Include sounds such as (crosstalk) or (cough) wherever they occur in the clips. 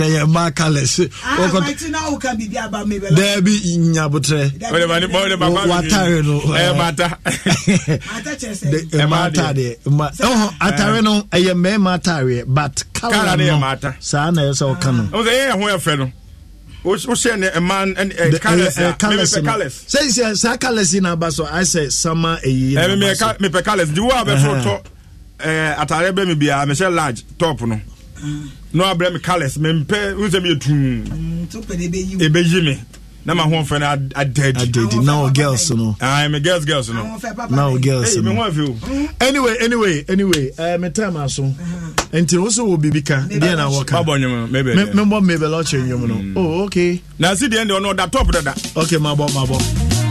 na yɛ ma colours. dɛbi nyabotrɛ watare no ɛma ataadeɛ ɛhɔ atare no ɛyɛ eh, mmarima ataareɛ but kala no saa na ɛyɛ sɛ ɔka no. ɛyɛ ɛho ɛfɛ no wohyɛ ne ɛma colours sɛ sɛ saa colours yi na aba eh, so ayɛ sɛ sama ɛyi na aba so mepɛ colours nti wo a bɛforo tɔ eh, atare bɛ me biara mehyɛ large top no na wabrɛ me cales mempɛ wo sɛ meyɛ tum ɛbɛyi me na ma ho fɛ no adadi ah, na wo girls no me girls girls no na wo girls no me ho mm. anyway anyway anyway uh, me time aso uh-huh. nti wo so wo biribi ka deɛ na wɔka mabɔ nwom mebɛ mebɔ mebɛ lɔkyɛ nwom no mm. oh okay na si deɛ deɛ ɔno ɔda top dada okay mabɔ mabɔ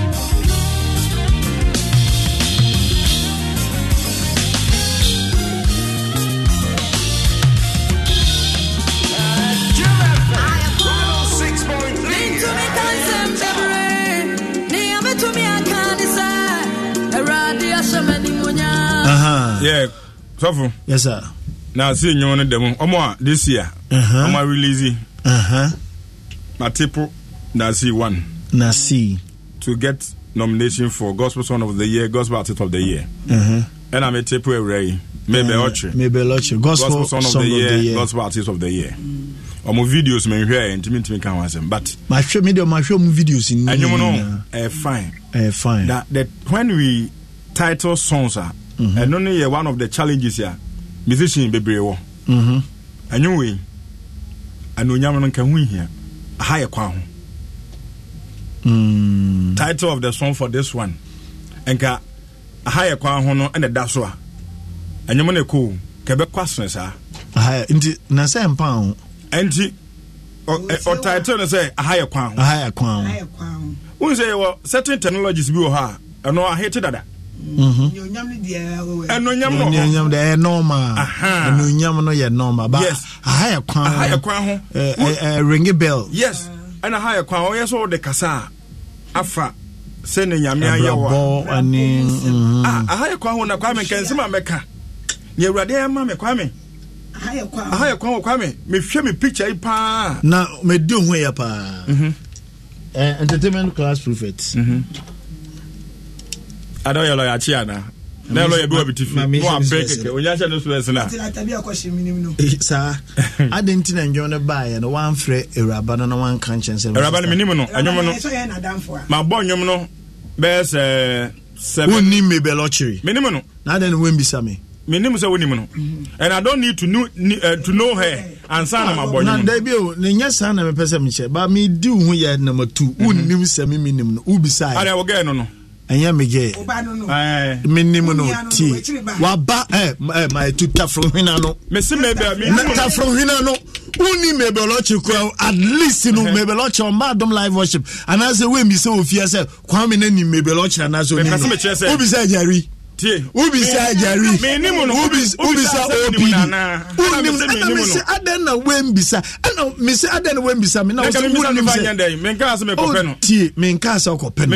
sɔfo yes sir na se nyowo no dɛm ɔmo a this year uh-huh. ɔmo a release matepo uh-huh. na see one na see to get nomination for gospel song of the year gospel artist of the year uh-huh. ɛna metepo awura yi mebe ɔtwe mebe ɔtwe gospel song of the year gospel artist of the year ɔmo videos mehwɛ ɛ ntumi ntumi ka ho asɛm but mahwɛ mi de mahwɛ ɔmo videos ni ɛnwom no ɛyɛ fine ɛyɛ fine that that when we title songs a. Uh, ɛno no yɛ one of the challenges a musician bebree wɔ ɛnwo mm-hmm. wei anuonyam no nka ho hia aha yɛ kwa ho title of the song for this one nka aha yɛ kwa ho no ɛna da so a ɛnyɛm no ɛkɔ kɛbɛkɔ asene saa nti na sɛ mpa ho ɛnti ɔtitle no sɛ aha yɛ kwa ho wohu sɛ yɛwɔ certain technologies bi wɔ hɔ a ɛno ahete dada Mm-hmm. ɛnonyam no ɛnonyam de ɛyɛ normal ɛnonyam no yɛ normal ba aha yɛ kwan aha yɛ kwan ho ɛɛ ringi bell yes ɛna aha yɛ kwan ho ɔyɛ sɛ ɔde kasa afa sɛne nyame ayɛ wa ɛbrɛbɔ ani mm-hmm. ah, aha yɛ kwan ho na kwame nkɛnsɛm a mɛka nea awurade ɛma me kwame aha yɛ kwan ho kwame mehwɛ me picture yi paa na medi ho yɛ paa mm-hmm. entertainment class prophet. Mm -hmm. ada yɛ lɔya akyi ana na yɛ lɔya bi wa bi ti fi mu abɛ kɛkɛ o nya hyɛ no stress na. saa adi nti na ndwom no baa eh, yɛ no wanfrɛ awuraba no na wanka nkyɛn sɛ. awuraba no mi nimu no ɛnyɔm no ma bɔ ndwom no bɛyɛ sɛ wọn ni mbẹ lọchiri. mi ni mu no. n'adẹ ni wọn bisa mi. mi ni mu sẹ wọn ni mu no. and i don't need to know uh, to know her ansa na ma bọ nyimu. na dabi o ne nya san na mi pẹ sẹ mi kyẹ ba mi di hu yẹ na wọn ni mu sẹ mi mi ni mu no ɛnyɛ megɛ menim no tie waba maetu tafrohwena no tafrohwena no woni mebelɔkye kora at least no mebelɔkye ɔma adom live worship anaasɛ wemmi sɛ ofia sɛ kwame no nim mebelɔkye anaasɛ ɔnim no wobisɛ tie wobisa jari wobisa obi adan na wembisa ɛna mese adan na wembisa me na tie menkaa sɛ wokɔpɛ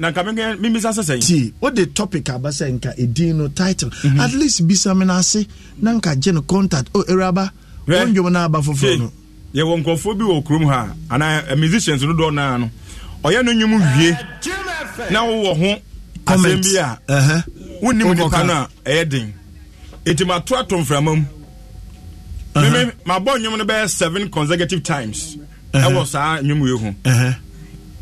no tie wode topic aba sɛ nka ɛdin no title mm-hmm. at least bisa me no ase na nka gye no contact o ɛwuraba wondwom no aba foforɔ no yɛwɔ nkurɔfoɔ bi wɔ kurom ha Ana eh, musicians no dɔɔ naa no ɔyɛ no nwom wie na wowɔ ho asɛm bi a wonim nipa no a ɛyɛ den enti mato ato mframa mu meme mabɔ nnwom no bɛyɛ seven consecutive times ɛwɔ saa nnwom wei ho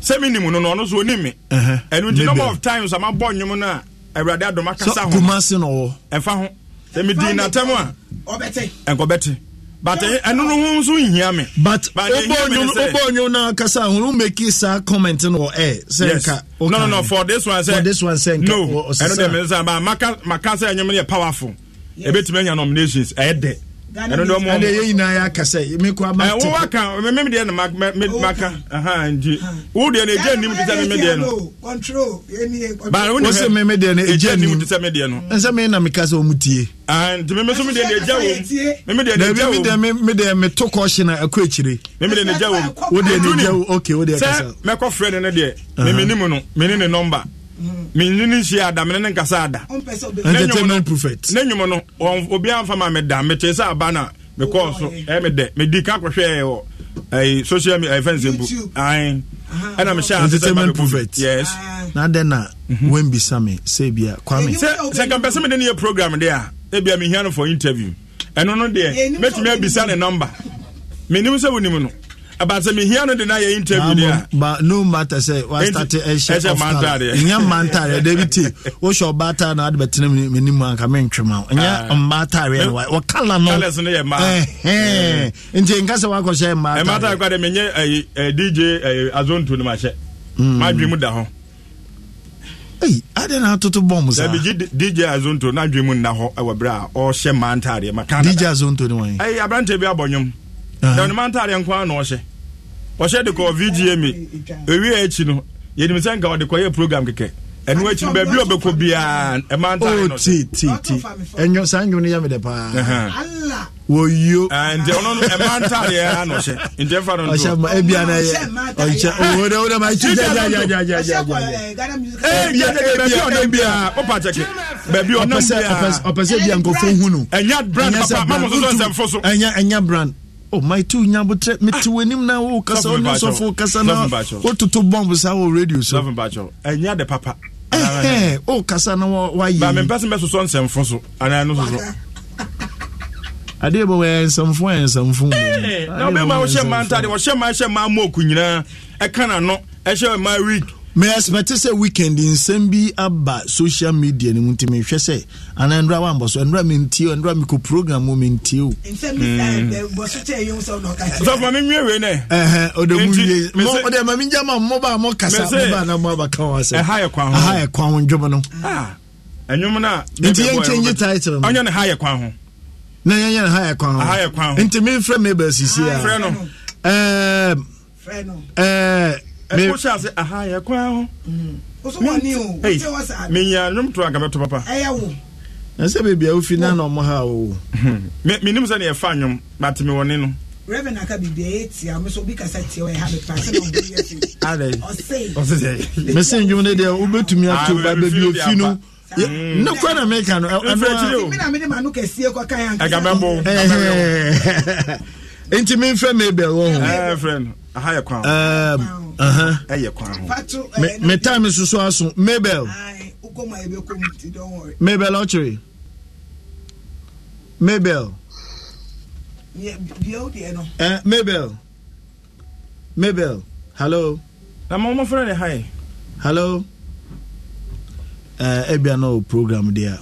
sɛ menim no no ɔno so ɔnim me ɛno nti number of times a mabɔ nnwom no a awurade adom akasa ho ɛfa ho sɛ medii natam a ɛnkɔbɛte but ɛno no ho nso nhia me but wobɔnwom no ankasa hono meki saa comment no wɔ ɛ sɛ nka no no no for this one for this one sɛ no ɛno deɛ me sɛ maka sɛ ɛnyɛm no yɛ powerful ɛbɛtumi anya nominations ɛyɛ dɛ ɛno de ɔmo ɛna yɛn nyinaa yɛ aka sɛ mi kɔ ama tɛ no baara wo sɛ wɔ mu mi deɛ na egya deɛ mi no mi ne nɔmba menyini si ada mene ne nkasa ada entertainment prophet ne nwom no obiara mfa ma meda metee sɛ aba no mekɔɔ so ɛyɛ medɛ medi ka kɔhwɛɛ wɔ ɛyi social media ɛfɛn nsɛm bu ayin ɛna mi sɛ entertainment prophet yes na de na mhm. sɛ ebia ne yɛ program de a ebia mi hiɛ no for interview ɛno no deɛ mɛtumi abisa ne number mɛ sɛ wo no abatɛ mihia no de na yɛ interview de a. ba no matter sɛ wa start ɛhyɛ ɛhyɛ mantare ɛnyɛ mantare ɛdɛ bi te o sɛ ɔba atare na adi bɛ tena mi ni mu anka mi ntwema o ɛnyɛ mba atare yɛ wa wɔ kala no kala so ne yɛ mba ɛhɛn nti nka sɛ wakɔ hyɛ mba atare mba atare kɔ de mi nye ɛyi ɛ dj ɛyi azontu ni ma hyɛ ma dwi mu da hɔ. eyi adi na atoto bɔnmu saa. dabi dj azonto na dwi mu nna hɔ ɛwɔ bere a ɔhyɛ mba atare yɛ ma kan na. dj azonto ni wɔn ye. ɛyi aberante bi abɔ nyom na ɔnima ntaare nko ara na ɔhyɛ ɔhyɛ de kɔ vgma ewi akyi no yɛnim sɛ nka ɔde kɔ yɛ program kɛkɛ ɛnu akyi no baabi ɔbɛkɔ biara ɛma ntaare no ti ti ti ɛnyɔ saa nyɔ no yɛ mi dɛ paa wɔyio nti ɔno no ɛma ntaare ara na ɔhyɛ nti ɛfa no ɔhyɛ ma ebi ana yɛ ɔhyɛ owó dɛ owó dɛ ma akyi gya gya gya gya gya gya gya ebi ana baabi ɔnam a nkɔfo hunu ɛnya brand papa mamu soso nsɛmfo so ɛnya ɛnya brand o oh, maa ti o nya abotire mi ah. ti wo enim na o kasa o ni sɔfo kasa na o toto bɔmbu sa o radio so. lɔfin bàtɔ ɛ nya de papa. ɛhɛn eh, eh, o oh, kasa na wa yi. baami mpɛsɛn bɛ soso nsɛmfo so ana ɛnu soso. ade bɛ wɔyɛ eh, nsɛmfo yɛ nsɛmfo. ɛɛ n'aw bɛ maa wɔhyɛ maa ntaade wɔhyɛ maa hyɛ maa mɔɔku nyinaa ɛka na no ɛhyɛ maa week me expect sɛ weekend nsɛm bi aba social media no mu nti mehwɛ sɛ anaa nnura wambɔ so nnura mentie o nnura mekɔ program mu mentie o sɔfo me nwie wei nɛ ɔde mu wie ɔde ma mengya ma mmɔba a mɔkasa mɔba na mo abaka wɔ asɛ ɛha yɛ kwan ho ɛha yɛ kwan ho ndwom no ɛnwom no a nti yɛnkyɛ nye title no ɔnyɛ ne ha yɛ kwan ho na yɛnyɛ ne ha yɛ kwan ho nti memfrɛ mabel sisie a ɛɛ ɛkɔhyɛ ase aha yɛ kwan ho menya nwom to anka bɛto papa na sɛ baabi a wofi na na ɔmo ha o menim sɛ ne yɛfa nwom bate mewɔne no reverend aka biribi ɛyɛ tia mo so obi kasa tia wɔ ɛha bepa sɛ na ɔmo yɛ fi ɔse ɔse mesin dwom no deɛ wobɛtumi ato ba baabi ofi no ne kɔ na meka no ɛnti memfrɛ mabel wɔ ho aha yɛ kwan ɛyɛ kwan ho me time soso aso mabel mabel ɔkyere mabel uh, mabel mabel hello na mo mofrɛ ne hi hello uh, ebia no program deɛ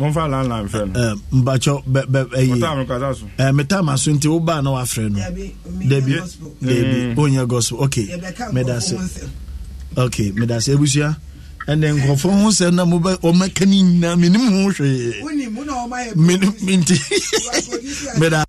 mfa landline fɛ eh, eh, eh, no mpakyɛ ɛyi metam aso nti wobaa na wafrɛ no dabi dabi onyɛ gospel ok meda se. ok meda se. abusua ɛnɛ nkɔfo ho sɛ na mobɛ ɔmaka no nyinaa menim ho hwee nti (laughs) meda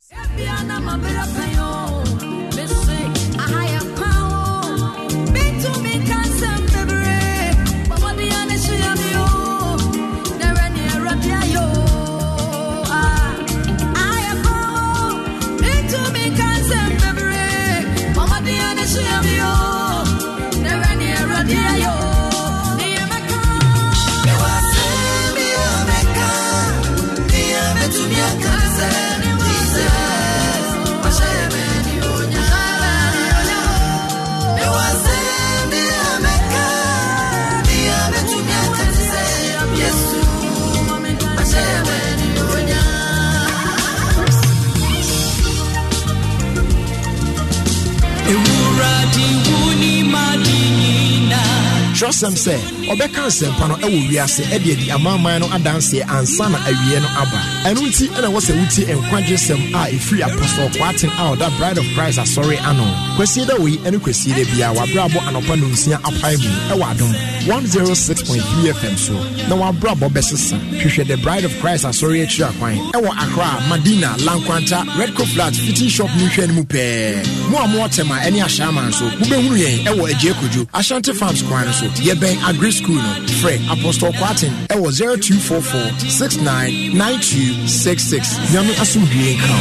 Trust them, say. ɔbɛka nsɛmpa no ɛwɔ wiase ɛde adi amanaman no adanseɛ ansa na awie no aba ɛno nti ɛna ɛwɔ sɛ nkwagyesɛm a ɛfiri apostol kwaten a ɔda bride of christ asɔre ano kwasie da wei ɛne kwasie da biaa wabrabɔ anɔpa nonsia apae mu ɛwɔ adom 106.3 fm so na wabrabɔ bɛsesa hwehwɛ the bride of christ asɔre akyiri akwan ɛwɔ akra madina lankwanta redco flat fitin shop no hwɛ no mu pɛɛ mo a mowɔtɛm a ɛne ahyɛ ama nso mobɛhunu yɛn ɛwɔ agyie kodwo ahyɛnte farms kwan no so yɛbɛn agri school no frɛ apostol kwaten ɛwɔ 0244 699266 nyame asomdue nka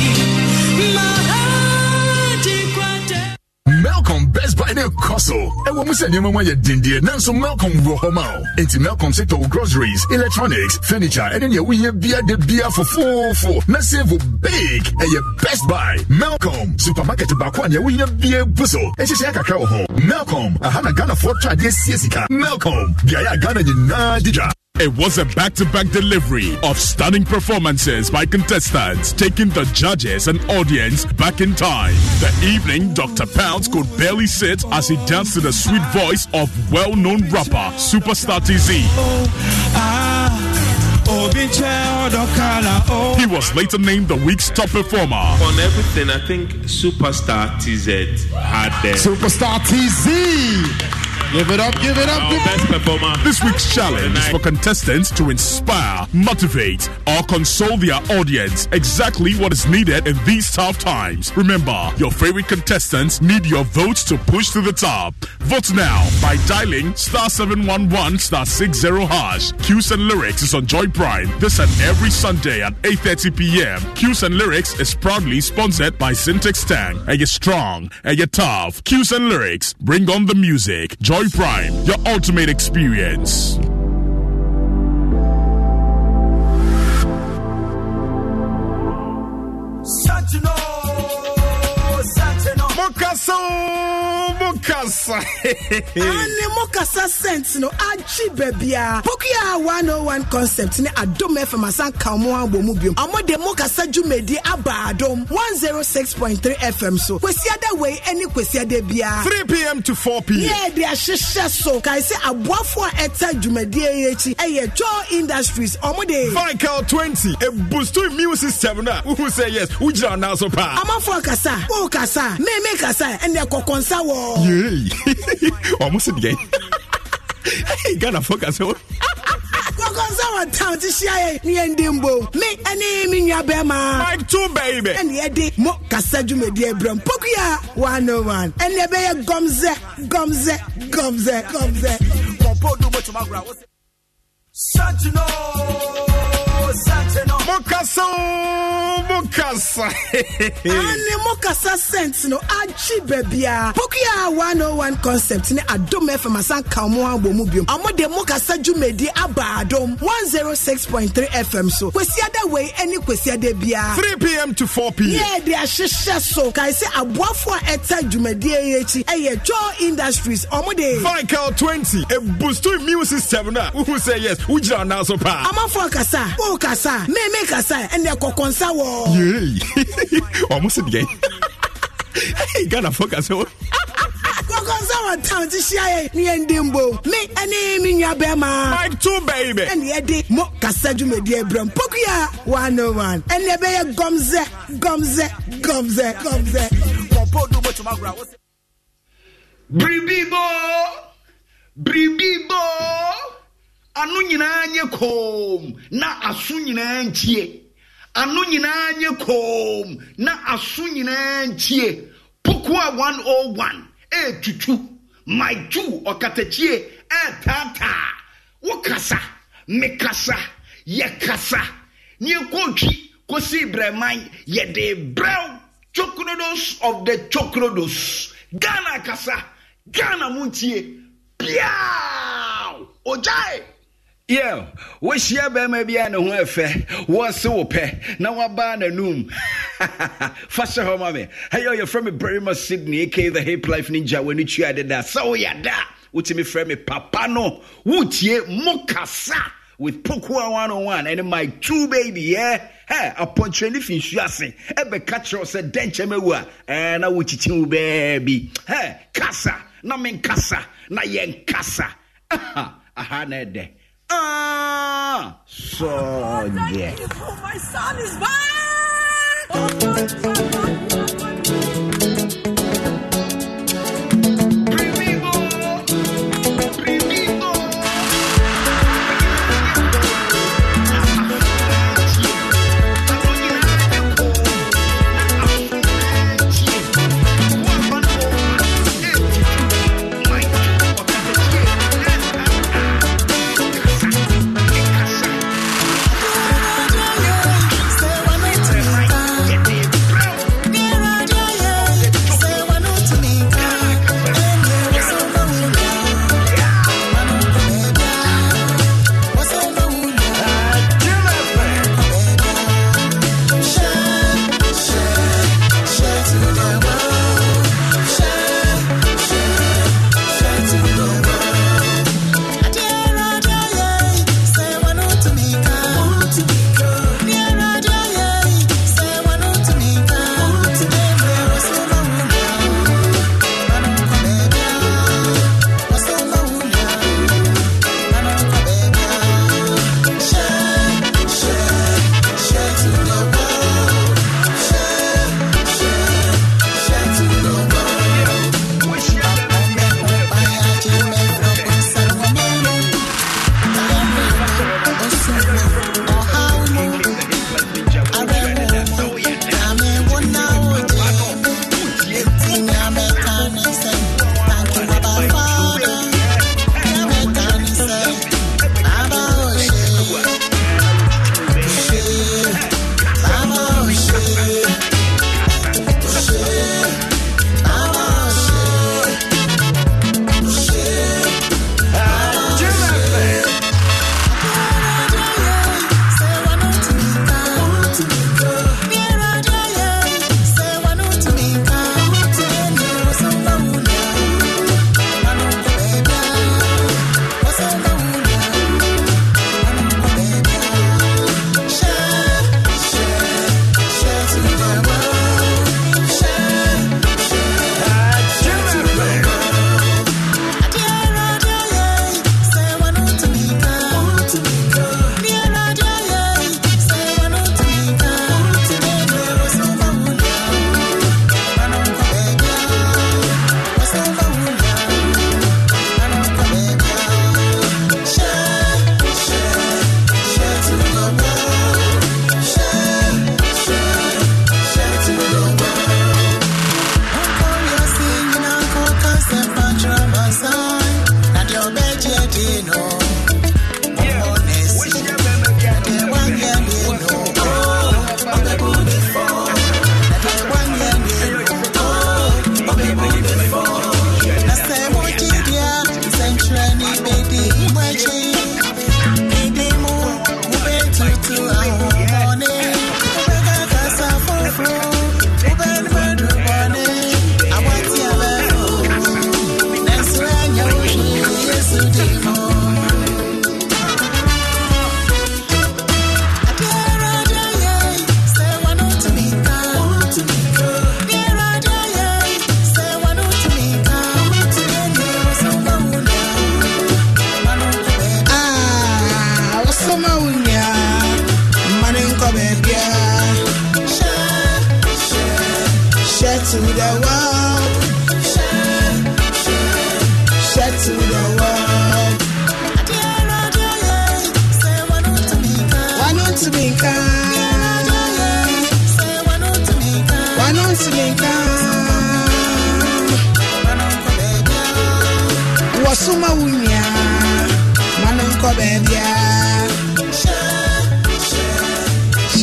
Melcom Best Buy ne kɔso ɛwɔ mu sɛ nneɛma mu ayɛ dendeɛ nanso Melcom wɔ hɔ ma o enti Melcom sɛ tɔw groceries electronics furniture ɛne nea wohia bia de bia fofoofo na save big ɛyɛ Best Buy Melcom supermarket baako a nea wohia bia bu so ɛhyehyɛ kakra wɔ hɔ Melcom aha na Ghanafoɔ tɔ adeɛ sie Melcom beaeɛ a Ghana nyinaa di dwa It was a back to back delivery of stunning performances by contestants, taking the judges and audience back in time. The evening, Dr. Pounds could barely sit as he danced to the sweet voice of well known rapper Superstar TZ. He was later named the week's top performer. On everything, I think Superstar TZ had the. Superstar TZ! Give it up, give it up, give best performer. This week's challenge is for contestants to inspire, motivate, or console their audience. Exactly what is needed in these tough times. Remember, your favorite contestants need your votes to push to the top. Vote now by dialing star 711 star 60 hash. Q's and Lyrics is on Joy Prime this and every Sunday at 8.30 p.m. Q's and Lyrics is proudly sponsored by Syntex Tang. Are you strong Are you tough. Q's and Lyrics, bring on the music. Joy Prime, your ultimate experience. sɛ mo kasa ane mo kasa no agye baabiaa pokua 101 concept ne adom fm asanka mo abɔ mu biom ɔmo de mo kasa dwumadi aba adom 106.3 fm so kwasiada wei ne kwasiada biaa 3pm to 4pm yɛ de ahyehyɛ so kae sɛ aboafoɔ a ɛta dwumadie yi akyi ɛyɛ joe industries ɔmo de vical 20 ɛbusto immune system no a wohu sɛ yes wogyina ɔnaa so paa amafoɔ kasa wo kasa meme kasa ɛnna ɛkɔkɔ nsa wɔ. yee ɔmo si deɛ ghana focus ka sɛ kɔkɔnsa wɔ town ti hyia yɛ ne yɛn den bom me ɛne me nua bɛrima mike two baby ɛne yɛde mo kasa dwumadi abirɛm pokuya one oh one ɛne ɛbɛyɛ gɔmzɛ gɔmzɛ gɔmzɛ gɔmzɛ. sanchino sanchino mokasa o mokasa ane mokasa scent no agye baabia pokua 101 concept ne adom fm asanka ɔmo abɔ mu biom ɔmo de mokasa dwumadi aba adom 106.3 fm so kwasiada wei ne kwasiada biara 3 pm to 4 pm yɛ de ahyehyɛ so kae sɛ aboafo a ɛta dwumadie yi akyi ɛyɛ joe industries ɔmo de vical 20 ebusto immune system no a wohu sɛ yes wogyina ɔnaa so paa amafo kasa wokasa meme me kasa and the kokonsa wo. Yay. Almost again. Hey, Ghana focus. kɔkɔnsa wɔ town ti hyia yɛ ni yɛn den bo me ɛne me nua bɛrima. mike two baby. ɛne di mo kasa dwumadie brɛm pokuya one oh one ɛne ɛbɛyɛ gɔmzɛ gɔmzɛ gɔmzɛ gɔmzɛ. biribi bo biribi bo ano nyinaa nye koom na aso nyinaa ntie ano nyinaa nye koom na aso nyinaa ntie pokua 101 ɛɛtutu e maitu ɔkatakyie ɛɛtaataa e wokasa mekasa yɛkasa neɛkɔtwi kɔsi brɛman de brɛw chokrodos of the chokrodos ghana kasa ghana mu ntie biaa ogyae yɛ wohyia bɛrima bi a ne ho ɛfɛ wɔse wo pɛ na wabaa n'anum (laughs) fa hyɛ hɔ ma me ɛyɛ yɛfrɛ me barima sydney aka the hip life ninja w'ani tua deda sɛ woyɛ da wotumi frɛ me papa no wotie mo kasa with Pokua one. and my two baby, yeah. Hey, upon trendy fin shuase, ebe catcher or denche mewa, and I would teach baby. Hey, kasa, na men kasa, na yen kasa. (laughs) Aha, aha, ne de. Oh, Sonja. Oh, my son is bad.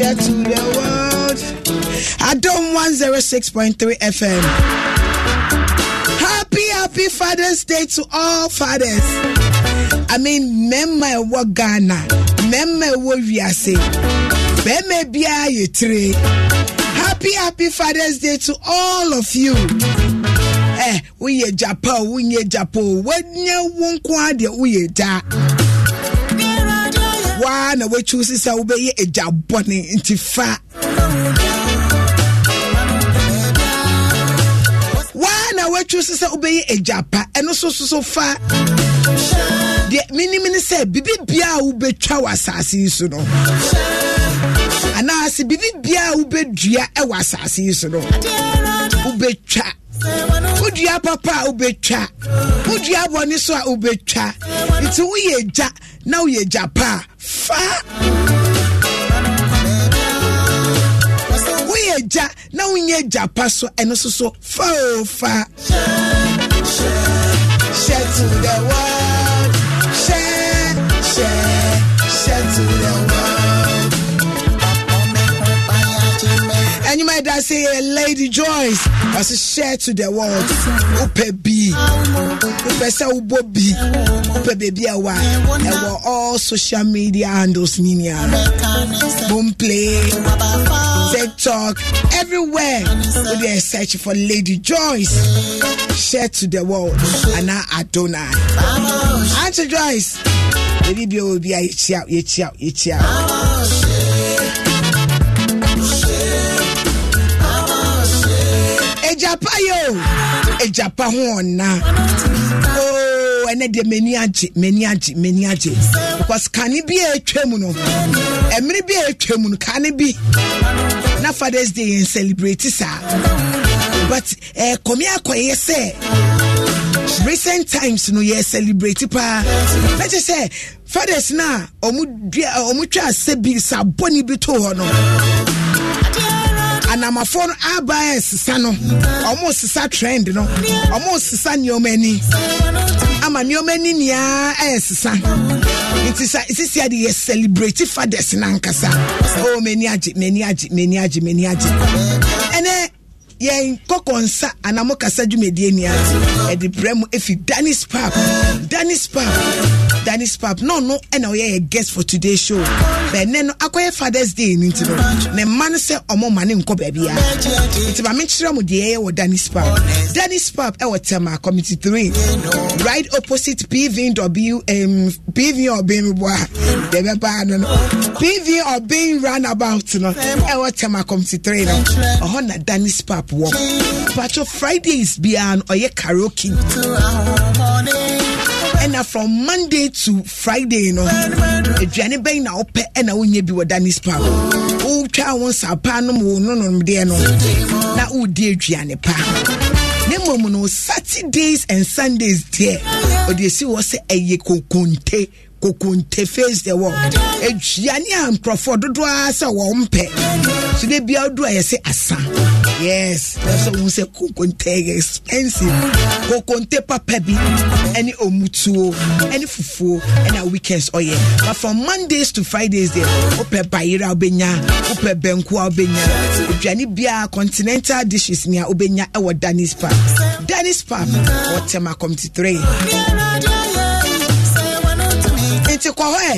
share to the world. I don't want 06.3 FM. Happy, happy Father's Day to all fathers. I mean, mema ɛwɔ Ghana, mema ɛwɔ wiase, mema biara yɛ tire. Happy, happy Father's Day to all of you. Eh, woyɛ japa, woyɛ japo, wɔnyɛ wo nko we are da woa na woakyusi sɛ wobɛyɛ agya bɔne nti fa woa na woakyusi sɛ wobɛyɛ agya pa ɛno so so so fa deɛ menim ne sɛ biribibia a wobɛtwa wɔ asase yi so no anaasɛ biribibia a wobɛdua wɔ asase yi so no wobɛtwa wodua papa a wobɛtwa wodua bɔne so a wobɛtwa nti woyɛ gya na woyɛ gya pa fa woyɛ gya na wonyɛ gya pa so ɛno so so fa o fa share to the world share share share to the world you might say Lady Joyce as a share to the world. Upe B, Upe sa ubo B, Upe baby awa. There were all social media handles ninia. Boom play, TikTok, everywhere. We are searching for Lady Joyce. Share to the world. and Anna Adonai. Auntie Joyce, baby, be a yet out, yet out, yet ejapa yɛ o ejapa ho ɔna ooo oh, ɛnɛ deɛ m'ani agye m'ani agye m'ani agye because kane bi a e etwa mu no ɛmiri bi a e etwa mu no kane bi na fathers day yɛn celebrate saa but ɛɛ eh, kɔmi akɔyɛ sɛ recent times no yɛ celebrate paa na kyerɛ sɛ fathers na ɔmo dua ɔmo twa ase bi sa bɔnni bi to hɔ no anamafoɔ no aba a ɛsesa no ɔmo sesa trend no ɔmo sesa nneɛma ani ama nneɛma ani nyinaa ɛsesa nti sa sisi adi yɛ celebrate fathers nankasa o oh, mani agye mani agye mani agye mani agye ɛnɛ yɛn kɔkɔ nsa anamo kasa dwumadie nia ɛde brɛ mu efi danis pap danis pap danis pap no, ɛna ɔyɛ yɛ guest for today show bɛnɛ no akɔyɛ fathers day ni ti no ne mma no sɛ ɔmo ma ne nkɔ baabi a nti maame kyerɛ mo deɛ ɛyɛ wɔ danis pap danis pap ɛwɔ tɛma committee three right opposite pvw um, pv ɔbɛn bɔ a deɛ bɛ baa no no pv ɔbɛn roundabout no ɛwɔ tɛma committee three no ɔhɔ na danis pap walk. Pacho Fridays be an oye karaoke. And now from Monday to Friday, you know, aduane bɛn na wopɛ ɛna wonyɛ bi wɔ danis pub wotwa wo nsa paa nom wo nonomdeɛ no na wodi aduane pa ne mmom no saturdays and sundays deɛ ɔde ɛsi wɔ sɛ ɛyɛ konkonte kokonte face the wall aduane a nkurɔfoɔ dodoɔ ara sɛ wɔn mpɛ so de bia odu a yɛsɛ asa yes ɛsɛ wɔn sɛ kokonte expensive kokonte papa bi ɛne omutuo ɛne fufuo ɛna weekends ɔyɛ but from mondays to fridays deɛ wopɛ bayera wobɛnya wopɛ bɛnko a wobɛnya aduane biara continental dishes nea wobɛnya ɛwɔ danis park danis park wɔtɛm akɔmti three nti kɔ hɔ ɛ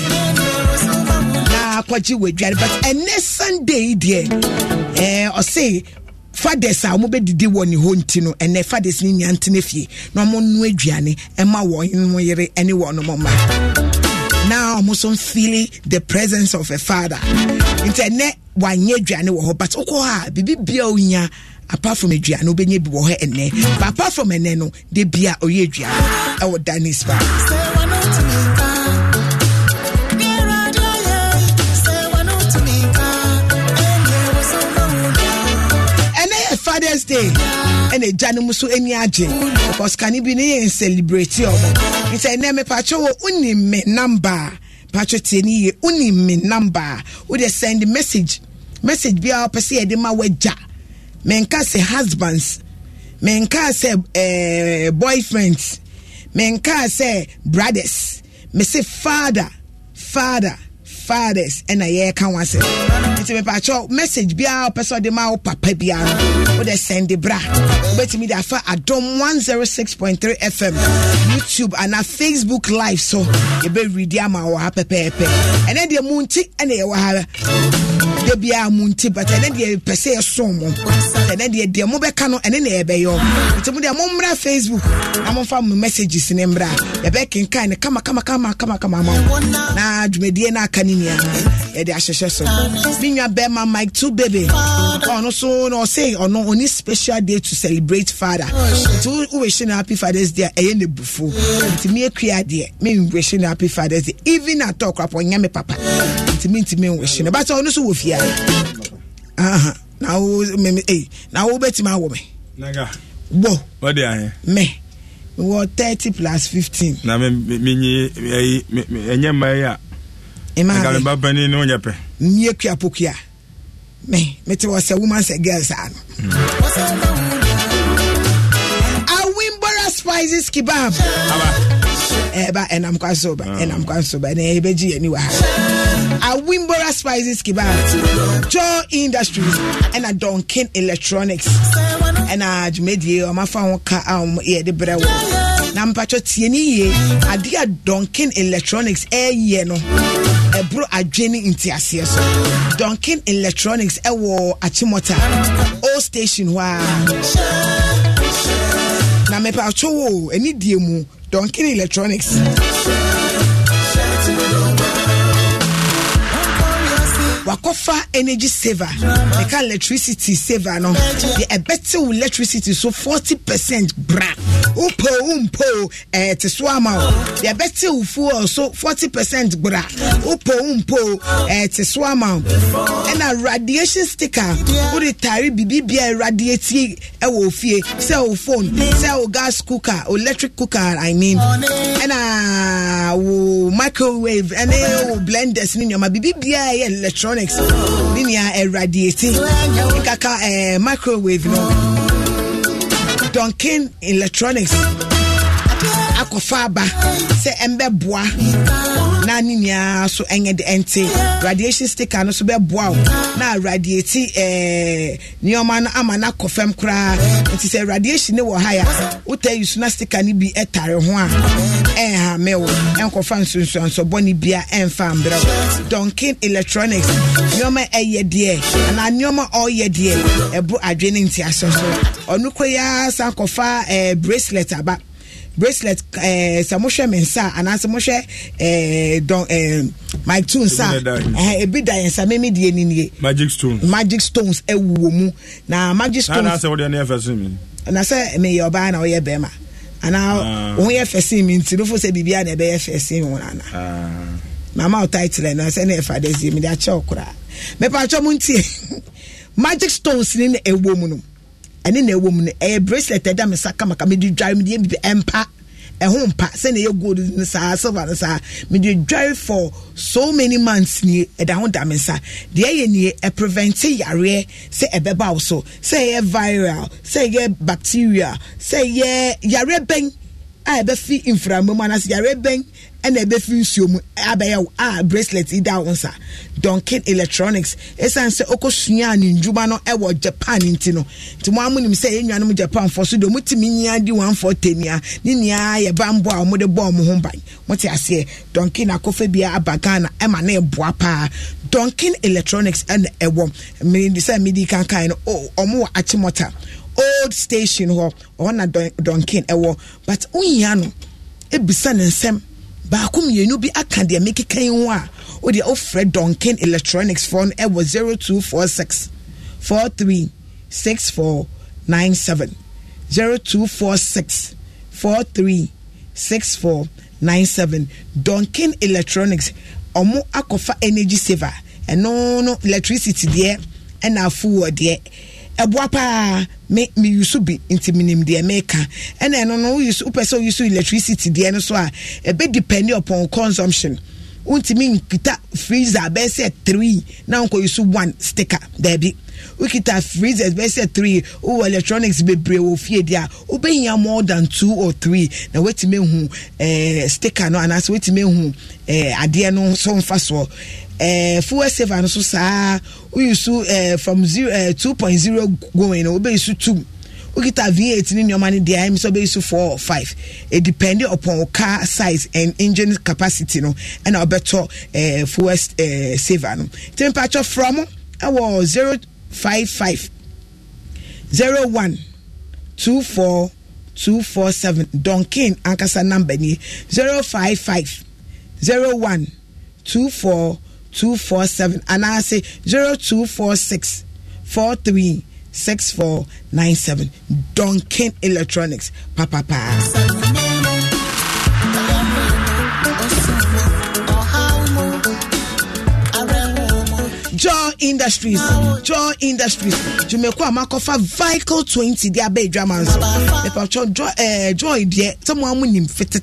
na akɔgye but ɛnɛ sunday deɛ ɛɛ ɔse fathers a wɔn bɛdidi wɔ ne hɔ nti no ɛnɛ fathers ne nua ntena fie na wɔn nu aduane ɛma wɔn ho yere ɛne wɔn mma na wɔn nso feeling the presence of a father nti ɛnɛ wanyɛ aduane wɔ hɔ but okɔ hɔ a biribi bia onya apart from aduane obɛnya bi wɔ hɔ ɛnɛ but apart from ɛnɛ no de bia ɔyɛ aduane ɛwɔ danis park. wednesday ɛna agya no mu so ani agye because kane bi ne yɛ nselebrate ɔmo nti ɛnɛ mepatwɛ wɔ me number a tini tie me number a wode send message message biara wopɛ sɛ yɛde ma woagya menka sɛ husbands menka sɛ uh, boyfriends menka sɛ brothers me mese father father fathers ɛna yɛreka ho asɛm nti mepakyɛw message bia, wopɛ de ɔde ma wo papa biara no wode sɛnde bra wobɛtumi de afa adom 106.3 fm youtube a facebook live so yɛbɛredi ama wɔ ha pɛpɛɛpɛ ɛnɛ deɛ mu nti ɛna yɛwɔ ha de bia mu nti but ɛne deɛ pɛ sɛ ɛsom mo ɛne deɛ deɛ mobɛka no ɛne na ɛbɛyɛ nti mo deɛ mommra facebook na momfa mo messages ne mmra yɛbɛkenkan ne kama kama kama kama kama ma na dwumadie no aka ne nyinaa yɛde ahyehyɛ so me nwa bɛrima mike to baby ɔno so na ɔse ɔno ɔne special day to celebrate father nti wowɛhyɛ no happy fathers day a ɛyɛ ne bufo nti meɛkua deɛ menwɛhyɛ no happy fathers day even atɔ korapɔ nyɛ me papa nti mentimi nwɛhyɛ no but ɔno so wɔ fie biara aha na wo mɛmi ee eh, na wo bɛtumi awɔ mi. naga bɔ ɔdi ahɛ. mɛ wɔ thirty plus fifteen. na mi mi nyi ɛyi ɛnyɛ mma yi a. ɛmaa mi ɛka mi ba panyin ni o nyɛ pɛ. n ye kuya a. awimbora spices kebab. aba ɛba ɛnam kwa so ba ɛnam ah. kwa so ba ɛnna ɛbɛ gyi Awimbora Spices Kebab, Joe Industries, and a Donkin Electronics. And a Jumedie, or my phone car, um, yeah, the bread. na mpatwɔ tie ne yie adeɛ a donkin electronics eh, ye no ɛboro e adwene ntiaseɛ so donkin electronics ɛwɔ eh, akyemɔta old station hɔ a na mepatwɔ wo ani e die mu donkin electronics akɔfa energy saver meka electricity saver no deɛ ɛbɛte wo electricity so 40 percent bra wopɛ wompɛ ɛte eh, so ama wo deɛ ɛbɛte wo fuel so 40 percent bra wopɛ wompɛ ɛte eh, so ama wo ɛna radiation sticker wode tare biribibia eh, radiati ɛwɔ ofie sɛ wo phone sɛ wo gas cooker electric cooker i mean ɛna wo microwave ɛne wo blenders ne nneɔma biribibiaa ɛyɛ electronics ne nea ɛradiati eh, kaka eh, microwave no donkin electronics akɔfa aba sɛ ɛmbɛboa na ne nyinaa so ɛnyɛ de ɛnte radiation sticker no so bɛboa o na radiati ɛɛ eh, nneɛma no ama no akɔ fam koraa nti sɛ radiation ne wɔ ha ya wotɛ yi suna na sticker no bi ɛtare ho a ɛnhame o ɛnkɔfa nsonsuansɔbɔ ne bia ɛnfa mbrɛ donkin electronics nneɛma ɛyɛ deɛ anaa nneɛma ɔyɛ deɛ ɛbo adwene ntiaso so ɔnukwe ya yi ara san kɔfa ɛɛ eh, bracelet aba. bracelet ɛɛ eh, sɛ mohwɛ me nsa anaasɛ mohwɛ ɛɛ dɔn ɛɛ mike tune nsa ebi da yɛn nsa mɛmi deɛ ni nie. magic stones magic stones ɛwɔ mu na magic stones. anaasɛ wɔde ɛni ɛfɛ sin mi. na sɛ meyɛ ɔbaa na ɔyɛ bɛrima anaa ah. wɔn yɛ fɛ sin mi nti nufo sɛ bibi a na ɛbɛyɛ fɛ sin wɔn ana. Ah. mama o title na sɛ ne ɛfa de zi mi de akyɛw koraa mɛpɛ akyɛw mu ntie (laughs) magic stones ni ɛwɔ mu no ɛne na ɛwɔ mu no ɛyɛ bracelet ɛda me sa kamaka mede dware mede yɛ bibi ɛmpa ɛho mpa sɛne ɛyɛ gold no saa silver no saa mede dware for so many months nie ɛda ho da me nsa deɛ ɛyɛ nie ɛprevente yareɛ sɛ ɛbɛba wo so sɛ ɛyɛ viral sɛ ɛyɛ bacteria sɛ ɛyɛ yareɛ bɛn a ɛbɛfi mframam anaasɛ yareɛ bɛn ɛna ɛbɛfi nsuo mu abɛyɛ wo a bracelet yi da wo nsa donkin electronics ɛsiane sɛ ɔkɔsua ne ndwuma no ɛwɔ japan nti no nti mo amu nim sɛ yɛn nuanom japan fɔ so deɛ mo tumi nyia di one four ten ya ne nyinaa yɛ bambɔ a wɔde bɔ wɔn ho ban mo te aseɛ donkin akɔfɛ bi aba ghana ɛma ne ɛboa paa donkin electronics ɛna ɛwɔ mmiri sɛ mmiri kankan no ɔmo wɔ akyemɔta old station hɔ ɔhɔ donkin ɛwɔ but onyia no ebisa ne nsɛm baako mmienu bi aka deɛ mekekan ho a wode wofrɛ donkin electronics foɔ no ɛwɔ 0246 43 0246 43 donkin electronics ɔmo akɔfa energy saver ɛno no electricity deɛ ɛna afuo deɛ ɛboa paa me me yusu bi nti minim deɛ meka ɛna ɛno no woyusu wopɛ sɛ woyusu electricity deɛ no so a ɛbɛdi pɛni upon consumption wontumi nkita freezer bɛyɛ sɛ three na nkɔ use one sticker daabi wokita freezers bɛyɛ sɛ three wowɔ electronics bebree wɔ fie deɛ a wobɛhia more than two or three na woatumi hu ɛɛ eh, sticker no anaasɛ woatumi hu ɛɛ eh, adeɛ no so mfa soɔ ɛɛ eh, fuel saver no so saa woyi so ɛɛ eh, from zero ɛɛ eh, two point zero going no obeyi so two wokita v8 ne nneɛma no deɛ ayɛm sɛ wobɛyi so 4 five. 5 depending upon car size and engine capacity no ɛna wobɛtɔ eh, fuel eh, saver no from nti mpatwɔ fra mo ɛwɔ 055 two four 247 donkin ankasa number nie 055 01 24 two four seven and I anaasɛ zero two four six four three six four nine seven Duncan Electronics Papa Pa, pa. Joy Industries, Jaw Industries, Jumeko Amakofa Vehicle 20, They their bed drama. If I joy, joy, dear, someone winning fit.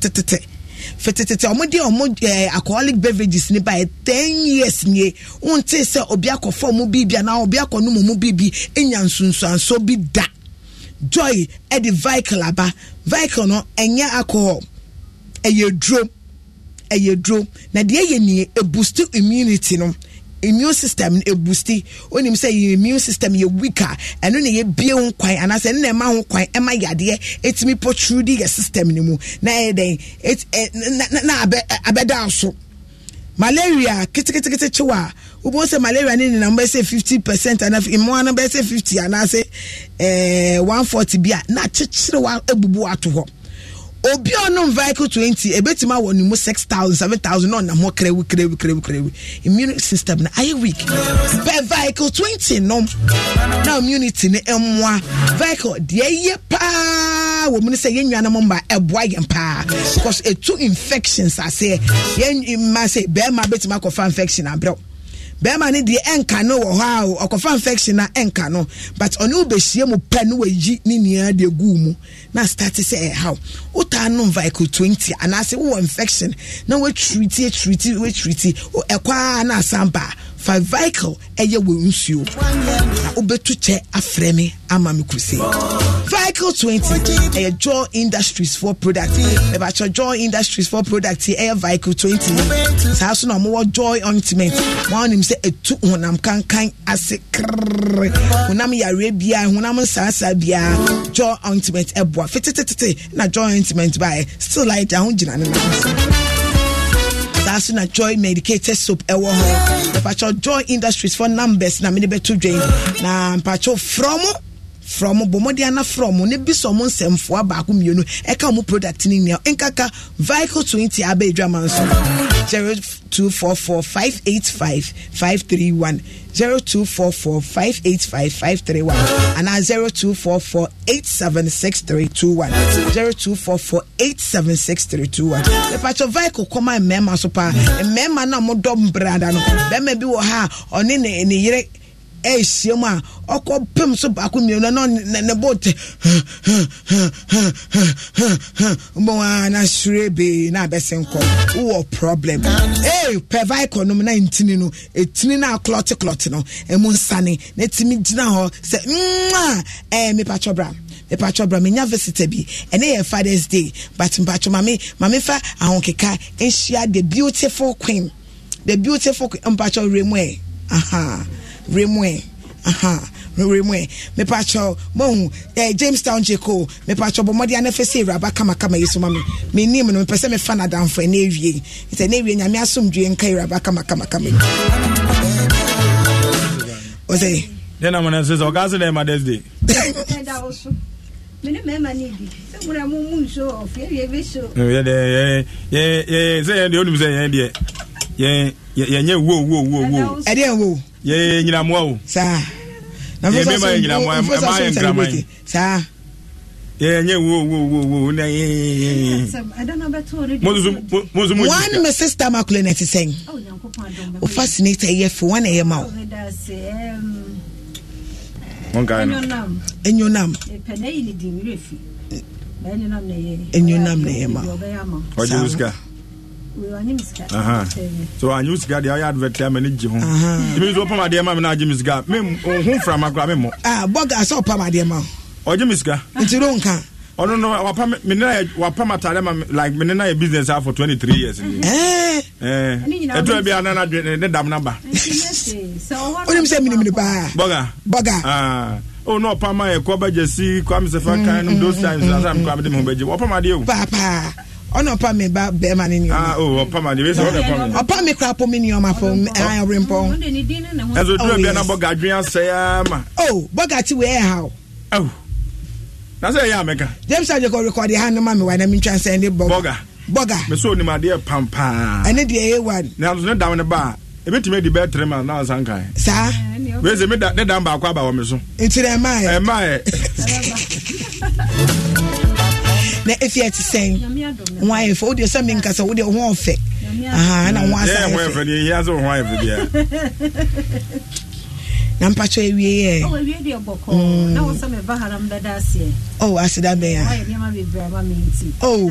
fɛtɛtɛtɛ ɔmo de ɔmo ɛɛ alcoholic beverages ni ba yɛ ten years nie n te sɛ obi akɔ fɔ ɔmo biribi anaa obi akɔ nom ɔmo biribi enya nsonsanso bi da joy ɛde vehicle aba vehicle no ɛnyɛ alcohol ɛyɛ duro ɛyɛ duro na deɛ yɛ nie ebustu immunity no immune system no ebusti onim sɛ yɛ immune system yɛ weaker ɛno na yɛbie ho kwan anaasɛ ɛno na ɛma ho kwan ɛma yadeɛ etumi protrude yɛ system no mu na ɛyɛ dɛn et ɛ na abɛ abɛda so malaria ketekete kyewa a wobɛhu sɛ malaria ne nenam bɛsɛ 50 percent ana mmoa no bɛsɛ 50 anaasɛ ɛɛ 140 bi a na akyekyerewa abubu ato hɔ obi a ɔnom vehicle twenty ebetuma wɔ ne mu six thousand seven thousand na ɔnam hɔ kerewi kerewi kerewi kerewi immune system na ayɛ weak bɛ vehicle twenty nom na immunity ne mmoa vehicle deɛ yɛ paa wɔ mu ne sɛ yɛn nuanom mba ɛboa yɛn paa because etu infections aseɛ yɛn mma sɛ bɛrima betuma akɔfa infection abrɛw. bɛrima no deɛ ɛnka no wɔ hɔ a ɔkɔfa infection ɛnka no but ɔne wobɛhyia mu pɛ no wayi ne nyinaa deɛ mu na starte sɛ ɛhaw eh, wotaa nom vicle 20 anaasɛ wowɔ infection na woatriti atriti woatriti ɛkɔ a na asamba. vivicle ɛyɛ wɔ nsuo wobɛtu kyɛ afrɛ me ama me kuse vicle 20 ɛyɛ jaw industries for product ɛbɛkyɛ jaw industries for product ɛyɛ vicle 20 saa so na ɔmowɔ joy ointment ma wonim sɛ ɛtu honam kankan ase krrr honam yareɛ biara honam nsaasaa biara jaw ointment ɛboa e fetetete na jaw ointment baɛ still ayɛ gya ho gyina ne no nso na joy medicated soap ɛwɔ hɔ mpakyɛw joy industries for numbers na mene bɛto dwan na mpakyɛw frɔ From mo from mmɔden ana frɛ mo ne bi sɔ mo nsɛmfoa baako mmienu ɛka mo product ne nia nkaka vehicle twenty abɛɛdwa ma nso zero two four four five eight five five three one zero two four four five eight five five three one ana zero two four four eight seven six three two one zero two four four eight seven six three two one mepatro vehicle kɔma mmarima so paa mmarima na mo modɔ mbrada no bɛrima bi wɔ ha a ɔne ne ne yere ɛhyia mu a ɔkɔ pem so baako mmienu na ne ne boat mbɔn a na bee na nkɔ wowɔ problem ee pɛvaikɔ nom na ntini no etini na klɔte klɔte no ɛmu nsane na etimi gyina hɔ sɛ mmaa ɛɛ mipatwɔ bra mpatwɔ bra menya visitor bi ɛne yɛ fathers day but mpatwɔ maame maame fa ahokeka ehyia the beautiful queen the beautiful queen mpatwɔ remu ɛ aha remue aha remue mepatwɛ mahu eh, james town jeko mepatwɛ bɔ mmɔde anafɛ sɛ awuraba kamakama yi so ma eh, me menim no mepɛ sɛ mefa no adamfo ɛne awie sɛ ne awie nyame asomdwe nka awuraba kamakamakama ɔsɛ yɛnamane sɛ sɛ ɔka se dɛ mothers day sɛ yɛdeɛ onim sɛ yɛn deɛ yɛnyɛ wo wo wo wo ɛdeɛ wo yɛ nyinamoa o saa yɛ bɛma yɛ nyinamoa ɛma yɛ nkraman saa yɛnyɛ wo wo wo wo na yɛ one me sister makule na ɛte sɛn o fascinator yɛ fo wɔn na ɛyɛ ma o enyonam enyonam na ɛyɛ ma o Eh. so anyi sika deɛ ɔyɛ advert ama ne gye ho ebi nso ɔpam adeɛ ma mi na agye mi sika mi ho nframa kora mi mo. bɔga asɛ ɔpam adeɛ ma o. ɔgye mi sika. nti ro nka. ɔno no wapam mi nina yɛ wapam ataade ma like mi nina yɛ business ha ah, for twenty three years. ɛɛ ɛtu ɛbi anana ne dam naba. o eh, ni mi sɛ minimini paa. bɔga. bɔga. o na ɔpam ayɛ kɔ bɛgye si kwamisɛfɛ kan no those times na sam kwamisɛfɛ kan no bɛgye ɔpam adeɛ o. paapaa ɔna ɔpa mi ba bɛrima ne nneɛma. o ɔpa ma de bɛ sɛ ɔna ɔpa mi. ɔpa mi kura po mi nneɛma po ayan ori mpɔ. ɛsɛ duro bi ɛna bɔga adwene asɛ ama. o bɔga ti wo ɛyɛ ha o. ɛwò na sɛ ɛyɛ amɛka. james adekɔ rekɔdi ha ne ma mi wa na mi n twa sɛn de bɔga. bɔga bɔga. mɛ sɛ onimadeɛ pam paa. ɛne deɛ ɛyɛ wa. na ne dam ne ba ebitumi di bɛɛ tiri ma n'a san kan ye. saa. wese ne dan baako aba wɔ mi so. ntina ɛmaa yɛ. ɛmaa yɛ na efi ɛti sɛn wɔn ayɛ fɛ o de sɛ mi nkasa o de wɔn fɛ aha na wɔn asa yɛ fɛ yɛ yɛ sɛ wɔn ayɛ fɛ bia na mpatsɔ ewie yɛ. ɔwɔ oh, ewie de ɔbɔ kɔɔ mm. na wɔn sɛ mɛ ba haram dada aseɛ. ɔwɔ aseda ya. ɔyɛ o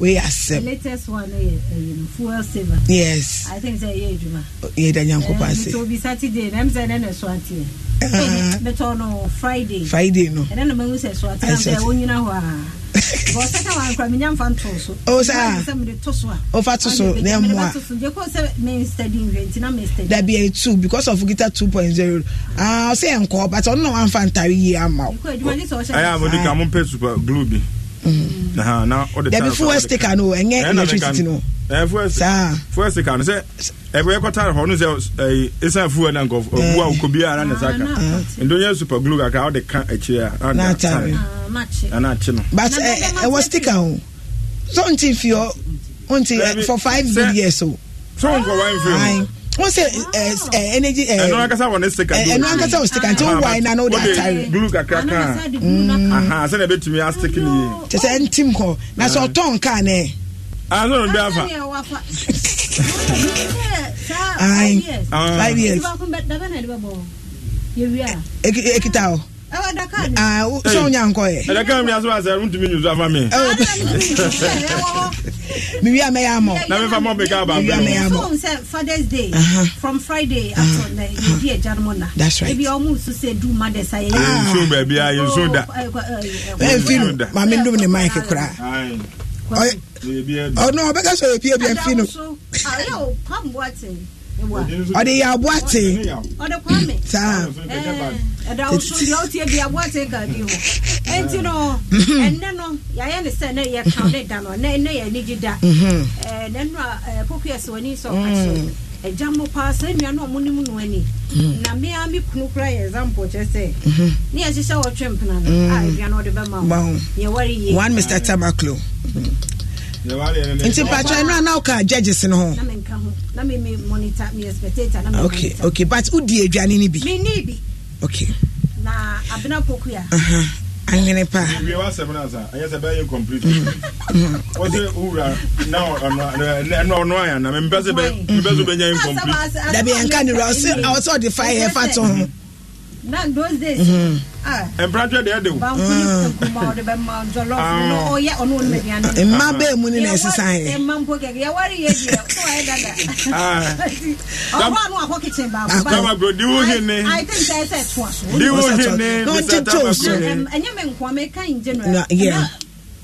yɛ asɛm. the latest one yɛ eh, ɛyɛ eh, fuel saver. yes. i think sɛ ɛyɛ edwuma. yɛ da nyanko pa ase. ɛɛ nti obi saturday na ɛmu sɛ ɛnɛ na ɛso ateɛ. no friday. friday no. ɛnɛ na mɛ n sɛ ɛso ateɛ na mɛ onyina hɔ ɔfa oh, to so oh, na ɛmmoa dabi a two because of guitar two point zero ah, ɔsɛ yɛ nkɔɔ but ɔno na wamfa ntare yie ama wo ɛyɛ a mode ka mompɛ super glue bi Mm. dabi fuel sticker no ɛnyɛ electricity no eh, saa fuel sticker no sɛ ɛbɛyɛ kɔtare hɔ no sɛ ɛsan fuel na nkɔfu eh. a wokɔbia na ne ah, sa ka ntonya eh. super glue kakra wode ka akyire a ana akye no but ɛwɔ sticker ho so nti fie ɔ nti for five good years o so nkɔwa mfiri wọn sẹ ẹ ẹ energy ẹ ẹnu ankasa wọn ne sika do ẹnu ankasa wọn sika nti wọn wọ n'o de atari blue kakra kan ahan sani ebe tumi asiki ni ye. tẹsẹ n tim hɔ na sọ tɔn kan nɛ. a sọ na bi ayi five years. Ah. ekita o sɛ wonya nkɔɛ ɛdaka mia so asɛ wontumi nyuso ɔno ɔbɛka sɛ yɛpie bia ɔde yɛ aboate saa nti no ɛnɛ mhm. eh, no yɛayɛ ne sɛ ne yɛka ne da no ɛnɛ yɛ anigye da nɛno a pokuɛ sɛ w'ani sɛ ɔkakyerɛ mm. eh, agya mo paa saa nnua no ɔmo nim no ani mm. na mea me kunu kora yɛ example kyerɛ sɛ ne yɛhyehyɛ wɔtwe mpena no a adua no ɔde bɛma wo yɛware yie one mr tabaclo mm nti mpatsɔ ɛnu anaw ka judges no ho. okay okay but o di aduane ni bi. mi ni bi. okay. na abena kokuya. ahene paa. wiye wa sɛbɛn na sa a yɛ sɛ bɛɛ ye complete. o se wura n'aw ɛnu ɔnu ayan na mɛ n bɛ se bɛ n bɛ se bɛ ɲɛ incomplete. dabi yɛn ka nin rɔ ɔsɛ ɔsɛ ɔdi fa yɛ fa tɔn na those days. mpiratwa deɛ de o. bankuni nkuma ɔde bɛ ma jɔlɔ funu ɔyɛ ɔno ɔno bɛ yan. mma bɛɛ mu ni na sisan yɛ. mma mpo kɛkɛ yɛ wari yɛ diɛ fo ayɛ dada. ɔkɔ anu akɔ kitchen baako. akɔba bro diwo hinni. ayi te nsa ɛsɛ ɛtu aso. diwo hinni misata bakuni. ɛnyɛ mɛ nkɔn mɛ kan in general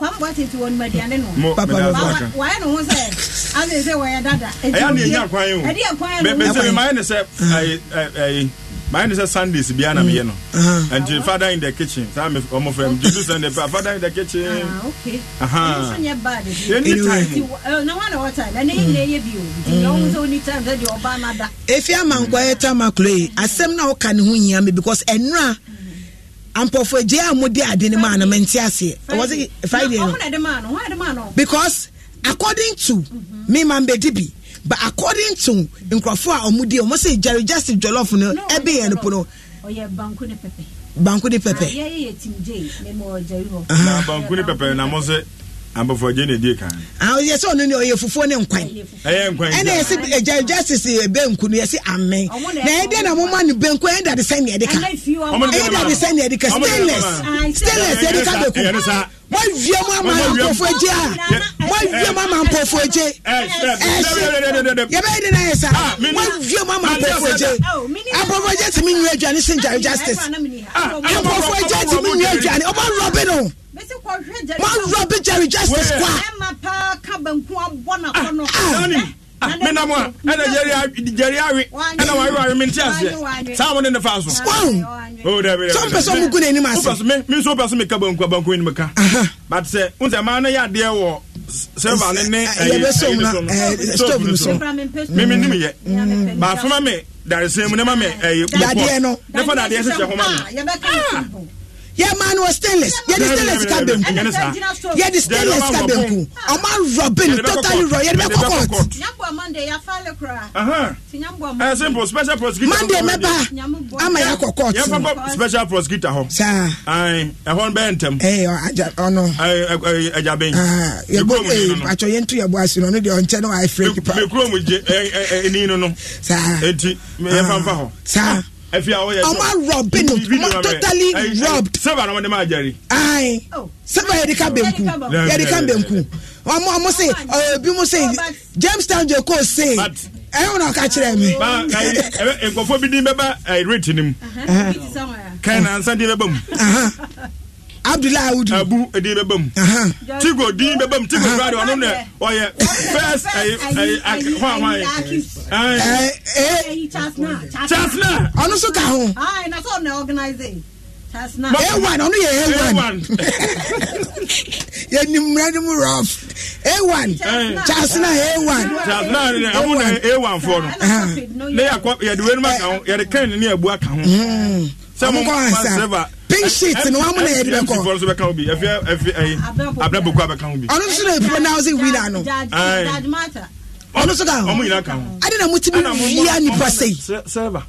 kwambɔ tete wɔn mɛ diane no wɔayɛ no ho sɛ ase sɛ wɔyɛ dada ɛyɛ ne ɛnya kwan yi o ɛde yɛ kwan yɛ no ho sɛ mɛ sɛ mɛ mayɛ ne sɛ My name is sundays bi anam yɛ no nti father in the kitchen saa mi ɔmo fɛm jesus and the father in the kitchen. Ah, okay. efi ama nkwa yɛ tam akoro yi asɛm na ɔka ne ho yia mi because ɛnura ampɔfo egye a mo di adi ne mu anam nti aseɛ ɔwɔ sɛ friday no because according to mm-hmm. mi ma mbɛ di bi but according to nkurɔfoɔ a wɔn di wɔn sɛ jerry justice jollof no ɛbi yɛn no pono. ɔyɛ banku ne pɛpɛ. banku ne pɛpɛ. ayɛ yɛ tim jay mɛmɔ jerry hɔ. banku ne pɛpɛ na mo sɛ abɔfra jɛ na edie kan. àwọn yɛ sɛ ɔno ni ɔyɛ fufuo ne nkwan. ɛyɛ nkwan ɛna yɛ sɛ jerry justice yɛ bɛ nkunu yɛ sɛ amen na yɛ dɛ na mo ma ne bɛnko ɛyɛ dade sɛ ne yɛ de ka ɛyɛ dade sɛ ne yɛ de ka stainless stainless yɛ de ka bɛ kun wọ́n wíyẹ mu ama nkɔfo gye a wọ́n wíyẹ mu ama nkɔfo gye ɛsɛ yɛ bɛ yi ni n'ayɛ sa wọ́n wíyẹ mu ama nkɔfo gye nkɔfo gye ti mi nyu aduane sin jare justice nkɔfo gye ti mi nyu aduane ɔmɔ nrɔbi no mɔ nrɔbi jare justice kwa. Ah, menam a ɛna gyeri awe ɛna wawewawe mente aseɛ saa mo ne ne fa so oh, sɛ mpɛ sɛ mugu n'anim aseme nso wopɛ so meka bankuabanku anim ka but sɛ wo sɛ ma no yɛ adeɛ wɔ sɛva ne ne stove no so memenim yɛ baafoma me daresɛn mu ne ma me ɛyɛ dadeɛ no ne fa dadeɛ hyehyɛ ho ma me ah, yɛ no wɔ stainless yɛ de stainless ka bɛnku yɛ de stainless ka bɛnku ɔmo rɔbin totally rɔ yɛ de bɛ kɔ kɔɔt mande mɛba ama yɛ kɔ kɔɔt yɛfɔ special prosecutor hɔ saa ɛhɔ bɛyɛ ntɛm ɛɛ ɔno ɛjabɛn yɛbɔ ee atwɛ yɛn to yɛbɔ asi no ɔno deɛ ɔnkyɛ no ayɛ fɛrɛ kipa mekurom gye ɛɛ eh, ɛni eh, eh, no no saa eti yɛfa nfa hɔ saa ɛfi awɔ yɛ ɔmɔ rɔbi no ɔmɔ totally robbed. sɛba na ɔmɔ nɛma ajari. ayi sɛba yɛ de ka benku yɛ de ka benku ɔmɔ ɔmɔ se ɔyɔ bi se james town jɛ ko se ɛyɛ wɔn ɔka kyerɛ mi. nkɔfo bi ni bɛ ba rate ni mu kɛnɛ ansan di bɛ ba mu. Uh-huh abdullahi awudu. abu edin bɛ bɛm. tigo din bɛ bɛm tigo gbari ɔno nɛ ɔyɛ first ɛyi ɛyi aki hwan hwan ye. ɛɛ ɛɛ chasna. ɔno so ka ho. na so na organize. A1 ɔno yɛ A1 yɛnim mmara ni mu rof A1 Chasna A1 chasena ɛmo na A1 foɔ no na yɛde wei no ma ka ho yɛde ni ne ne abu aka ho sẹ́mu mọ̀nsẹ́fà pink sheet ni wọ́n na yẹ de bẹ kọ. mc fọlọsọ bẹ kan obi efi efi ẹyin abẹ́bùkọ abẹ kan obi. ọ̀nà tó ɔno so ka ho ade na motumi fia nipa sɛi silver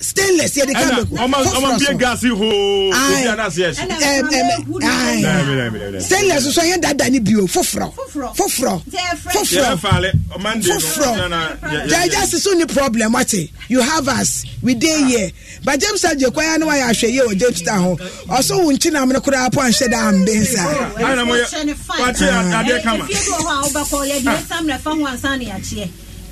stainless yɛde ka bɛkɔ stainless so ɛyɛ dada ne bio foforɔ foforɔ foforɔ gyaagya se so ne problem wate you have us we dey ah. here but james agye kwaya ne wayɛ ahwɛ yie wɔ james town ho ɔso wo nkyenam no koraa po anhyɛ da amben ah. saa akyeɛ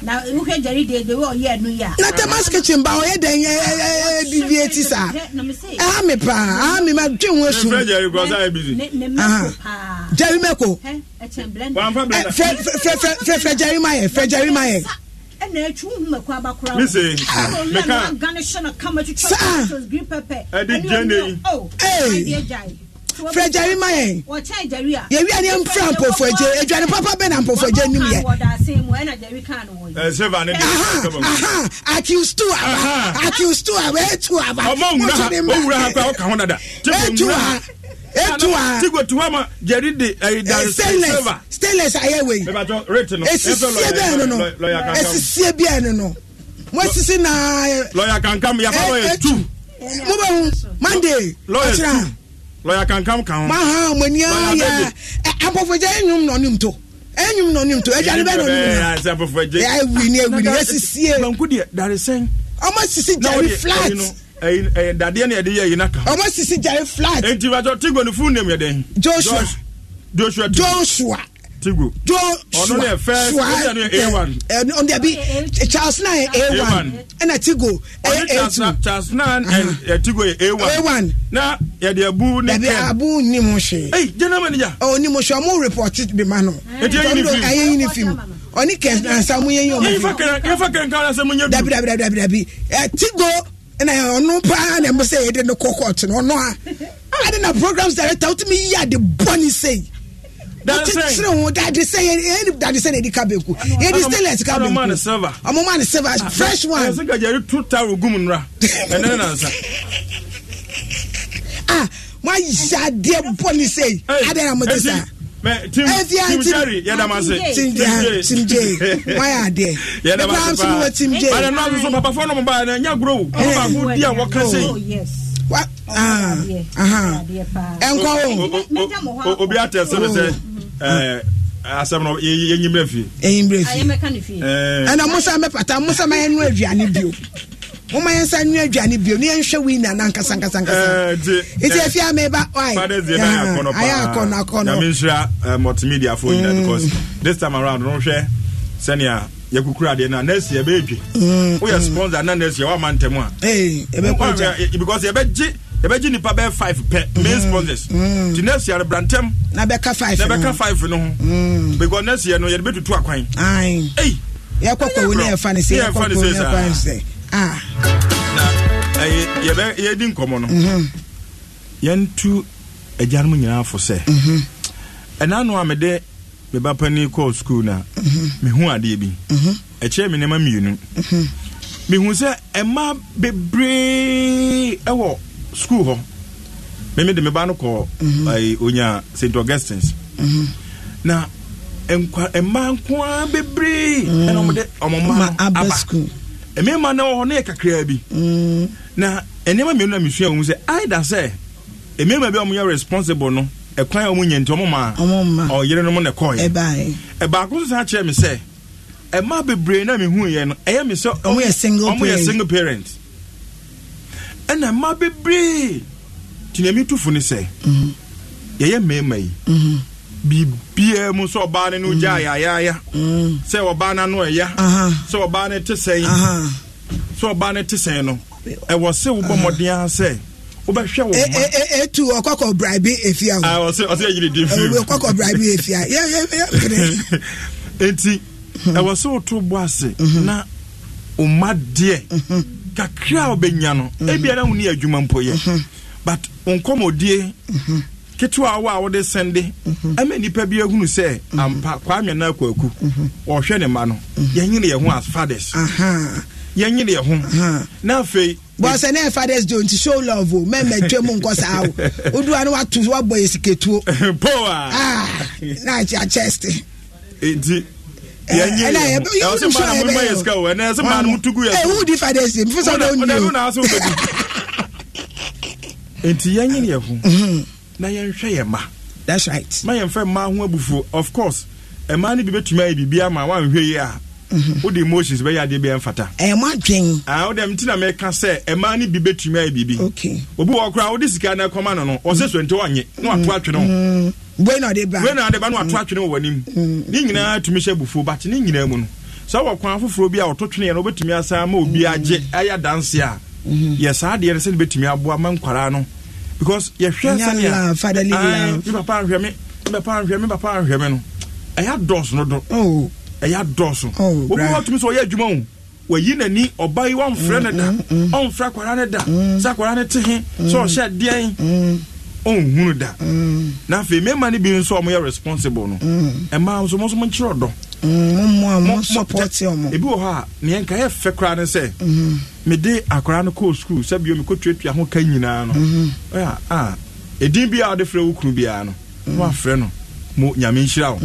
na wohwɛ gyare deɛ de wɔ ɔyɛ no yi a. na tamas kitchen ba ɔyɛ dɛn ɛ ɛ ɛ bibi eti saa ɛha mi paa ɛha mi ma twi n wo su. ɛfɛ jerry kura sáyɛ bizi. jerry meko fɛfɛ jerry ma yɛ fɛ jerry ma yɛ. ɛna etu nhun mɛ kɔ abakura. mi se mɛ kan saa ɛdi jɛn de yi frɛ gyari ma yɛn yɛwia ne mfra mpɔfo agye adwane papa bɛ na mpɔfo agye anim yɛ accused to aba accused to aba etu aba ɔwura ha kora ɔka ho dada etu ha etu ha tigbo tu ha ma jɛri de ɛyi dari silver stainless ayɛ wei esisie bɛyɛ no no esisie bɛyɛ no no mo esisi naa lɔya kankan yafa lɔya tu mo bɛ hu monday ɔkyerɛ ha lọ́yà kankan kan. máa ha eh, e. ọmọ ní ayà abọ́fẹ́jẹ́ ẹ̀yùn nọ ní to ẹ̀yùn nọ ní mùtò to alẹ́ bẹ́ẹ̀ nọ ní mùtò ẹ̀ ẹ̀wì ni ẹ̀wì ni ẹ̀ sisi ẹ̀. banku diẹ dari sẹ́yìn. ọmọ sisi jari flat. dadeɛ eh, ni yɛ de yɛ yina kan. ọmọ sisi jari flat. eti wàá sọ tí gbọ̀nifú nìyẹn dẹ. joshua joshua. joshua tigo ọdún ní ẹfẹ ọdún ní a1. ọdún ẹbí charles nine a1 ẹna tigo a2. charles nine and tigo yẹ a1. a1 na yẹde abu ni ken. ẹbi abu ni mo se. ẹyi jẹnẹ mẹni ja. ọ ni mo se ọmọ report bi ma nọ. etí ẹyin ni fim. ẹyin ni fim ọni kẹsàn án sá mu yẹn yẹn ọmọ fim. yẹn fẹ kẹrin kára sẹ mo yẹ du. dabi dabi dabi dabi ẹ tigo ɛna ɔno paa na ɛmo sɛ yɛde no kɔ kɔɔto no ɔno a ade na programs director wotumi yi ade bɔne sei kyekyere ho dadesɛ yɛni dadesɛ na yɛdi ka beku yɛdi stainless ka beku ɔmo silver ɔmo ma silver ah, fresh eh, one. ɛsɛ eh, gajari tu taro gum nra (laughs) ɛnɛ nansa. a mo ayi adeɛ bɔ yi adeɛ na mo eh, sa. mɛ tim tim sari yɛdama se tim jɛ tim jɛ mo ayɛ adeɛ yɛdama se paa tim jɛ ɛnɛ n'alu so papa fɔ n'omu ba yɛ n'ya guro o ɔmu baako di a wɔka oh, se yi. Ah, ɛnkɔ o obi atɛ sɛbɛsɛ. Eh, asɛm no yɛnyimmerɛ fie ɛyimmerɛ fie eh. ɛna mo sɛ mɛpata mo sɛ mayɛ no aduane bio moma yɛn nsa nua aduane bio ne yɛnhwɛ wei nana nkasankasankasanti eh, ɛfi a meba ayɛ akɔnɔ akɔnɔnamenhyira multimedia fo nyina mm. because this time around no hwɛ sɛnea yɛkukura adeɛ no nurse yɛbɛɛdwe mm, woyɛ mm. sponsor na nurse yɛwoama ntɛm a because yɛbɛgye yɛbɛgye nipa bɛyɛ five pɛ main mm, sponsors mm. ti next year brantam na bɛka five na bɛka five no ho mm. because next year no yɛde bɛtutu akwan ɛyi yɛkɔ kɔ wo ne yɛfa ne se, yɛkɔ kɔ wo ne yɛfa ne sɛ ah na ɛyɛ yɛbɛ yɛdi nkɔmɔ no mhm. yɛntu agyanom nyinaa fo sɛ mhm. ɛna no a mede me ba pani kɔɔ school na mhm. mehu adeɛ bi ɛkyerɛ me nneɛma mmienu mehu sɛ ɛma bebree ɛwɔ school hɔ meme de me ba no kɔ mhm. onya st augustins mhm. na mmaa nko a bebree mhm. ɛna ɔmde ɔmɔma aba mmarima na wɔ hɔ ne yɛ kakraa bi na nneɛma mmienu na mesua wɔ mu sɛ aida sɛ mmarima bi a ɔmyɛ responsible no ɛkwan a ɔmu nya nti ɔmoma ɔyere nom na ɛkɔɔyɛ ɛbaako so saa kyerɛ me sɛ ɛma bebree na mehuuyɛ no ɛyɛ me sɛ ɔmoyɛ single parent ɛna mma bebree nti nea metu fo ne sɛ mhm. yɛyɛ mmarima yi mhm. biribiaa mu sɛ ɔbaa no no gya mhm. ayayaaya sɛ ɔbaa no ano ɛya sɛ ɔbaa no te sɛn sɛ ɔbaa no te sɛn no ɛwɔ sɛ wobɔ mmɔden a wobɛhwɛ wo e, ma ɛtu e, e, ɔkɔkɔ bribe ɛfia ah, ɔsɛ ayiri di ɔkɔkɔ bribe ɛfia yɛyɛ (laughs) enti ɛwɔ sɛ woto bɔ ase na wo deɛ kakra a ɔbɛnya no mhm. ebiara wo ni adwuma mpo yɛ mhm. but nkɔmɔdie mhm. ketewa awo a wɔde sɛnde ɛmɛ nipa bi ehunu sɛ ampa kwame na kwaku ɔhwɛ ne ma no yɛnyini yɛn ho as fathers yɛnyini yɛn ho na afei. bɔsɛ ne fathers day nti show love o mɛmɛ twɛ mu nkɔ saa o (laughs) oduwa no watu wabɔ esiketuo. (laughs) poa. aa ah, na akyɛ chest. eti nti yɛnyine yɛ mhm. na yɛnhwɛ yɛ ma that's right ma yɛmfɛ mma ho abufuo of course ɛma no bi bɛtumi ayɛ biribi ama woanhwɛ yi a mhm. wode emotions bɛyɛ adeɛ biɛ mfata eh, ah, ɛma mti na mɛka sɛ ɛma no bi bɛtumi ayɛ biribi obi wɔ koraa wode sika no ɛkɔma no no ɔsɛ so nti na wato atwe no wẹ́nà adeba wẹ́nà adeba no ato atwene wɔ w'anim ne nyinaa tumi hyɛ bufuo bati ne nyinaa mu no sɛ wɔ kwan foforɔ bi a wɔto twene yɛ no wobɛtumi asa ma obi agye mm. ɛyɛ danse a mm-hmm. yɛ saa deɛ no sɛne bɛtumi aboa ma nkwaraa no because yɛhwɛ sɛneɛ papa nhwɛ me me papa me papa nhwɛ me no ɛyɛ dɔɔso no do oh. ɛyɛ dɔɔso oh, obi wɔtumi sɛ ɔyɛ adwuma o wayi n'ani ɔba yi wɔmfrɛ no da mm, mm, ɔmfrɛ akwaraa no da sɛ akwaraa no te he sɛ ɔhyɛ deɛn ɔnhunu da mm. na afei mmarima no bi nso a wɔyɛ responsible no mmaa nso mo nso mo nkyerɛ ɔdɔ mm, ebi wɔ hɔ a neɛ nka yɛ fɛ koraa ne sɛ mm-hmm. mede akwaraa no kɔɔ sukuu sɛbio mekɔtuatua ho ka nyinaa no ɛyɛ mm-hmm. a ɛdin biara wode frɛ wo kunu biara no na mm. wafrɛ no mo nyame nhyira wo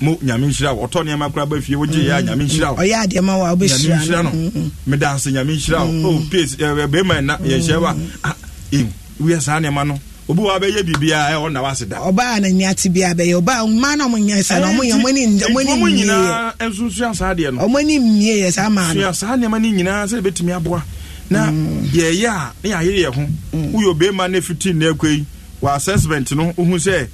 mo nyame nhyira wo ɔtɔ nneɛma koraa ba fie wogye yɛ nyame nhyira wo ɔyɛ adeɛ ma wo a wobɛhyira no mm-hmm. meda ase nyame nhyira wo o oh, ps bɛrima yɛnhyɛ wo a ewu yɛ saa nneɛma no obi wa bɛyɛ biribiara ɛwɔ na wase da. ɔbaa na ni ati bia bɛyɛ ɔbaa mmaa na ɔmo nyɛ sɛ na ɔmo yɛ ɔmo ni ɔmo ni mmie yɛ nso nso asa adeɛ no ɔmo ni mmie yɛ saa maa no nso asa nneɛma ni nyinaa sɛ ebetumi aboa na mm. yɛyɛ a ne yɛ ayere yɛ ho mm. woyɛ obɛɛma ne fiti na ekɔ yi wɔ assessment no ohun sɛ.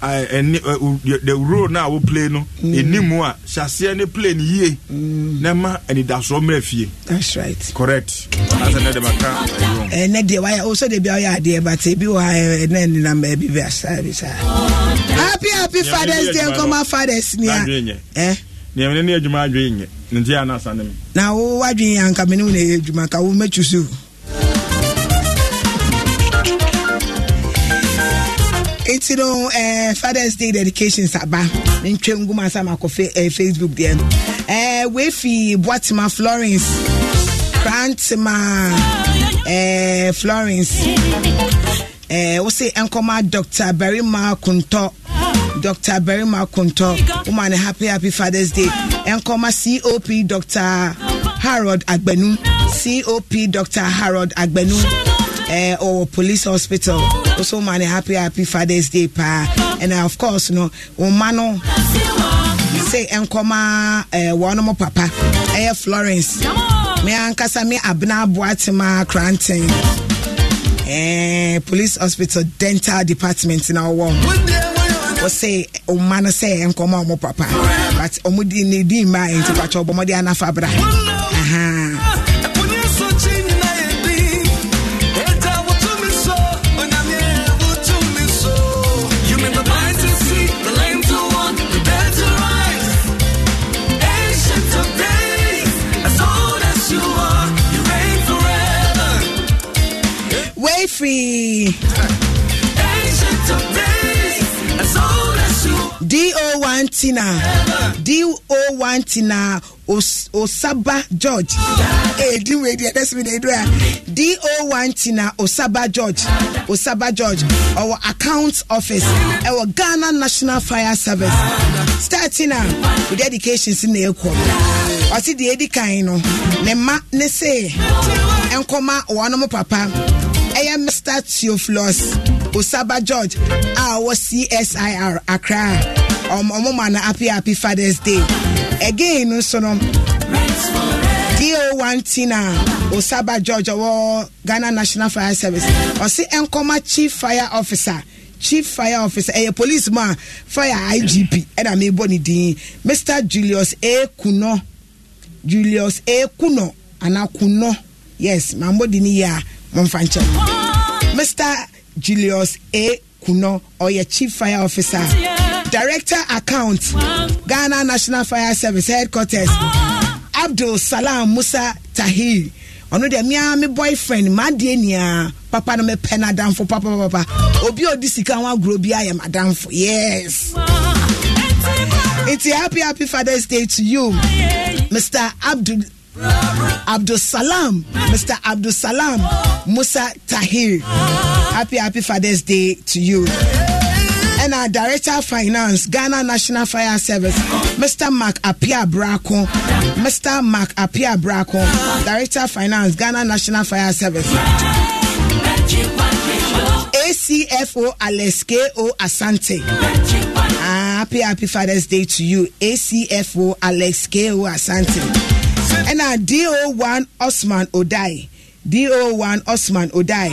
the role na awo play no enimu mm. a hyɛseɛ ne play ne yie na ma anidasoɔ fie. that's right. correct. n'asɛ de ma ka ɛyɔ. ɛ ne deɛ wayɛ de bi a ɔyɛ adeɛ but ebi wɔ ha ɛ ne nenam bi asa bi sa. happy happy fathers day nkɔmɔ fathers ni a. nìyɛn ne ne yɛ adwuma adwene yɛ nti yɛ anasa ne mi. na wo adwene yɛ anka mi ne wo na yɛ adwuma ka wo mɛtu so. nti no uh, fathers day dedications aba mentwa ngu ma sa makɔ fa facebook deɛ no uh, eh, wefi boatema florence krantema uh, eh, florence uh, eh, wo se nkɔma dr barima kontɔ dr barima kontɔ woma ne happy happy fathers day nkɔma cop dr harold agbanu cop dr harold Agbenu uh, eh, or oh, police hospital. Also, oh, man, happy, happy Father's Day, pa. And uh, of course, no, Omano. Say, enkoma, uh, eh, one more papa, Air eh, Florence. Me ankasa me abna boatima Cranton. Eh, police hospital dental department in our world. say wɔsɛ ɔma say sɛ nkɔmɔ ɔmo papa but ɔmo di ne di mmaa nti pakyɛ ɔbɔmɔde anafa bra. free. DO1 Tina, DO1 Tina, Os, Osaba George. Hey, eh, do we yeah, that's what they do. DO1 Tina, Osaba George, Osaba George, our accounts office, our Ghana National Fire Service. Starting now with dedications in the airport. I see the Eddie Kaino, Nema Nese, Enkoma, Wanomo Papa. Pastor Theophilus Osaba George a wɔ CSIR Accra ɔmo ma na happy happy Father's Day again no nso no do one tina Osaba George ɔwɔ Ghana National Fire Service ɔsi nkɔma Chief Fire Officer. chief fire officer ɛyɛ eh, police ma fire igp ɛna eh, mebɔ ne din mr julius a kuno julius a kuno anaa kuno yes maa mbɔ di ni yie a mo nfa nkyɛn. Mr. Julius A. Kuno, or your Chief Fire Officer, Director Account, Ghana National Fire Service Headquarters, Abdul Salam Musa Tahi. ɔno de mea me boyfriend maadeɛ nyinaa papa no mepɛ no adamfo papapapa obi a ɔde sika wa agorɔ bi ayɛ for yes It's a happy happy father's day to you mr abdul Abdul Salam, Mr. Abdul Salam, Musa Tahir. Happy, happy Father's Day to you. And our Director of Finance, Ghana National Fire Service, Mr. Mark Apia Braco. Mr. Mark Apia Braco, Director of Finance, Ghana National Fire Service. ACFO Alex KO Asante. Ah, happy, happy Father's Day to you, ACFO Alex KO Asante. ɛna do1 osman odai do1 osman odai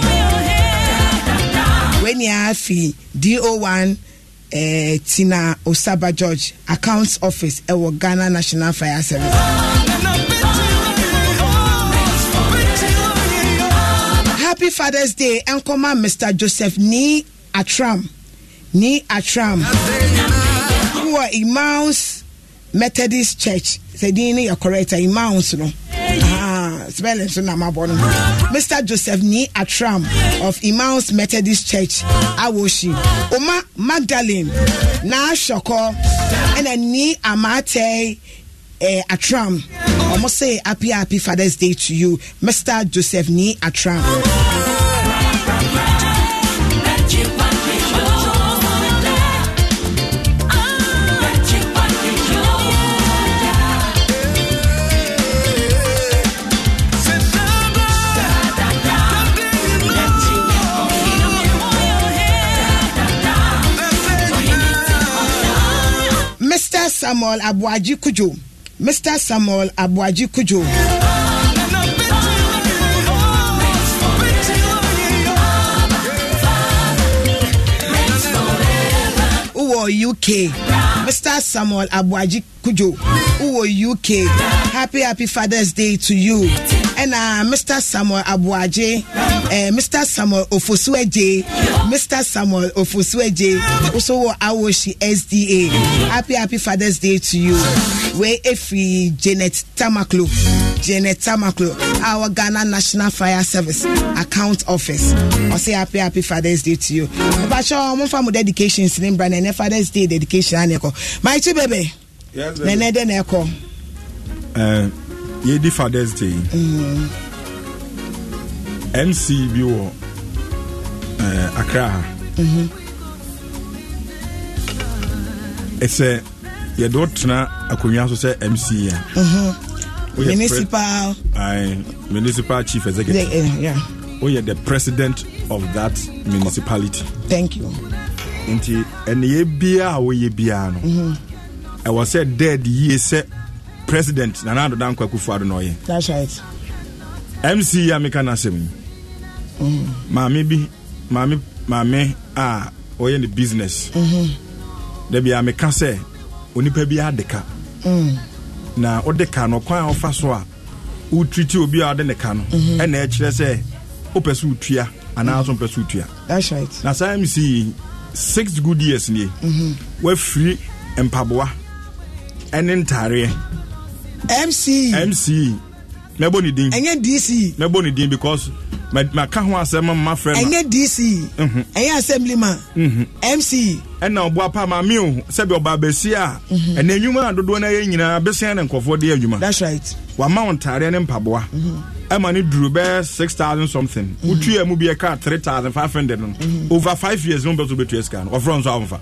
wɛnia fi do1 eh, tina osaba george accounts office ɛwɔ eh, ghana national fire service happy fathers day ɛnkɔma mr joseph ni atram ni atram who are imams methodist church sɛ din no yɛ correct a ima no ah, spelling so na mabɔ no mr joseph ni atram of emmaus methodist church awoshi oma magdalene na ahwɛkɔ ɛna ni amaatɛe eh, atram must say happy happy fathers day to you mr joseph ni atram Samuel Abuaji Kujo. Mr. Samuel Abuaji Kujo. you? UK Mr. Samuel Abuaji Kujo who you? UK happy happy Father's Day to you. ɛna mr samuel abuagye eh, mr samuel ofosuagye mr samuel ofosuagye also wɔ awoshi sda happy happy fathers day to you wei efiri janet tamaklo janet tamaklo our ghana national fire service account office I say happy happy fathers day to you mpatsɛ ɔmofa mo dedications dedication. mbra na ɛnɛ fathers day dedication anɛ kɔ maikyi bebe Nene, dɛ na ɛkɔ yɛdi fathers day mc mm-hmm. bi wɔ eh, akra ha ɛsɛ yɛde wotena akonnwa so sɛ mc a municipal Aye, municipal chief executive the, uh, eh, yeah. woyɛ the president of that municipality thank you nti ɛneyɛ biaa a woyɛ biaa no ɛwɔ mm-hmm. sɛ dead yie sɛ president nana adoda nkwa akufo ado na ɔyɛ mc yi a meka no asɛm yi mm. maame bi maame maame a ɔyɛ ne business mm-hmm. da bia sɛ onipa bi ade ka mm. na wode ka no ɔkwan a ɔfa so a wotriti obi a ɔde ne ka no mm-hmm. ɛna ɛkyerɛ sɛ wopɛ sɛ wotua anaa so mpɛ sɛ wotua na saa mc yi six good years nie mm-hmm. wafiri mpaboa ɛne ntareɛ MC, mce mɛbɔ ne din ɛnyɛ dce mɛbɔ ne din because maka ho asɛm ma frɛ no ɛnyɛ dc ɛyɛ assembly ma mc mhm. mhm. ɛna ɔboa pa ma me o sɛbi ɔba abɛsi a mhm. ɛna nnwuma a dodoɔ no yɛ nyinaa bɛsɛn ne nkɔfoɔ de adwuma that's right wama wo ntareɛ ne mpaboa ɛma ne duru bɛɛ six thousand something wotua mu bi ɛka three thousand five hundred no over five years no bɛso bɛtua sika no ɔfrɛ nso awomfa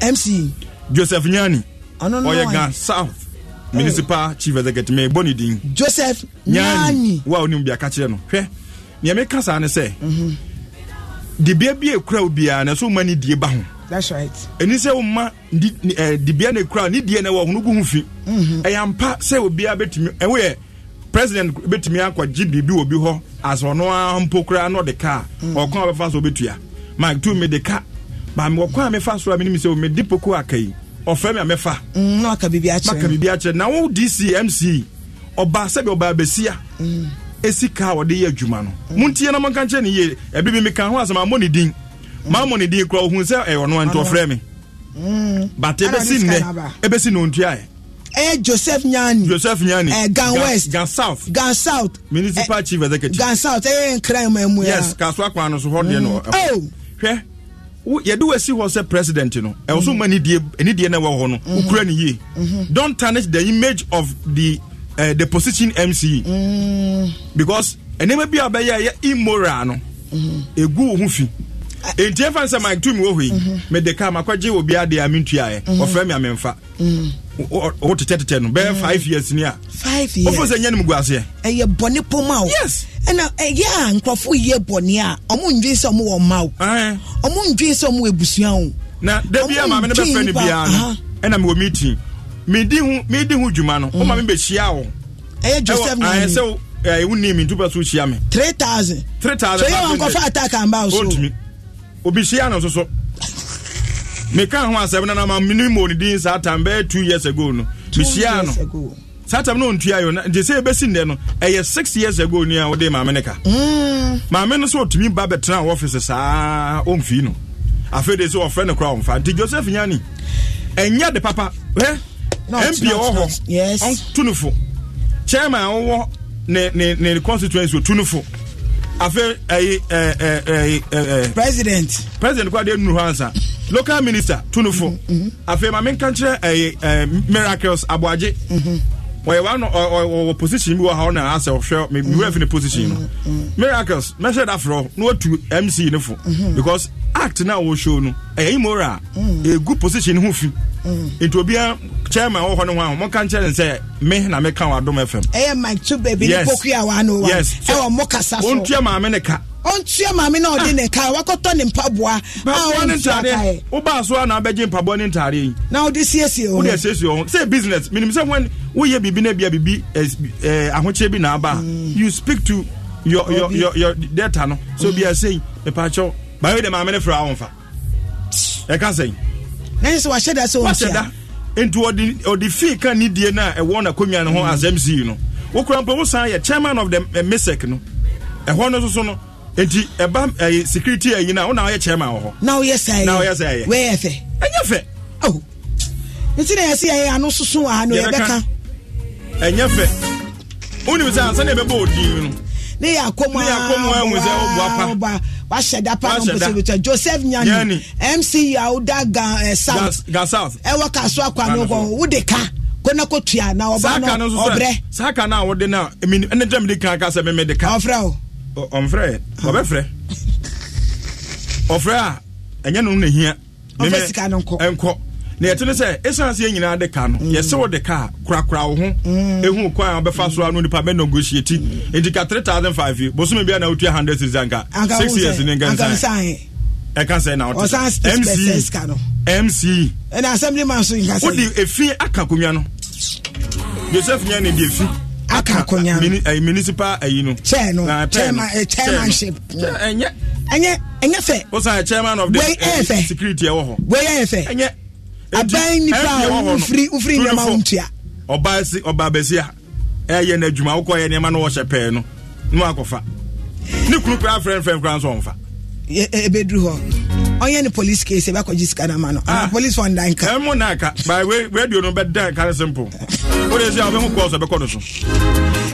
mc joseph nyani ɔyɛ ga south municipal chief executive mɛ bɔ ne din. joseph nyaani wa o ni mu bi a ka kyerɛ no hwɛ nea mi kasa ne sɛ dibea bi ekura obiara na so ma ne die ba ho. that's right. eni sɛ o ma dibea eh, na ekura ni die na wɔ ɔhunu gu ho fi. ɛyà mm-hmm. mpa sɛ obiara bɛtumi ɛwɔ yɛ president bɛtumi akɔgye biribi wɔ bi hɔ asɔ no ara mpo koraa na ɔde mm. kaa so bɛtua mike tu mi de ka maame ɔkwan a mɛfa so a mi ni mi sɛ o mi di poko aka yi ɔfrɛ mi a mɛfa. Mm, na waka biribi akyerɛ maka biribi akyerɛ na wɔn dcmc ɔbaa sɛbi ɔbaa besia. Mm. esi kaa ɔde yɛ adwuma no mm. muntie na mo nka nkyɛn ne yie ebi mi mi ka ho asɛm amɔ ne din mm. maa mɔ ne din kura ohun sɛ ɛyɛ ɔno nti ɔfrɛ mi mm. bata ebesi nnɛ ebesi na ontua ɛyɛ joseph nyani joseph nyani ɛɛ eh, gan west gan south gan south municipal eh, chief executive gan south ɛyɛ nkran mɛmu ya yes kaso akwan no so hɔ deɛ no mm. oh. hwɛ yɛde wasi hɔ sɛ president no ɛwɔ so ma anidie no ɛwɔ hɔ no mhm. wokura no yie mhm. don't tarnish the image of the uh, the position mce mm. because nneɛma bi a ɔbɛyɛ ɛyɛ immoral no ɛgu mhm. wo ho fi ɛnti ɛfa no sɛ mike tumi wɔ hɔ yi mede ka makɔgye wɔ biaa deɛ amentuaeɛ ɔfrɛ me amemfa mm o tete no bɛyɛ mm. five years ni a. five years o sɛ n yɛ nimu guaseɛ. ɛyɛ bɔnni poma o. yes. ɛna ɛyɛ a nkurɔfoɔ yɛ bɔnni a ɔmu ndwi sɛ ɔmu wɔ mma o. ɔmu ndwi sɛ ɔmu wɔ ebusua o. na debi a maame ne bɛ fɛn ni bia no ɛna mi wɔ meeting mi di hu mi di hu juma no o mm. maame bɛ hyia o. ɛyɛ joseph nani. ɛwɔ ɛsɛ ɛyɛ wu ni mi ntuba so hyia mi. three thousand. three thousand. so yɛ obi hyia no soso meka ho asɛm no nama mene mɔ ne din saa tam bɛyɛ two years ago no mehyiaa no saa tam no ɔntua yo nti sɛ yɛbɛsi nnɛ no ɛyɛ six years ago ni a wode maame ne ka mm. maame no sɛ ɔtumi ba bɛtena wɔfise saa ɔmfii no afei de sɛ ɔfrɛ no kora ɔmfa nti joseph nyani ɛnyɛ de papa hɛ mp ɛwɔ hɔ ɔnto no fo chairman wɔwɔ ne ne ne constituency otu no fo afei ɛyi ɛɛ ɛɛ ɛɛ president president kɔ adeɛ nuru hɔ ansa local minister tunufo mm-hmm, mm-hmm. afei maame nka nkyerɛ ɛyɛ eh, ɛɛ eh, miracles aboagye mm-hmm. wɔyɛ wa ɔwɔ position bi wɔ ha ɔna asɛ ɔhwɛ mi wura fi ne position no miracles mɛhyɛ da frɔ na watu mc ne fo because act na wɔn show no ɛyɛ imora egu mm. position ho fi mm. nti obiara chairman wɔ hɔ no ho a wɔn ka nkyerɛ nsɛ me na me ka wɔ adom fm. ɛyɛ mike tube bi ne kokuya wa ano wa ɛwɔ mo kasa so. wɔn tuya maame ne ka ɔntua maame na ɔde ne ka wakɔtɔ ne mpaboa ah, a ɔntua kae. so a na abɛgye mpaboa ne ntaare yi. na ɔde siesie wɔn. wode siesie wɔn say business minimu sɛ wɔn woyɛ bibi na bia bibi ɛɛ bi na aba you speak to your your your your data no so bia sey mipatsɔ bayo de maame ne fura awon fa ɛka sɛn. na sɛ wahyɛ da sɛ ɔntua. nti ɔde ɔde ka ne die na ɛwɔ na konwa ne ho hmm. asɛm sii no wokura mpo wosan yɛ chairman of the mesec no ɛhɔ no soso no nti ɛba ɛyi security ɛyi na ɔna ɔyɛ chairman wɔ hɔ. na ɔyɛ sɛ ɛyɛ na ɔyɛ sɛ ɛyɛ. wɛyɛ fɛ. ɛnyɛ fɛ. ɔwɔ nti na yɛsi ɛyɛ ano soso wa ano yɛ bɛ ka. ɛnyɛ fɛ wúni sɛ ansa na ɛbɛ bɔ òdi no. ne yà kó mu aa ne yà kó mu aa ɔba wahyɛ da pa no mpɛsɛ joseph nyani mc yahuda gan eh, south gan south ɛwɔ kaso akwano hɔ wudi ka kona ko tua na ɔba no ɔbrɛ. saa na a na ɛmi ɛne jɛm de kan ka sɛ mɛmɛ de ka. ɔfrɛ o. ɔmfrɛ ɔbɛfrɛ ɔfrɛ a ɛnyɛ no na hia ɛnkɔ na yɛte no sɛ ɛsiane sɛ yɛnyinaa de ka no mm. yɛsɛ wo de ka a korakora wo ho ɛhu mm. kwan a wobɛfa so a no nipa bɛnegotiati enti mm. ka 3005 yi bosome bia na wotua 100 cities anka 6 years ne nkansa ɛka sɛ na wotmc mc ɛna wode ɛfi aka konwa no joseph nya ne de ɛfi aka akonya no eh, municipal ayi no chair no chairman chairmanship ɛnyɛ ɛnyɛ ɛnyɛ fɛ wosan chairman of the eh, eh, security ɛwɔ hɔ wɔyɛ fɛ ɛnyɛ aban nipa a wofiri wofiri nneɛma wo ntua ɔbaa si oba bɛsi a ɛyɛ n'adwuma wokɔ yɛ nneɛma no wɔhyɛ pɛɛ no ne wakɔfa ne kunu friend afrɛmfrɛm koraa nso ɔmfa ɛbɛduru hɔ ɔnyɛ ne police case ɛbɛ akɔgye sika no no ana ah. police fɔ nda nka ɛmu na aka by way radio no bɛda ɛka ne simple o de sɛ ɔbɛhu kɔɔ sɛ ɛbɛkɔ no so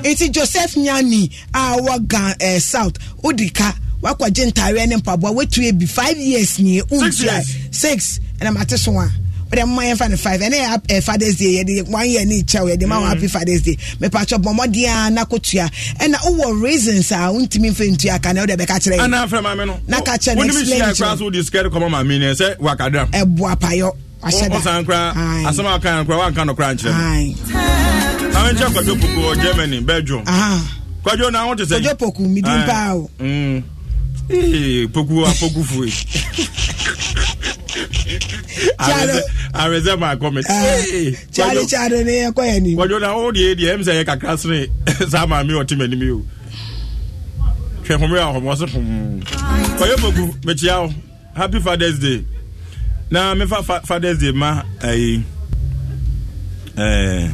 nti joseph nyani a wɔ ga ɛɛ eh, south odi ka wakɔgye ntaareɛ ne mpaboa wetu ebi five years nie ntua six ɛna mate so a wɔde mma yɛmfa no five ɛne yɛ eh, fathers day yɛde one year ne kyɛw yɛde ma wɔn mm. happy fathers day mepatwɛ bɔ mmɔden a nakotua ɛna wowɔ reasons a wontumi mfa ntua ka na wode bɛka kyerɛ yɛna frɛ maame no na ka kyerɛ no explain kyerɛ wode sikɛre kɔma maame ne sɛ wakadam ɛboa payɔ ahyɛdasan kora asɛm a waka kora wanka no kora nkyerɛ maame nkyɛ kwadwo poku wɔ germany belgium kwadwo na wote sɛ kwadwo poku medim paa o mm. poku apoku fue (laughs) awɛsɛ maakɔ ah, eh, (laughs) me kyale kyale ne yɛkɔ yɛ nim na wodeɛ deɛ ɛm sɛ yɛ kakra sene saa maame ɔte m'anim yi o hwɛ homere a hɔmɔ so hom ɔyɛ magu mekyia wo happy fathers day na mefa fathers day ma ayi eh,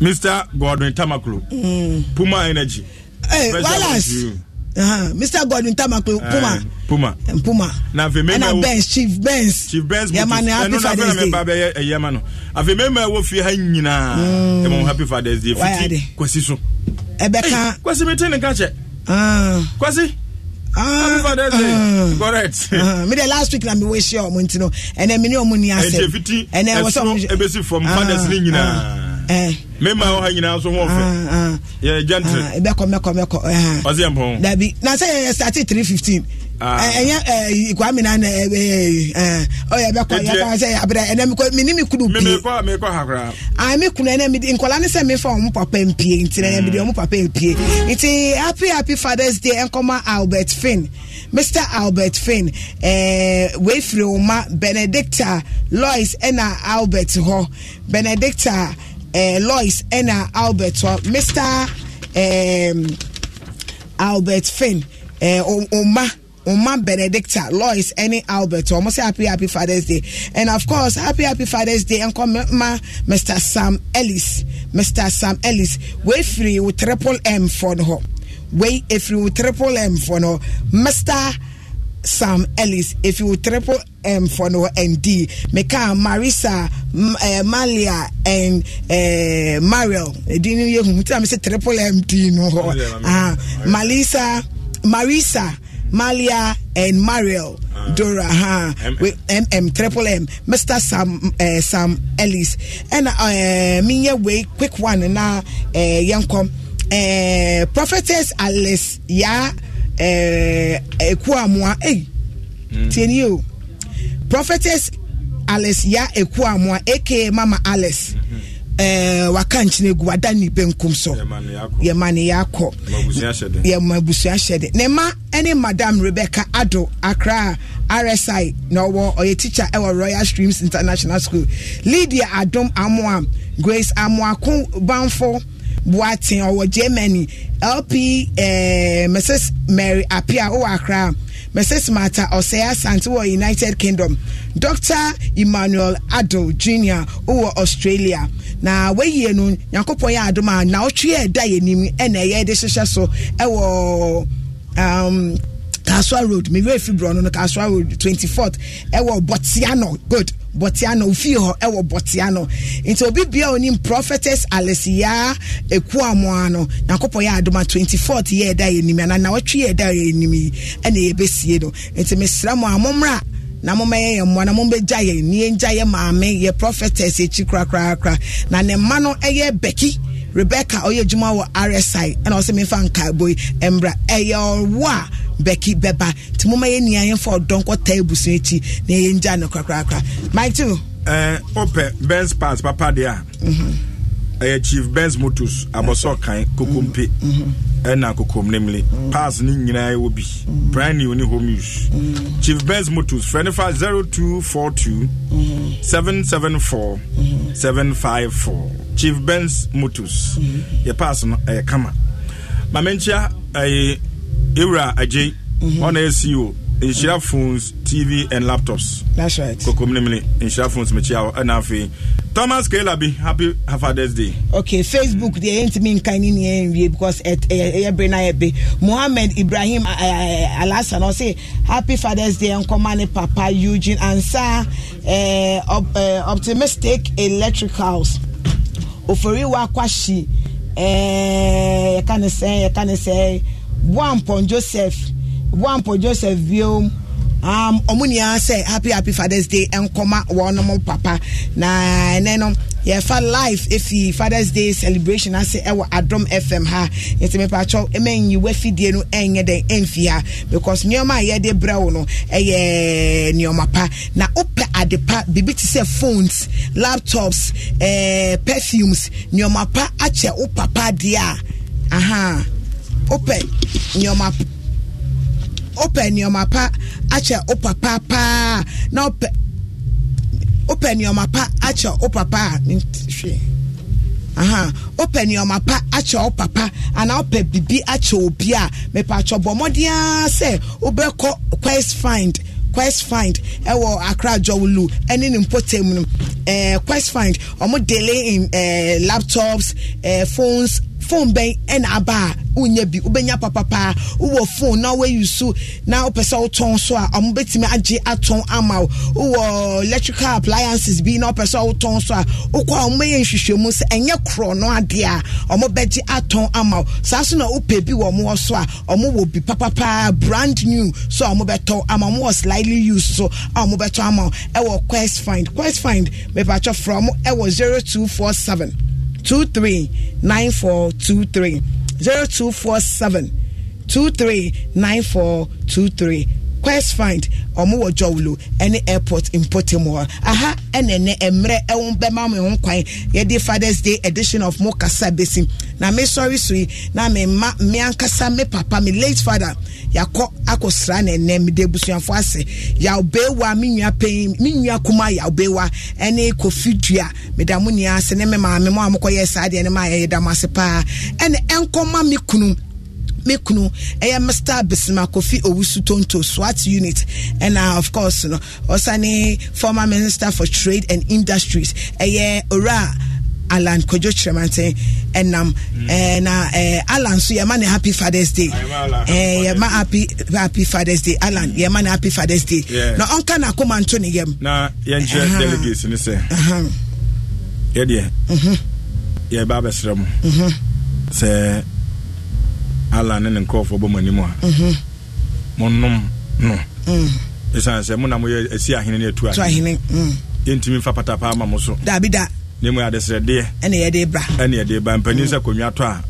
mr gordon tamakro mm. puma energy hey, eh, mr godwin tamakpe eh, puma puma eh, puma na afei mɛma ɛwɔ benz chief benz chief benz yɛma eh, mm. ne happy father's day ɛnu n'afɛn bɛɛ bɛ yɛma no afei mɛma ɛwɔ fie ha nyinaa ɛma mo happy father's day fiti ah. kwasi ah. so ɛbɛka kwasi mi ti ne ka kyɛ kwasi. mede last week na mewɔ ahyia ɔmo nti no ɛnɛ mene ɔmo ni asɛm ɛnɛ wɔ sɛ ɛbɛsi fam fathers ne nyinaa ah. Eh. mema wɔ ha nyinaa nso ho ɔfɛ ah, ah. yɛ gyantere ɛbɛkɔ ah, mɛkɔ mɛkɔ eh. ɔsɛ mpɔn dabi three fifteen eh, ɛyɛ kwame na na ɛyɛ ɛbɛkɔ yɛ sɛ abirɛ ɛnɛ mi kɔ mi ni mi kunu pie mi kɔ mi kɔ ha koraa aa mi kunu ɛnɛ mi di nkɔla happy happy fathers day nkɔma albert finn mr albert finn ɛɛ wefiri ma benedicta lois ɛna albert hɔ benedicta. uh, Lois ɛna Albert so Mr. Um, Albert Finn uh, Oma. Oma Benedicta, Lois, any Albert, almost happy, happy Father's Day. And of course, happy, happy Father's Day. Uncle come, Mr. Sam Ellis, Mr. Sam Ellis, way free with triple M for no. Way free with triple M for no. Mr. Sam Ellis. If you triple M for no ND, Meka Marisa M- uh, Malia and uh, eh, Mario, eh, Didn't you triple M No, oh, uh-huh. Malisa, Marisa. Malia and Mario. uh, uh-huh. Dora ha uh-huh. M with MM Triple M Mr Sam uh, Sam Ellis and uh, me way quick one Now, uh, young com uh, prophetess Alice yeah Eh, ekuamoa ei hmm. tieni o prophetess alice ya ekuamoa aka mama alice mm-hmm. eh, waka nkyene gu wada ne benkum so Yemani ne yɛakɔ yɛma abusua hyɛde ne ma ne madam rebecca ado Accra rsi na ɔwɔ ɔyɛ teacher ɛwɔ royal streams international school lydia adom amoa grace amoako banfo boaten ɔwɔ germany lp eh, mrs mary apia ɔwɔ oh, accra mrs martha ɔsɛɛ asante wɔ united kingdom dr emmanuel Ado Junior oh, wɔ australia na wɔyie no nyankopɔn yɛ adom a na ɔtwe yɛ ɛda yɛ nim ɛna ɛyɛ de hyehyɛ so ɛwɔ um, Kaswa Road, Mewere Fibro, no, Kaswa Road, Twenty Fourth. th Ewo Botsiano, good bɔtiano ofie hɔ ɛwɔ bɔtiano nti obi bia onim prophetess alesiya ekuamoa no nyakopɔ yɛ adoma twenty fourth yɛ ɛda yɛ nim ana nawɔtwi yɛ ɛda yɛ nim yi ɛna yɛbɛsie no nti mesra mo a momra na mo mɛyɛ yɛn mmoa na mo bɛgya yɛn nie gya yɛ maame yɛ prophetess ekyi korakorakora na ne mma no ɛyɛ bɛki rebecca ɔyɛ adwuma wɔ rsi ɛna ɔsɛ mefa nkaebo yi mbra ɛyɛ ɔwo a bɛki bɛba nti moma yɛ nia yɛmfa ɔdɔnkɔ taa abusua akyi na yɛ ngya no korakorakora mito wopɛ eh, bens pass papa deɛ a ɛyɛ chief bens motos abɔsɔ kan kokompe ɛna mm-hmm. kokom ne mle mm-hmm. pass ne nyinaa ɛwɔ bi mm-hmm. brand new ne home use chief bens motos frɛ ne fa 0242 774 754 chief benz motos mm-hmm. yɛ pass no ɛyɛ kama maame nkyia ɛyɛ ewura agye mm-hmm. ɔna yɛ ceo nhyira phones tv and laptops that's right koko mmenemene nhyira phones mekyia ɛna afei thomas kela bi happy father's day. okay facebook deɛ yɛn ntumi nkan ni ni yɛn wie because ɛyɛ bere na yɛ be mohammed ibrahim alasa na happy father's day nkɔma ne papa eugene ansa eh, eh, optimistic electric house oforiwa kwahyi ɛɛ eh, yɛka ne sɛn yɛka ne sɛn buampɔ joseph buampɔ joseph biom um, ɔmo nyinaa sɛ happy happy fathers day nkɔma wɔnom papa na ɛnɛ no yɛfa life, efi fathers day celebration ase ɛwɔ adom fm ha yɛtɛ mipatwɛ ɛmɛnyi wɛfidie no ɛnyɛ dɛ ɛnfi ha because nneɛma a yɛde brɛ wo no ɛyɛ nneɛma pa na opɛ ade pa biribi te sɛ phones laptops eh, perfumes nneɛma pa akyɛ wo papa deɛ a aha wopɛ nneɛma wopɛ nneɛma pa akyɛ wo papa paa na Open wopɛ nneɛma pa akyɛ wo papa a hwee Open wopɛ nneɛma pa akyɛ wo papa anaa wopɛ biribi akyɛ obi a mepɛ atwɔ bɔ mmɔden ara sɛ wobɛkɔ quest find quest find ɛwɔ accra jɔwulu ɛne ne mpɔtam no ɛɛ quest find ɔmo dele in ɛɛ laptops ɛɛ phones. phone bɛn ɛna aba a wonya bi wobɛnya papapaa wowɔ phone na woayi so na wopɛ sɛ wotɔn so a ɔmo bɛtumi agye atɔn ama wo wowɔ electrical appliances bi na wopɛ sɛ wotɔn so a wokɔ a ɔmobɛyɛ nhwehwɛmu sɛ ɛnyɛ korɔ no adeɛ a ɔmo bɛgye atɔn ama wo saa so na wopɛ bi wɔ mo hɔ so a ɔmo wɔ bi brand new so a ɔmo bɛtɔn ama ɔmo wɔ slightly used so a ɔmo bɛtɔn ama wo ɛwɔ quest find quest find mepatwɛ frɛ ɔmo ɛwɔ zero two four seven two three nine four two three zero two four seven two three nine four two three. quest find ɔmo wɔ jɔwlo ɛne airport mpɔtɛmu hɔ aha ɛna ɛnɛ mmerɛ ɛho bɛma mo ɛho kwan yɛde fathers day edition of mo kasa besi na me sɔre so yi na me mma me ankasa me papa me late father yakɔ akɔsra na ɛnɛ me de busuafo ase yawbewa me nua panyin me nua kuma yawbewa ɛne kofi dua me da mo nua ase ne me maame mo a mo kɔ yɛ saa deɛ ne ma yɛ yɛ da mo ase paa ɛna ɛnkɔma me kunu me kunu ɛyɛ mr bisima kofi owusu tonto swat unit ɛna uh, of course no ɔsane former minister for trade and industries ɛyɛ owura alan kojo kyerɛmanten ɛnam na alan nso yɛma ne happy fathers day yɛma eh, happy happy fathers day alan yɛma ne happy fathers day na ɔnka na akoma nto ne yam na yɛnkyerɛ delegates ne sɛ yɛdeɛ yɛba abɛsrɛ mu sɛ ala ne ne nkurɔfoɔ bɔ mo anim a mhm. monom no ɛsiane mhm. sɛ monam yɛ asi ahene ne atu ahene mhm. yɛntumi mfa patapaa ma mo so daabi da ne mu adesrɛdeɛ ɛne yɛde bra ɛne yɛde ba mpanin sɛ konwa tɔ a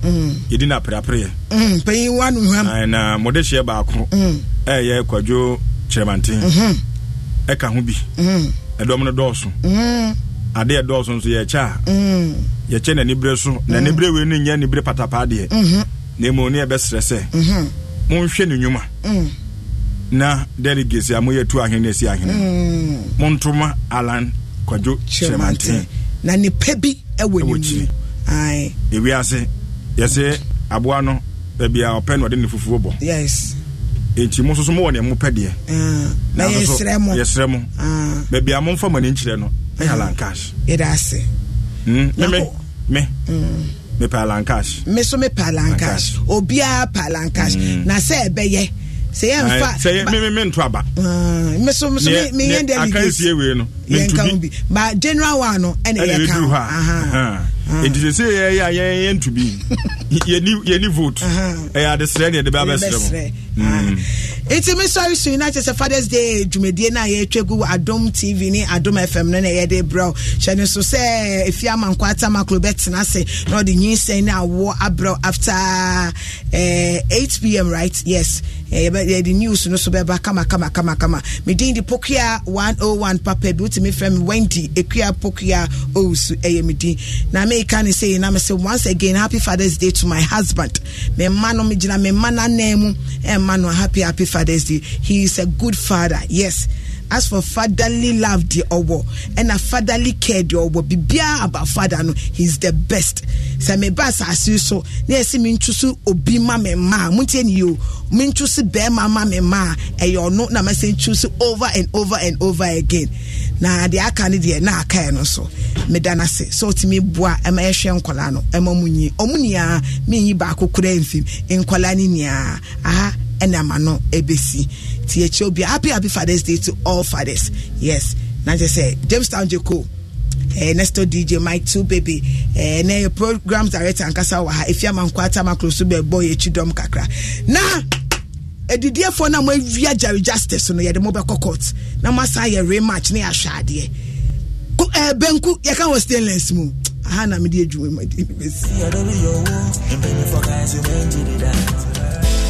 yɛdi no apreapreɛ panyin wa nohwam na mode hyeɛ baako ɛyɛ kwadwo kyerɛmanten ɛka ho bi ɛdɔm no dɔɔso adeɛ dɔɔso nso yɛkyɛ a yɛkyɛ n'aniberɛ so n'aniberɛ wei no nyɛ anibere patapaa deɛ na mmom ne yɛbɛserɛ sɛ monhwɛ mhm. ne nnwuma mm. na delegates a moyɛ tu ahene asi ahene montoma mm. alan kwadwo kyerɛmanten na nipa bi ɛwɔ ne mu ase, yɛsɛ aboa no baabi a ɔpɛ no ɔde ne fufuo bɔ yes nti mo nso so mowɔ deɛ deɛ ah. na yɛsrɛ mo yɛsrɛ mo baabi a momfa mo ani nkyerɛ no ɛyɛ mm. alan cash yɛda ase hmm? me me me mepɛ alankash me so mepɛ alankash obiara pɛ alankash mm. na sɛ ɛbɛyɛ sɛ yɛmfa sɛ mento aba ah, meso meyɛ deɛ akansie wei no menka bi ba general wa no ɛne yɛka ho Hmm. nti sɛ sɛ yɛyɛ a yɛyɛ nto bi (laughs) yɛni vote hmm. ɛyɛ adesrɛ ne yɛde bɛabɛsrɛ mu hmm. ah. nti me sɔre so nyina kyɛ sɛ fathers day dwumadie no a yɛtwa gu adom tv ne adom fm no na yɛde brɛw hyɛ no so sɛ ɛfie amanko atamakro bɛtena ase na ɔde nyinsɛn no awoɔ abrɛw after eh, 8 pm right yes eh, yɛde news no so bɛba kama kama kama kama medin de pokua 101 papa bi wotumi frɛ me wendy ɛkua pokua ɔwusu ɛyɛ medin na me meka ne sɛ yɛnam say once again happy fathers day to my husband me mma no megyina me mma no anan mu ɛma eh, no happy happy fathers day he is a good father yes as for fatherly love deɛ ɔwɔ ɛna fatherly care deɛ ɔwɔ biribiara about father no he is the best sɛ meba asase so na si mi ntu so obi ma mi ma mo n tie ni o mi ntu so bɛrima ma mi ma ɛyɛ e ɔno na ma sɛ ntu so over and over and over again na deɛ aka ne deɛ na aka yɛ e no so meda na se so otumi boa ɛma e yɛhwɛ nkɔla no ɛma mu nyi ɔmo nyinaa mi nyi baako kura mfim nkɔla ne nyinaa aha. ɛnam ano ɛbɛsi nti akyerɛ obi happy happy fathers day to all fathers yes now just say, jamestown jeko eh, Nestor DJ My Two Baby eh, na yɛ program director ankasa wɔ ha efi amanko atama kuro so bɛbɔ yɛ twi dɔm kakra na for na mo awia Jerry Justice no ya mo bɛkɔ court na mo asan yɛ rematch ne yɛahwɛ adeɛ ko ɛɛ eh, benku yɛka wɔ stainless mu aha na mi de adwuma mu adi ni bɛ si.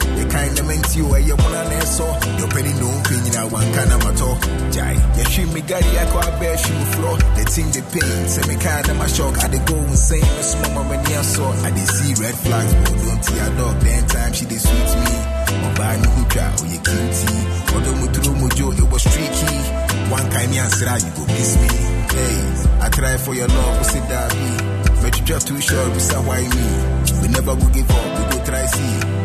The kind of meant you are your one and so your penny no pain in one kind of matter. Jai, your shim me got the aqua bear shoe floor. The thing they pain, send me kind of my shock. I did go insane, my small mama near saw. I did see red flags, but don't see a dog. Then time she they sweet me. Oba no hookah, oh you can't see. the Muturu Mojo, it was tricky. One kind of answer, you go miss me. Hey, I try for your love, but sit that me. But you just too sure, we why me. We never will give up, we go try see.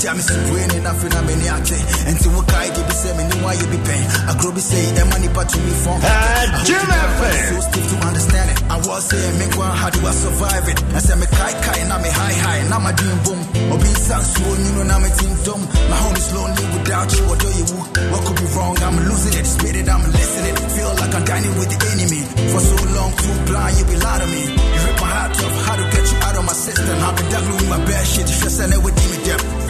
Tell me, brain in a many ate. And to work, I give you many why you be paying. I grow be say, and money part to me for Jim FM. So stiff to understand it. I was saying, make one, how do I survive it? I said, me kai kai, and me high high, and my dream boom. Or be sans, you know, i me a team dumb. My home is lonely without you, what do you? What could be wrong? I'm losing it, spit I'm listening. Feel like I'm dining with the enemy. For so long, too blind, you be lying to me. You rip my heart off, how to get you out of my system. I've been juggling with my bad shit, just said, it with me depth.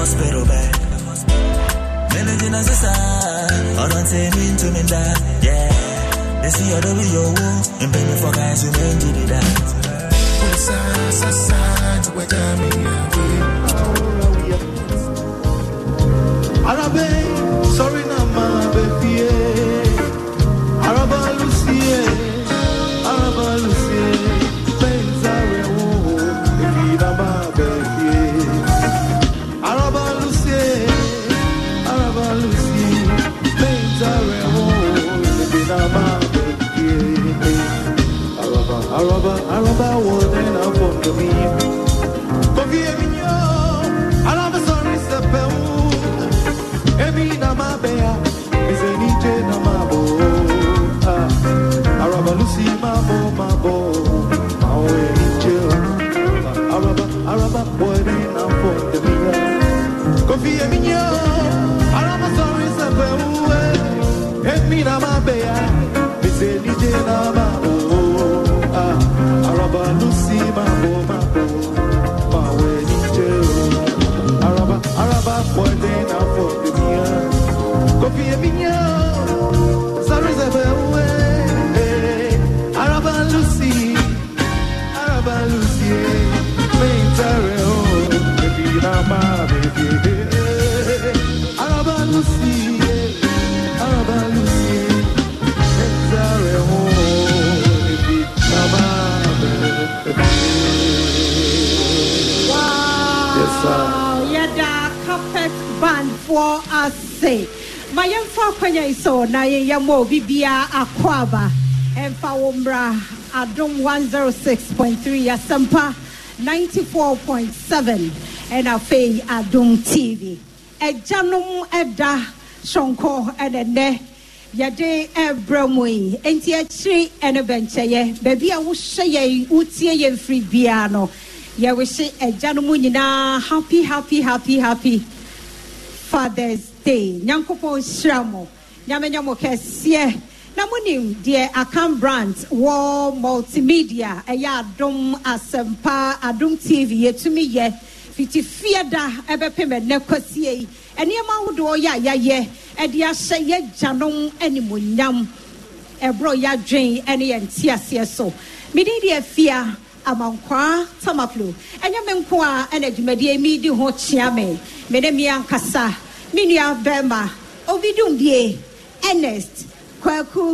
hospital bed. Managing as a sign, I don't say to me that, yeah. They see other with your wound, and baby for guys who men did it out. Arabe, sorry na ma be sorrire. Povie mignon, alla me sorrise per un, na ma bea, e na ma araba lusi ma bo, ma bo, araba, araba boy ni na fo te Confie mignon, alla me sorrise per un, e na ma bea, e na ma yɛda carpet bandfoɔ ase ma yɛmfa akwanya so na yɛyɛmmɔ obibiaa akɔ aba 106.3 yɛsɛmpa 94.7 and afei adom tv agyanom ɛda sonkɔ ɛnɛnɛ yɛde ɛbrɛ mu yi enti akyiri ɛne bɛnkyɛyɛ baabi a yɛwɔhyɛ a no mu na happy happy happy happy fathers day nyankopɔn shramo, mo nyamenya mo kɛseɛ na monim deɛ akam brand War multimedia ɛyɛ eh, adum asempa adum tv yɛtumi yɛ fitifie da eh, eh, do oh, ya, ya, ya, nneɛma ya yɛ a yɛayɛ ɛde ahyɛ yɛagyanom animonyam ɛborɔ yɛadwen ne yɛn nteaseɛ so mede deɛ fia amankwa tamaplo ɛnyɛ me nko a ɛna dwumadie mi di ho kyea me me ne mmea nkasa me nua bɛrima ovidum ernest kwaku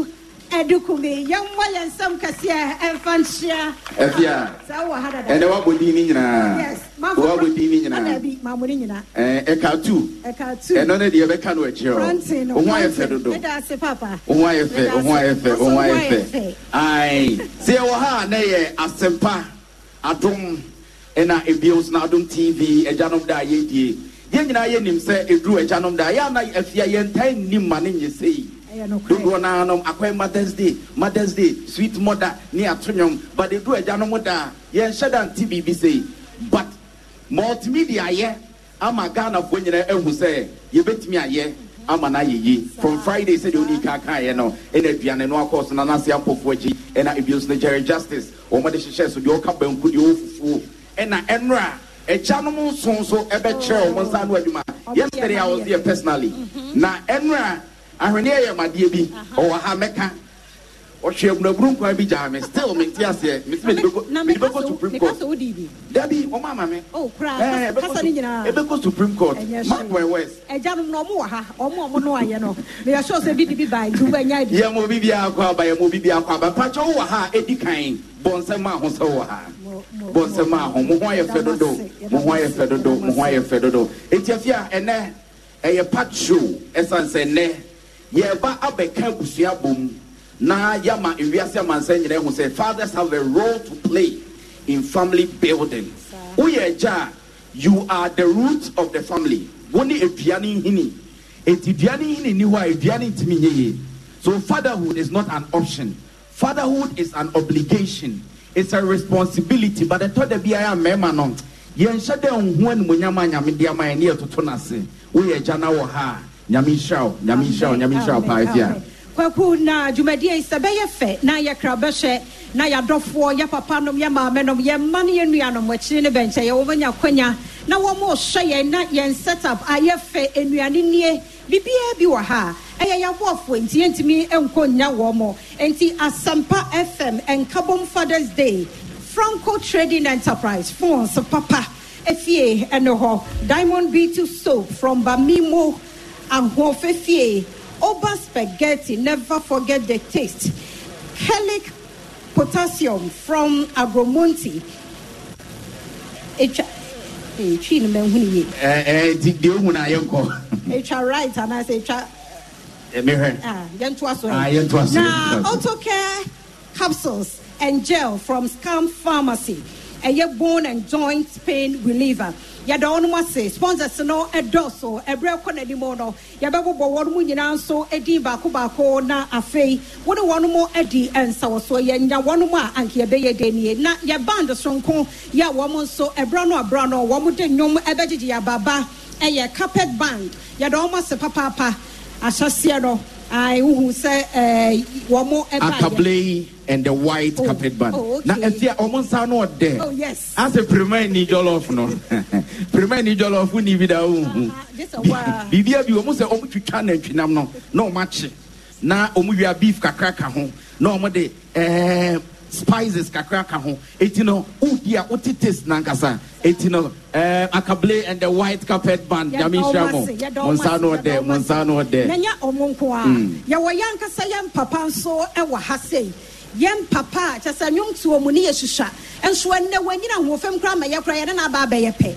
ɛdukume yɛmmɔ yɛn nsɛm kɛseɛ ɛmfa nhyia ɛfia saa wɔ ha dada ɛnɛ wabɔ din ne nyinaa wabɔ din ne nyinaa maamo ne nyinaa ɛka tu ɛka tu ɛno ne deɛ bɛka no akyerɛ wo ho ayɛ fɛ dodo ɛda ase papa wo ho ayɛ fɛ wo ho ayɛ fɛ wo ho ayɛ fɛ ai sɛ ɛwɔ ha na yɛ asɛmpa adom ɛna ebio nso na tv agyanom da a yɛdie yɛn nyinaa yɛnim sɛ ɛduru agyanom da a yɛ ana afia yɛntae nnim ma ne nyɛ sɛ dodoɔ no mothers day mothers day sweet mother ne ato but ɛdu agyanom daa yɛnhyɛ da nte biribi sei but multimedia yɛ ama ghanafoɔ nyinaa ahu sɛ yɛbɛtumi ayɛ ama no ayɛ yie from friday said sɛdeɛ wodi ka kaeɛ no ɛna aduane no akɔɔ so no anase apɔfoɔ akyi ɛna ebio so no gyere justice wɔmɔde hyehyɛ so deɛ ɔka banku deɛ ɔfufuo ɛna ɛnora agyanom nso nso ɛbɛkyerɛ wɔn nsa ano adwuma yesterday i was there personally mm-hmm. na Enra. ahweneɛ yɛ madeɛ bi ɔwɔ ha mɛka ɔhwɛ abunabunu nkwan bi gya me still me nti aseɛ me ti me de bɛkɔ supreme court dabi wɔn ama me oh, eh, ɛɛ ɛbɛkɔ supreme court manuel west. ɛja no na ɔmo wɔ ha ɔmo ɔmo no ayɛ no na yɛ sɔ sɛ bi di ba nti wɔ nya bi. yɛmɔ bibi akɔ aba yɛmɔ bibi akɔ aba patsɛ wɔ ha edi kan bɔnsɛm ahosɛ wɔ ha bɔnsɛm aho mo ho ayɛ fɛ dodo mo ho ayɛ fɛ dodo mo ho ayɛ fɛ dodo etiafia ɛnɛ ɛyɛ patro ɛsan yɛreba abɛka abusua bom na yɛama ewiase amansa nyinaa ho sɛ fathers have a role to play in family building woyɛ agya you are the root of the family wo ne hini, nhini eti aduane hini ni hɔ a aduane ntumi so fatherhood is not an option fatherhood is an obligation it's a responsibility but the third bi a yɛ mmarima no yɛnhyɛ dɛ nhu animonyam anyame de ni yɛ ne yɛtoto woyɛ na wɔ ha nyamihyiraw nyamihyiraw nyamihyiraw paafia kwaku na dwumadie yi sɛ bɛyɛ fɛ na yɛkra bɛhyɛ na yɛadɔfoɔ yɛ papanom yɛ maamenom yɛmma no yɛnnuanom akyiri ne bɛnkyɛ yɛwɔ manya kwanya na wɔn mo yɛn na yɛn setup a yɛfɛ nnuane nie bibiara bi wɔ ha ɛyɛ yɛaboafoɔ nti yɛntumi nkɔ nnya wɔn mo nti asampa fm nkabom fathers day franco trading enterprise phones papa efie ɛno hɔ diamond b soap from bamimo ahofefie oba spaghetti never forget the taste helic potassium from agromonti etwa etwi eh, no mehu ne yie eh, ɛɛ eh, ɛɛ ti deɛ ohun na yɛ nkɔ etwa right anaasɛ etwa ah yɛntoa ah yɛntoa so na care capsules and gel from scam pharmacy ɛyɛ bone and joint pain reliever. yɛda wɔn ase sponsors no ɛdɔɔso ɛbrɛ kɔ n'anim no yɛbɛbobɔ wɔn mu nyinaa nso ɛdin baako baako na afei wɔne wɔn mo edi nsawɔsoɔ yɛnya wɔn mo a anke yɛbɛyɛ den na yɛ band sonko yɛ wɔn nso ɛbrɛ no abrɛ no wɔn de nnwom ɛbɛgyegye yɛ ababa ɛyɛ carpet band yɛda wɔn ase papaapa ahyɛseɛ no. Atablee eh, and the white oh. carpet band. Oh, yes. Na a ọmọ nsa no ọdẹ. Oh, Ase premier (laughs) ni ah, jollof (laughs) no. Premier ni jollof ni bi da ohun. Bibi ebi ọmọ sẹ ọmọ twitwa na ntwinam no na ọmọ na ọmọ wia beef kakra ka ho na ọmọ de ẹẹ. Eh, spices kakra ka ho eti no wohia wote taste nankasa eti no eh, akable and the white carpet band nyame nhyira mo mo nsa no ɔdɛ mo no ɔdɛ nanya ɔmo nko a yɛwɔ yɛ ankasa yɛ mpapa nso ɛwɔ ha sei yɛn papa a kyɛ sɛ nnwontoɔ mu ne yɛ susua nso ɛnɛ wɔanyina ahoɔfam koraa ma yɛkora yɛne no aba abɛyɛ pɛ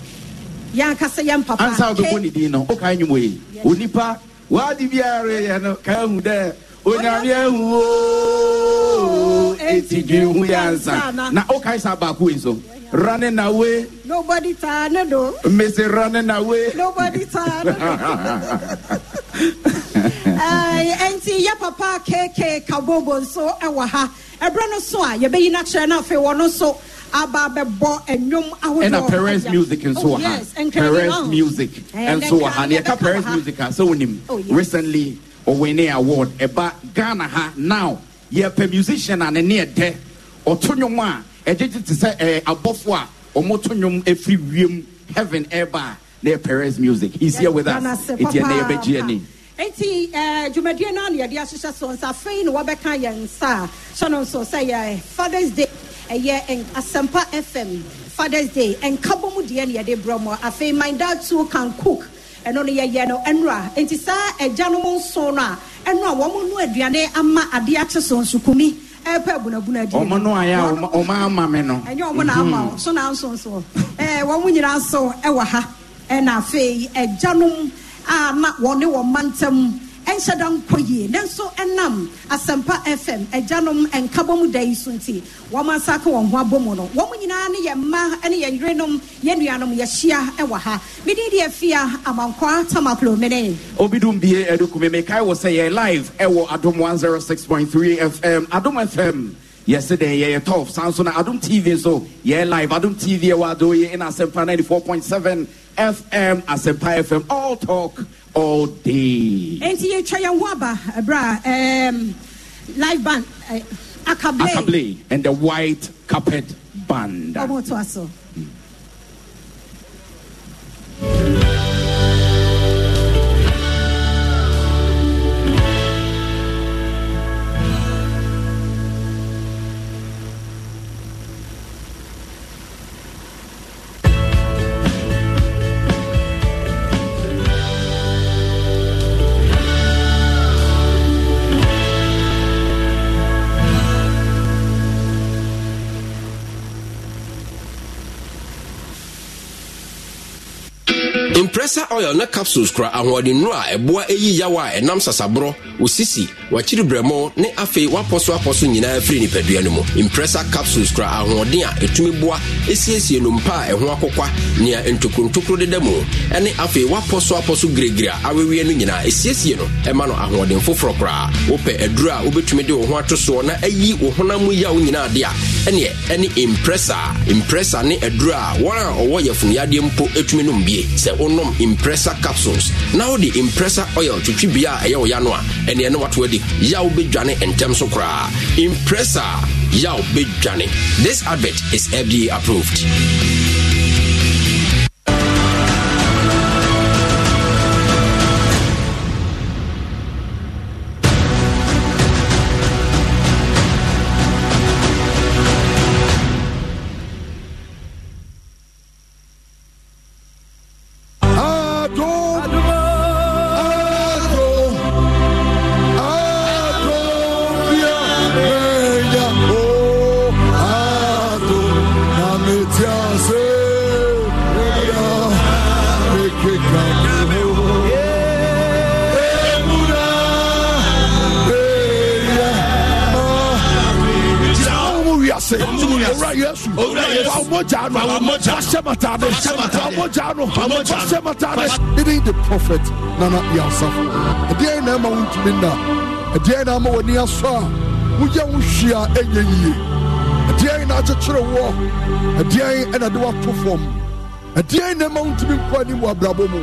yɛn yɛn papa ansa wobɛbɔ ne din no wokae nwum ei onipa waade biara yɛ no kaa hu dɛ onyame ahuo eti dwe hu ya nsa na wokae saa baako wei so running away. Nobody tired, no. Miss running away. Nobody tired. see, your papa KK Kabobo so ewaha. Ebrano so a yebɛyi n'akyerɛ n'afɛ wɔn so about the aba abɛbɔ ɛnwom And a parent's music and nso oh, wɔ and parent's music and so on. Nea ɛka Perez music a sɛ wonim oh, recently ɔwini award ɛba ghana ha now yɛpɛ musician a ne ne ɛdɛ ɔto nnwom a ɛgyegye te sɛ ɛɛ abɔfo a ɔmoto nnwom efiri wiem heaven ɛɛba a ne perez music he's here with us eti ɛnɛ yɛbɛgye ani. eti ɛɛ eh, dwumadie naa na yɛde ahyehyɛ so nsa afei na wɔbɛka yɛn nsa a hyɛ no nso sɛ yɛ eh, fathers day ɛyɛ eh, asɛmpa fm fathers day nkabom deɛ na yɛde brɛ mo afei my dad too can cook. ɛno no yɛyɛ no nnura nti saa agyanom nso no a ɛno a wɔn no aduane ama adeɛ akye so nsukumi ɛpɛ bunabuna di. ɔmo no ayɛ a ɔmo ama mi no. ɛnyɛ ɔmo na ama o mhm. so na nso nso ɛɛ wɔn nyinaa nso ɛwɔ ha ɛna afei agyanom a na wɔne wɔn mantam. ɛnhyɛ da nkɔ yie nanso ɛnam asɛmpa fm agyanom nkabɔmu da yi so nti wɔn asa wɔn ho abɔ mu no wɔn nyinaa ne yɛn mma ne yɛn yerenom yɛn nuanom yɛhyia wɔ ha mede deɛ fia amankwa tamaklo mene obidum bie adukume mekae wɔ sɛ yɛ live ɛwɔ adom 106.3 fm adom fm yesterday yeah, yeah tough Samsung Adam TV so yeah live Adam TV wa do in Asempa 94.7 FM Asempa FM all talk all day. Enti ye twa yan waba eh, bra um live band uh, eh, akable. Akable and the white carpet band. Omo to Mm. ɛsa oil na capsules kura ahoɔden nnuro a ɛboa ɛyi yawa a ɛnam sasaborɔ osisi wakyiri brɛmɔ ne afei wapɔ so apɔ so nyinaa firi nipadua no mu impressor capsules kura ahoɔden a ɛtumi boa ɛsiesie nnompa a ɛho akokwa nea ntokrontokro deda mu ɛne afei wapɔ so apɔ so giregira aweweɛ no nyinaa ɛsiesie no ɛma no ahoɔden foforɔ koraa wopɛ aduro a wobɛtumi de wo ho ato soɔ na ayi wo honam mu yaw nyinaa de a ɛneɛ ɛne impressa impressor ne aduro a wɔn a ɔwɔ yɛfunuyadeɛ mpo ɛtumi nom bie sɛ wonom impressor capsules Now the impressor oil to a ɛyɛ wo ya no a ɛneɛ ne wato adi yaw bɛdwane ntɛm so koraa impressor yaw jani. this advert is fda approved know how much Asema Tane, the prophet Nana Yasaf. A dear Nama Wintumina, a dear Nama Niasa, Uyawushia, Enye, a dear Nature War, a dear and a dua perform, a dear Nama Wintumin Kwani Wabrabomo,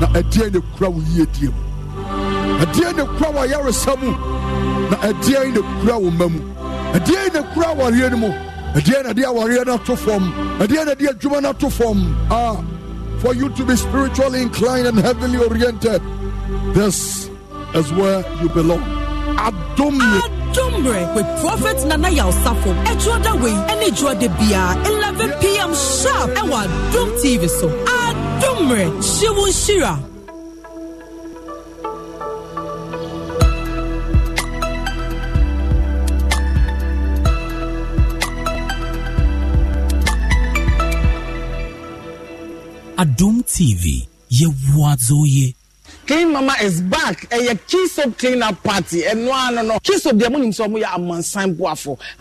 na a dear the crowd Yedim, a dear the crowd Yarasamu, na a dear the crowd Mamu, a dear the crowd Yanimu. ɛdeɛ na deɛ awareɛ no ato fam ɛdeɛ na deɛ adwuma no ato fam a for you to be spiritually inclined and heavenly oriented, this is where you belong. Adumbre. Adumbre with Prophet Nana Yausafo. Ejoda way, any Joda Bia, 11 p.m. sharp. Ewa Dum TV so. Adumbre, Shivun Shira. Adum TV, ye Clean Mama is back. A eh, Kisop clean up party. And eh, no, no, no. Kisop, the moon himself, we are Mansan Uh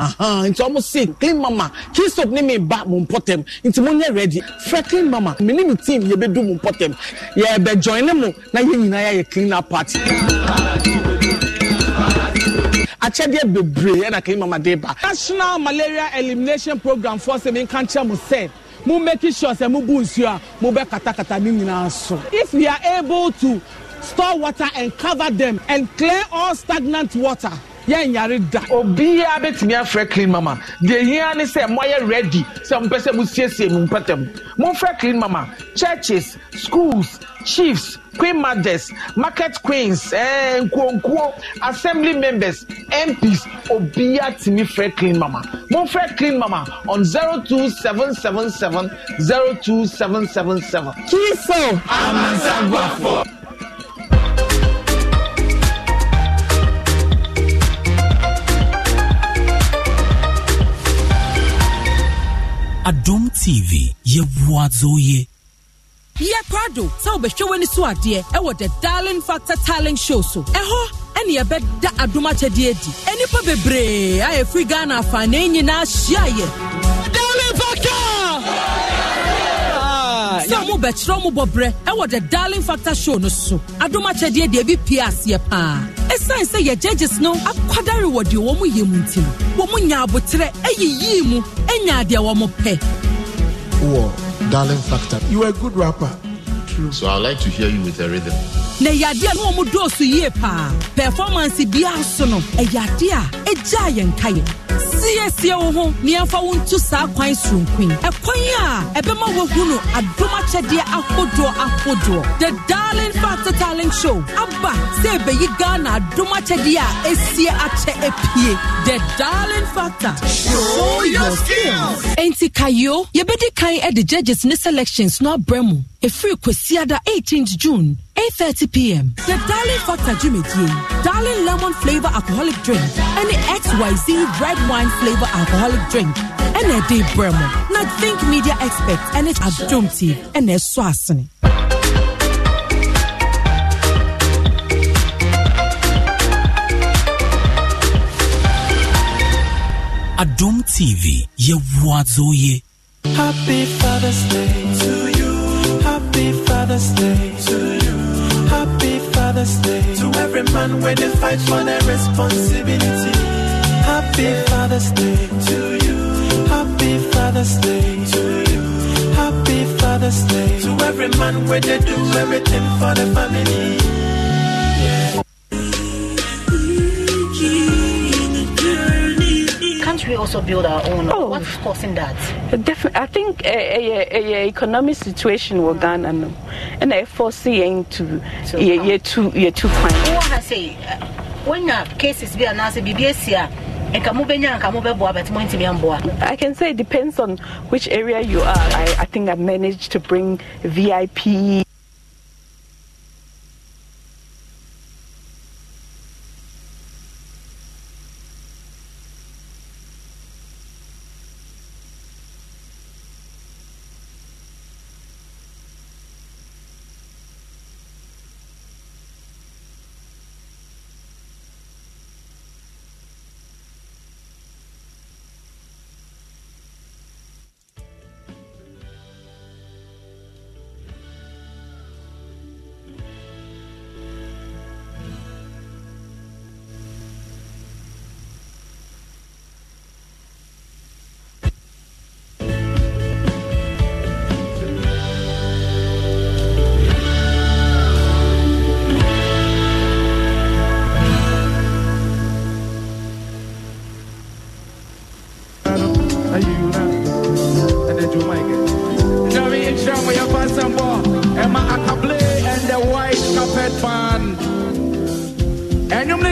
huh. it's almost sick. Clean Mama. Kisop, name me back Mumpotem. It's Munya ready. Fred Clean Mama. Me name team, you be do Mumpotem. Yeah, be join them. Now you know, you clean up party. akyɛdeɛ bebree ɛna clean mama de ba national malaria elimination program fɔ sɛ menka nkyerɛ sɛ mo make sure mo bu a mo bɛ katakata ne nyinaa so if we are able to store water and cover them and clear all stagnant water yẹn nyare da. obiara bẹtumi afrɛ clean mama deɛ hia ni sɛ mo ayɛ ready sɛ mo pɛ sɛ mo siesie mo mpɛtɛm mo fɛ clean mama churches schools chiefs queen mothers market queens eh, nkuonkuo assembly members mps obiara tìmi fẹ clean mama mo fẹ clean mama on zero two seven seven seven zero two seven seven seven. kí so. amansagbafo. adom tv yɛboa dzo yɛ yɛ prado sɛ wobɛhwɛ w'ani so adeɛ ɛwɔ the darling factor talent show so ɛhɔ ɛne yɛbɛda adom akyɛdeɛ adi nnipa bebree ayɛ firi ghana afaanee nyinaa hyia yɛ Darling factor sɛ ɔmo bɛkyerɛ ɔmo bɔbrɛ ɛwɔ the darling factor show no so adom deɛ bi pie aseɛ paa ɛsiane sɛ yɛ judges no akwadare wɔ deɛ wɔn yɛ mu nti no wɔn nya abotrɛ ɛyiyii mu ɛnya adeɛ wɔn pɛ. wɔ darling factor you are a good rapper. True. So I'd like to hear you with a rhythm. Na yadeɛ no ɔmo dɔɔso yie paa. Performance bi aso no, ɛyadeɛ a ɛgya yɛn ka yɛ. Siesie wo ho na yɛmfa wo nto saa kwan soronko yi. Ɛkwan a ɛbɛma woahunu adom akyɛdeɛ ahodoɔ ahodoɔ. The Darling Factor Talent Show aba sɛ ɛbɛyi Ghana adom akyɛdeɛ a ɛsie akyɛ apue. The Darling Factor. Show your skills. Enti Kayo, yɛbɛdi kan de judges ne selections no abrɛ mu. Ɛfiri kwasi Asiada, 18th June, 8.30 p.m. The Darling Factor Jumekie, Darling Lemon Flavor Alcoholic Drink, and the XYZ Red Wine Flavor Alcoholic Drink, and a Day Bremer. Now think media experts, and it's Adjumti, and a Swasini. Adum TV, ye wadzo ye. Happy Father's Day to you. Happy Father's Day to you. Happy Father's Day to every man where they fight for their responsibility. Happy Father's Day to you. Happy Father's Day to you. Happy Father's Day to every man where they do everything for the family. we also build our own? Oh, What's causing that? Def- I think a, a, a, economic situation with mm Ghana, no. and I foresee into so, year, two year two point. I say uh, when uh, cases be announced, BBS uh, I can say it depends on which area you are. I, I think I managed to bring VIP.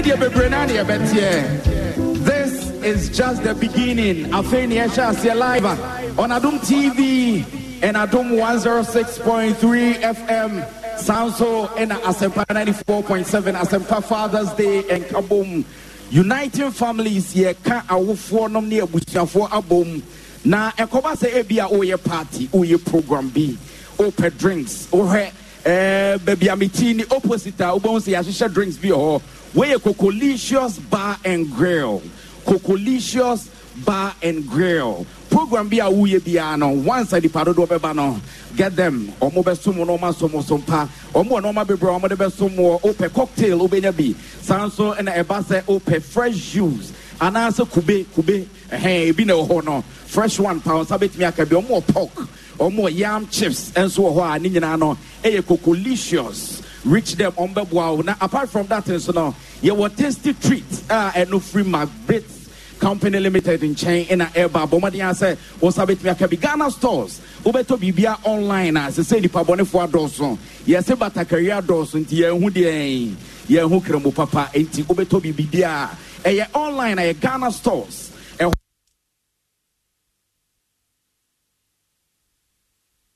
This is just the beginning. Afeni Eshasi live on Adum TV and Adum 106.3 FM. Soundso and Asempa 94.7 Asempa Father's Day and Kaboom. Uniting families here ka awofoɔ nom ne abusuafoɔ abom na ekoba se ebia oye party oye program B. wopɛ drinks wohwɛ ɛɛ baabi a opposite a wobɛhu sɛ drinks bi wɔ where Cocolicious Bar and Grill. Cocolicious Bar and Grill. Program be a wuye biano. Once I departed over bano, get them. Omo besumo no ma somo sompa. Omo no ma bebro omo de besumo. Ope cocktail obenya bi. Sanso and ebase ope fresh juice. Anase kube kube. Hey, ebi na ho no. Fresh one pound sabetimi aka bi omo pork. Omo yam chips enso ho a ni nyina no. Eye Cocolicious. reach them on the wow. Now, apart from that, so now you will tasty treats uh, and no free magnet company limited in chain in a airba bomadi ase was a bit me Ghana stores ubeto bibia online as say the bone fo adoso yes but a career adoso nti ye hu de ye hu kremu papa nti ubeto bibia eye online a Ghana stores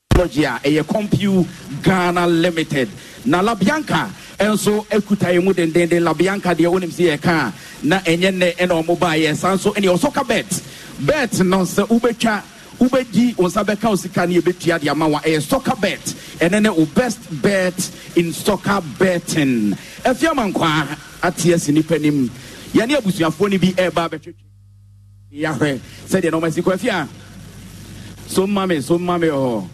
technology a ɛyɛ compu ghana limited na labianka nso kuta mu dendenden labianka deɛ wonim sɛ yɛka a na ɛnyɛ nnɛ ɛna ɔmo baayɛ saa nso ɛneɛ ɔsɔka bet bet no sɛ wobɛtwa wobɛgyi wo nsa bɛka wo ne yɛbɛtua de ama wa ɛyɛ e soccer bet ɛne ne wo best bet in soccer betting ɛfi e ama nkwa ate asi nnipa nim yɛne abusuafoɔ no bi ɛreba bɛtwetwe yɛahwɛ sɛdeɛ na ɔmasi kɔ afi a so mma so mma me oh.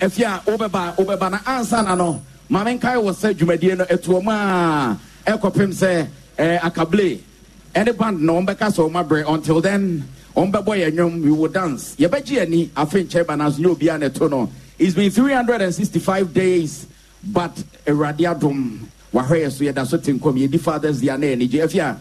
If you are over by over by no maame nkae wɔ sɛ dwumadie no ɛtoɔ mu a ɛkɔpem sɛ akable ɛne band na wɔmbɛka sɛ wɔma berɛ until then wɔmbɛbɔ yɛ nnwom we will dance yɛbɛgye ani afei nkyɛn ba you nyɛ obiaa na ɛto no it's been 365 days but awurade adom was yɛ so yɛda so Come, nkɔm the fathers dea na ɛnigye you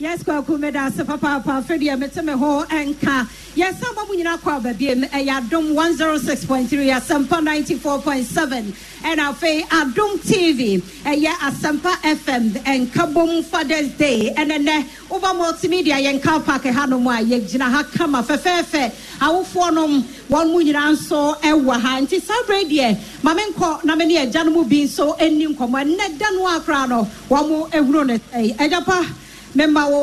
yes kwaku meda ase papaapa afei deɛ mete me ho nka yɛsa ma mo nyinaa kɔ ababiem ɛyɛ 106.3 asɛmpa 94.7 ɛna afei adom tv ya asɛmpa fm ɛnkabom fathers day ɛnɛ nɛ multimedia yɛn car park ha nom haka yɛgyina ha kama fɛfɛɛfɛ awofoɔ nom wɔn mu nyinaa nso ɛwɔ ha nti saa berɛ deɛ na me ne agya no mu bi nso ɛni nkɔmmɔ ɛnɛ da no a no mu mɛma wo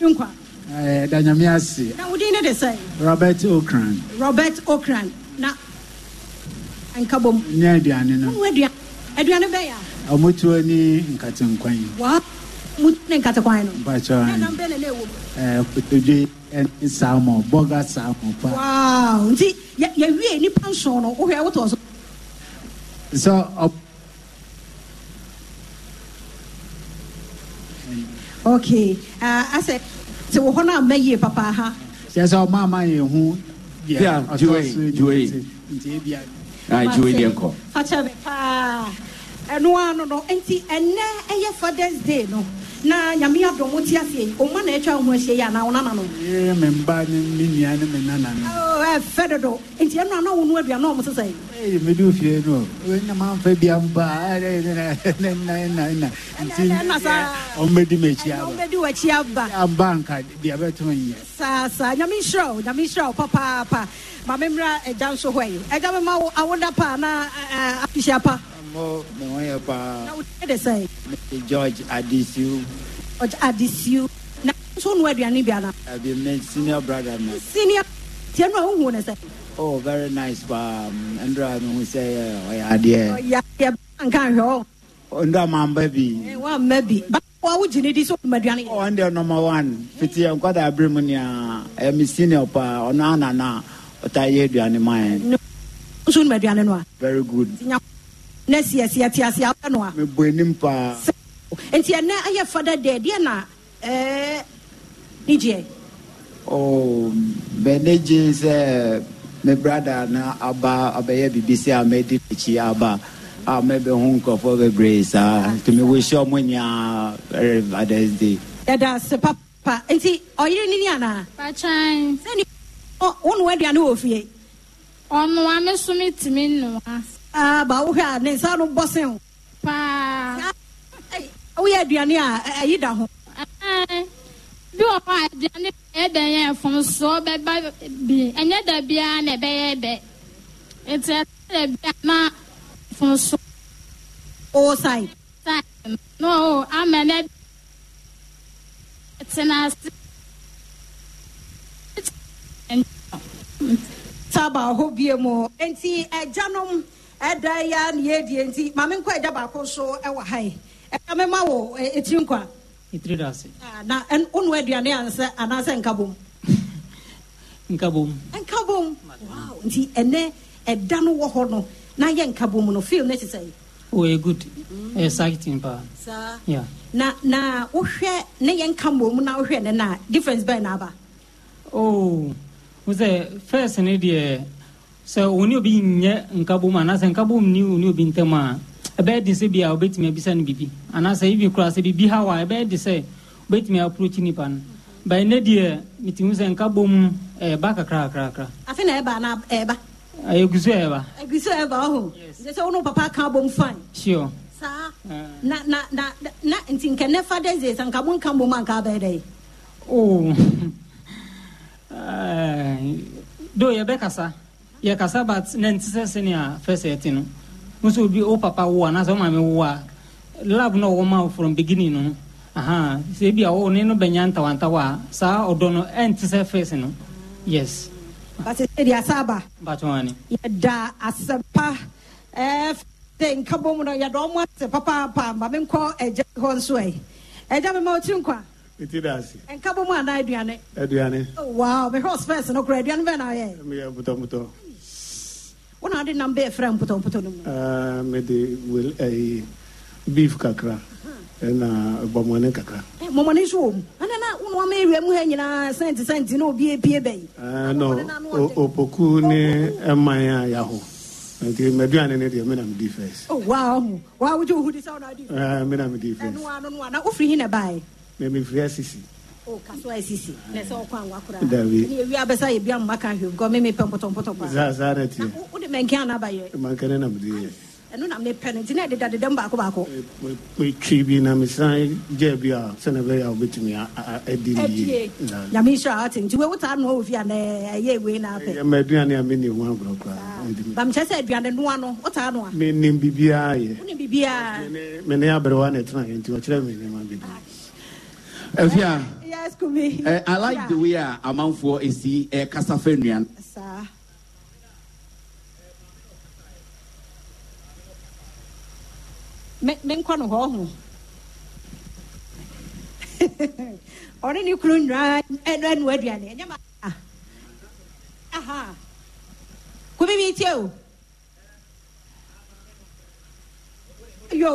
nkwa ɛɛ eh, danyame ase na wodin ne de sɛ robert okran robert okran na nka bom ne aduane no wo aduane aduane bɛyɛ a ɔmotuo ne nkatenkwan wa mu ne eh, nkatenkwan no mpakyɛ ne nam bɛn na ɛwɔ ɛɛ kotodwe ɛne salmon bɔga salmon pa wow nti yɛ yɛ wie nipa nson no wohwɛ wotɔ so sɛ ɔp okay uh, asɛ sɛ wɔ hɔ no amma yie papa ha kyerɛ sɛ ɔma ama yɛ ho fakyɛ me paa ɛno a no no nti ɛnɛ ɛyɛ fathers day no na nyame adɔ mo te aseɛ ɔma na atwa wo ho ahyia yi anaa wo nana no eh, me mba ne me nua ne me nana no ɛfɛ oh, eh, dodo nti ɛno ana wo no aduane ɔmo sesɛ eh, mede wo fie no na mamfa bia mpa ɔmmɛdi m'akyi abaɔmmɛdi w'akyi aba amba anka bɛtoma nyɛ saa saa nyame nhyira wo nyame nhyira wo papaapa ma memmra agya nso hɔ ɛyo agya mɛma wo awoda paa na afihyia pa mmɔ ne ho yɛ paa. na wò de sɛ. mr george adisiu. george adisiu na nso nu aduane bi ana. abi mi senior brother mi. senior tiɛ nu a o hun ne sɛ. oh very nice paa ndra mi ho sɛ ɔyɛ adeɛ. ɔyɛ adeɛ nkan hwɛ o. ndra maa mba bi. wa mba bi wa awo jini di so kuma aduane. ɔn de number one fiti nkɔda abiri mu nia ɛyɛ mi senior paa ɔno anana ɔta yɛ aduane maa yɛ. nso nu aduane nu a. very good na siesie te ase abɛ no a mebɔ anim paa nti ɛnɛ ayɛ fada dɛ deɛ na ɛɛ ne gyeɛ bɛne gye sɛ me brada na aba abɛyɛ biribi sɛ a mɛdi n'akyi aba a mɛbɛho nkurɔfoɔ bebree saa nti mewohyɛ ɔmo nyaa eh, fathers day yɛda se papa nti ɔyere ne ni anaa pakyan sɛne wo noa aduane wɔ fie ɔnoa me so metumi nnoa Ah, baawo hwɛ a ne nsa no bɔ sen o. paa. woyɛ aduane a ɛyi da ho. bi wɔ hɔ a aduane ɛbɛn yɛ fam soɔ bɛba bi ɛnyɛ da biara na ɛbɛyɛ bɛ nti ɛsɛ da biara na fam soɔ. o sai. sai no ama ne tena ase. taba ɔhɔ bie mu nti ɛgyanom. Eh, ɛdan ya na yɛ die nti maame nkɔ agya baako nso ɛwɔ ha yi ɛka mɛma wɔ etiri nkwa. etiri da ase. Ah, na ɔnu aduane ansa anaasɛ nkabom. (laughs) nkabom. nkabom wow nti ɛnɛ ɛda no wɔ hɔ no na yɛ nkabom no feel ne sisan yi. o oh, ye good exciting eh, paa. saa na na wohwɛ ne yɛ nkabom na wohwɛ ne na difference bɛyɛ n'aba. ooo oh, n sɛ first ne deɛ. sɛ wɔn ni obi nyɛ nkabom anaasɛ nkabom ni wɔn ni obi ntɛm a ɛbɛyɛ de sɛ bi a obetumi abisa no bibi anaasɛ ebi kura sɛ bibi ha wa ɛbɛyɛ de sɛ obetumi approach nipa no bɛyɛ ne deɛ mitimi sɛ nkabom ɛɛba kakra kakra kakra. na ɛba na ɛɛba. egusi ɛɛba. egusi ɛɛba ɔho nse sɛ papa kan bom sure. saa na na na na nti nkɛ ne fa de ze sɛ oh. (laughs) do yɛ bɛ yɛkasaba na nti sɛ sɛnea fɛ sɛ ɛte no wo papa wo a anaasɛ womame wo a lab no ɔwɔ ma from beginning no aha sɛ ebi a wo ne no bɛnya ntawantawa a saa ɔdɔ no ɛnte sɛ fɛs no yes basɛdi asaba batwane yɛda asɛpa sɛ e nka bɔ mu no yɛda ɔmo ase papaapa ma menkɔ agya e hɔ nso ɛ e. agya me ma ɔkyi nkwa Iti da ase. Nka mu anaa aduane. Aduane. Oh, wow, mehwɛ ɔsfɛs no kora aduane bɛn na ɔyɛ. Meyɛ butɔbutɔ wọn na de nam bɛɛ fira mpɔtɔmpɔtɔ no mu. aa mɛ de wele ɛɛ beef kakra ɛna bɔmɔni kakra. ɛ mɔmɔni so wɔ mu ana na wọn mɛ ewia mu hɛ nyinaa sɛnti sɛnti na obi epie bɛyi. ɛɛ nɔ opoku ni ɛman a yaho nti mɛduane ne deɛ mena medi fis waa ho waa wogye wohu di sɛ wona adi ɛɛ mena medi fis ɛnoa no noa na wofiri hi na bae mɛmefiri asisi kasuwa ye sisi ne sɛ ɔkɔ anwa kura dabi ni ewi abɛsa ye bi a mma kan na mu di yɛ ɛnu na mi pɛ ne ti ne deda deda mu baako baako. mɛ twi bi na ni ye. nyami sɔ a ti nti wo ta nɔ o fi yan dɛ a ye ewe n'a fɛ. mɛ duyanni Efia. Yes, Kumi. Eh, I like the way a amanfoɔ esi uh, kasa fɛ nnuan. Saa. Me me nkɔ no hɔ ho. Ɔne (laughs) ne kuru nnua ɛnu ɛnu aduane ɛnyɛ ma. Aha. Kumi bi tie o. yo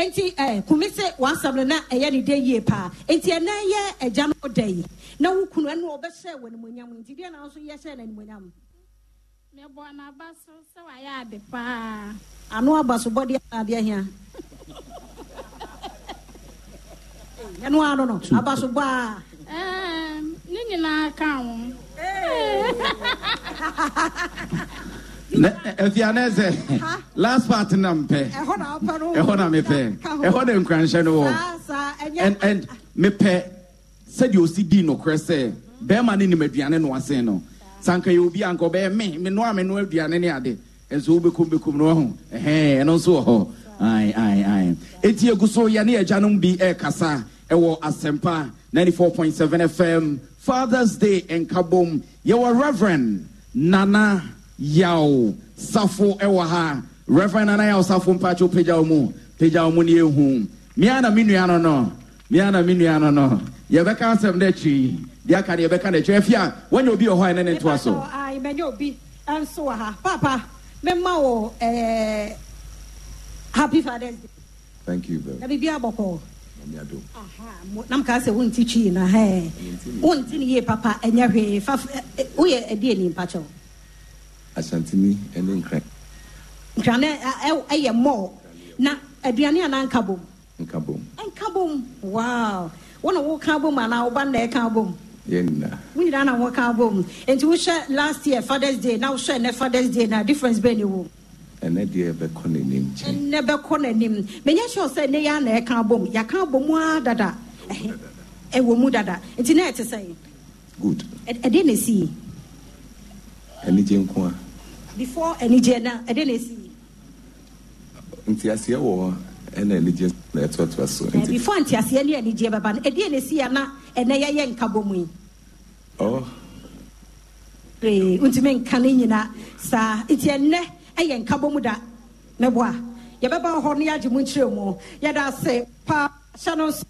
enti ɛ eh, kumi sɛ wansam na ɛyɛ ne eh, de yie paa nti ɛnɛ yɛ ɛgya no da yi na wo kunu ɛnu ɔbɛhyɛ wɔ animonyam nti deɛ na nso yɛhyɛ n'animonyam. mɛbɔ n'aba so sɛ wayɛ ade paa. ano aba so bɔdeɛ adeɛ hia. ɛnu (laughs) ano no aba so bɔ a. ɛɛ ne nyinaa ka ho. (laughs) (laughs) ɛfia last part na mpɛ ɛhɔ na mepɛ ɛhɔ na nkranhyɛ no wɔ mepɛ sɛdeɛ ɔsi dii nokorɛ sɛ bɛrima ne nim aduane no wasen no sanka yɛ obi anka ɔbɛyɛ me menoa menoa aduane ne ade ɛnso wobɛkom bɛkom no waho ɛhɛ ɛno nso wɔ hɔ ae ae ae ɛti ɛgu so yɛne agyanom bi ɛrekasa ɛwɔ e asɛmpa 94.7 fm fathers day nkabom yɛwɔ reverend nana yaw safo ɛwɔ ha reverend nana yaw safo mpacho pagya wo mu pagya wo mu ne ehu mmea na me nua no no mmea na me nua no no yɛbɛka asɛm no akyi deɛ aka deɛ yɛbɛka no akyi afi a wanya obi wɔ hɔ a ɛne ne obi nso wɔ ha papa mema wo eh, happy father's day thank you very na biribi abɔkɔ nam sɛ wonti twii na hɛ wonti ne papa ɛnyɛ hwee woyɛ asantini ɛne nkran. nkran ɛyɛ mɔɔ na aduane anan ka bom. nka bom. nka bom waaw wɔn a wɔka bom anaa wɔba e na ɛka bom. yɛn nyinaa. wɔn nyinaa na wɔka bom nti wohyɛ last year fathers day na wohyɛ ne fathers day na difference bɛyɛ ne wo. ɛnɛ deɛ bɛkɔ n'anim nkyɛn. ɛnɛ bɛkɔ n'anim mɛnyɛ sure sɛ ne yɛn na ɛka e bom yɛka bom aa dada ɛwɔ mu dada nti na ɛte e sɛ. good. ɛdeɛ na esi. anigye nko a before anigyeɛ na ɛde na esi yi. nti aseɛ wɔ ɛna anigyeɛ na ɛtoatoa so. ɛɛ before nti aseɛ ne anigyeɛ bɛba no ɛde na esi yɛ na ɛna yɛyɛ nkabɔ mu yi. ɔɔ. Oh. ee eh, ntumi nka ne nyinaa saa nti ɛnɛ ɛyɛ nkabɔ da ne bo a yɛbɛba hɔ ne yagye mu nkyerɛ mu yɛde ase paa hyɛ no nso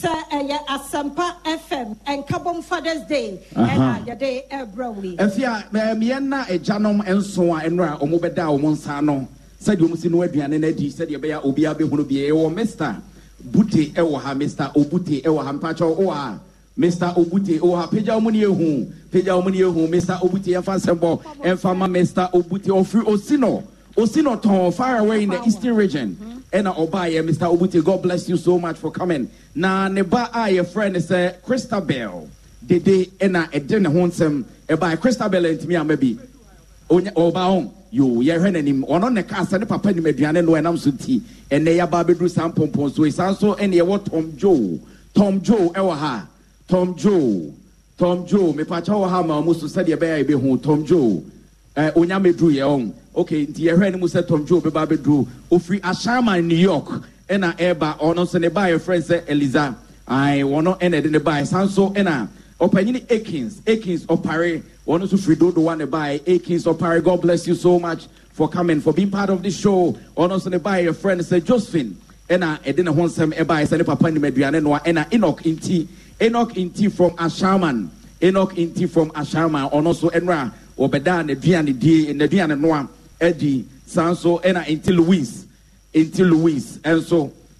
sɛ ɛyɛ eh, asampa fm nkabom fathers day ɛna yɛde ɛbrɛ wei ɛfi a mmiɛ na agyanom eh, nso a ɛno a ɔmo bɛda ɔmo nsa no sɛdeɛ ɔmo si no aduane no adi sɛdeɛ ɛbɛyɛ obi abɛhunu bi ɛwɔ eh, mr bute ɛwɔ ha mr obute ɛwɔ ha mpakyɛw ɛwɔ oh, ha mr obute ɛwɔ oh, ha pagya ɔmo ni ehu pagya ɔmo ni ehu mr obute yɛmfa nsɛm bɔ ɛmfa ma mr obute ɔfiri osi no. Osinoton, far away in the eastern region. Mm-hmm. And obaye, Mr. Obuti, God bless you so much for coming. Na neba I, ah, your friend, is a uh, Christabel. The day, ena I didn't want some by Christabel and me, maybe. Obaon, you, your friend, and him, on the cast, and Papa, and Median, and I'm Suti, and they are Babidu Sam Pompon. So it's also any what Tom Joe, Tom Joe, Ewaha, Tom Joe, Tom Joe, me Pachawa Hama, almost said, Yeah, baby, home, Tom Joe, Unyamedru, eh, your own okay nti yɛhwɛ no mu sɛ tɔmtwe obɛba abɛduro ɔfiri ashama new york ɛna ɛba ɔno nso ne baa yɛfrɛ sɛ eliza ae wɔno ɛna ɛde ne baa san so ɛna ɔpanyini akins akins ɔpare wɔno nso firi dodowa ne baa akins ɔpare god bless you so much for coming for being part of this show ɔno nso ne baa yɛfrɛ no sɛ josephine ɛna ɛde ne ho nsɛm ɛbaa sɛ ne papa nim aduane noa ɛna enoch nti enoch nti from ashaman enoch nti from ashaman ɔno nso ɛnora wɔbɛdaa n'aduane die n'aduane noa Edi Sanso Ena I until Louise until Louise and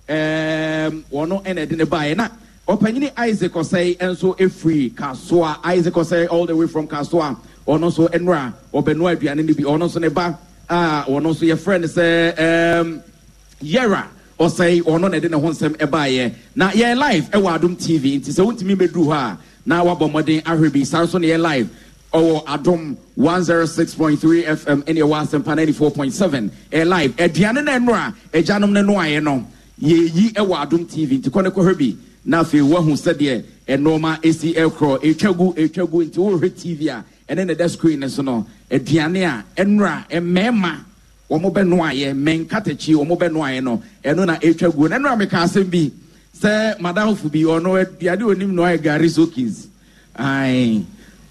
um one no and I didn't buy it Isaac or say and so if we Kasua Isaac or all the way from Kasua or no so and ra or Benoit be an any be on a ah one also your friend say um Yera or say or no and then I want some a eh, buy eh. now yeah live a TV it is a me me do ha now what about my day I Sanso near live ɔwɔ adom 106.3 fm ɛne ɛwɔ asɛmpa 94.7 ɛ live aduane no ɛno a agyanom no noaeɛ no yɛyi ɛwɔ adom tv nti kɔ ne kɔhwɛ bi na afei woahu sɛdeɛ ɛnoɔma ɛsi ɛkorɔ ɛtwa gu ɛtwa gu nti tv a ɛne ne da screen ne so no aduane a ɛnora mmarima wɔn bɛ noaeɛ mɛnkatakyi wɔn bɛ noaeɛ no ɛno na ɛtwa gu ɛnora meka asɛm bi sɛ madamfo bi ɔno aduane onim noaeɛ gari sokis ae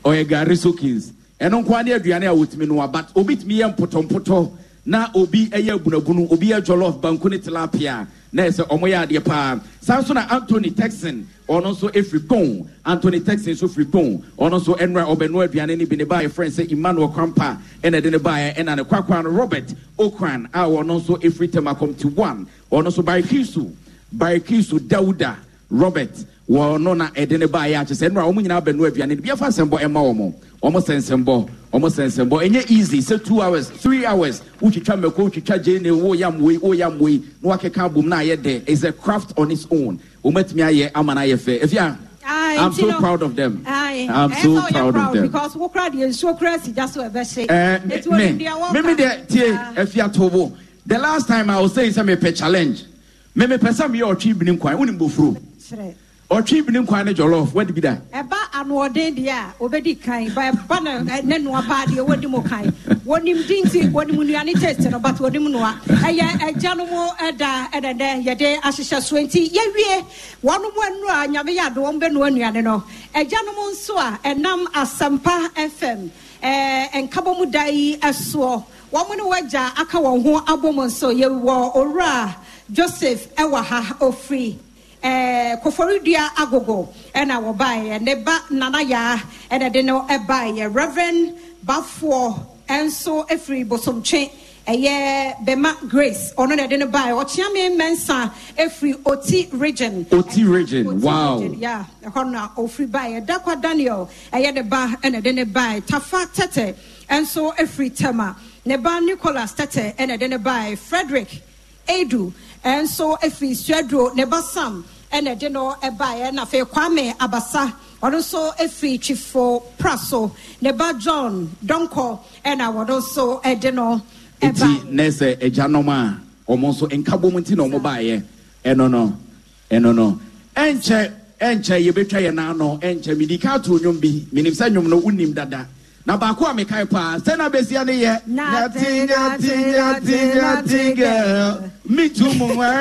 ɔyɛ gari sokins ɛno nko ne aduane a wɔtumi no wabat obi tumi yɛ mpotɔmpotɔ na obi yɛ abunabunu obi yɛ jollof banku ne tilapia na ɛsɛ ɔmo yɛ adeɛ paa saa nso na anthony texan ɔno nso efiri pon anthony texan nso firi pon ɔno nso nnura ɔbɛnua aduane ne bi ne baayɛ friend sɛ emmanuel kwampa ɛna ɛde ne baayɛ ɛna ne kwakwan robert okran a ɔno nso efiri temakɔm ti one ɔno nso barikisu barikisu dauda robert wɔno na ɛde ne baa yɛ sɛ nnora wɔn nyinaa bɛnua aduane no biafa nsɛmbɔ ɛma wɔn wɔn sɛnsɛmbɔ wɔn sɛnsɛmbɔ ɛnyɛ easy sɛ two hours three hours wotwitwa mako wotwitwa gyeene woyamoe woyamoe na wakeka abom na ayɛ dɛ is a craft on its own wɔn atumi ayɛ ama na ayɛ fɛ efia. I'm so proud of them. I'm so proud, of them. Because we cried and so crazy, that's what I'm saying. It was in their one. Maybe the last time I was saying some a challenge. Maybe person me or chibin kwan, unim bofro. ɔtwe bi ne nkwa ne jɔlɔf wadi bi da. ɛba anoɔden deɛ a obedi kan ba ɛba na ne nua baa deɛ wadi mu kan wɔnim di nti wɔnim nuane tete no but wɔnim nua ɛyɛ ɛgya no mu ɛda ɛdɛdɛ yɛde ahyehyɛ so nti yɛwie wɔn mu anu a nyame yɛ adoɔ bɛ nua nuane no ɛgya no mu nso a ɛnam asɛmpa fm ɛɛ nkabɔmu da yi ɛsoɔ wɔn ne wɔagya aka joseph ɛwɔ ha ofiri. ɛɛ eh, koforidua agogo ɛna eh, wɔbaeɛ eh, ne ba nana yaa ɛna de no ɛbaeɛ reverend bafoɔ ɛnso efiri bosomtwe ɛyɛ bɛma grace ɔno na ɛde no baeɛ ɔkyeame mɛnsa efiri oti region. oti region wow region, yeah ɛhɔ na ofiri baeɛ dakwa daniel ɛyɛ ne ba ɛna ɛde no baeɛ tafa tɛtɛ ɛnso efiri tɛma ne ba nicholas tɛtɛ ɛna ɛde no baeɛ frederick edu. nso efiri suaduro ne ba sam ɛna ɛde no ɛbaeɛ na afei kwame abasa ɔno nso efiri twifo praso ne ba john donko ɛna wɔn nso ɛde no ɛbaeɛ. eti na ɛsɛ agyanom a wɔn nso nkabom ti na wɔn baeɛ ɛno no ɛno no ɛnkyɛ ɛnkyɛ yɛbɛtwa yɛn n'ano ɛnkyɛ midika ato nnwom bi minim sɛ nnwom no wunim dada na baako a mekae paa sɛ na besia ne yɛ nyatinyatinyatinyatin girl me too mu wɛ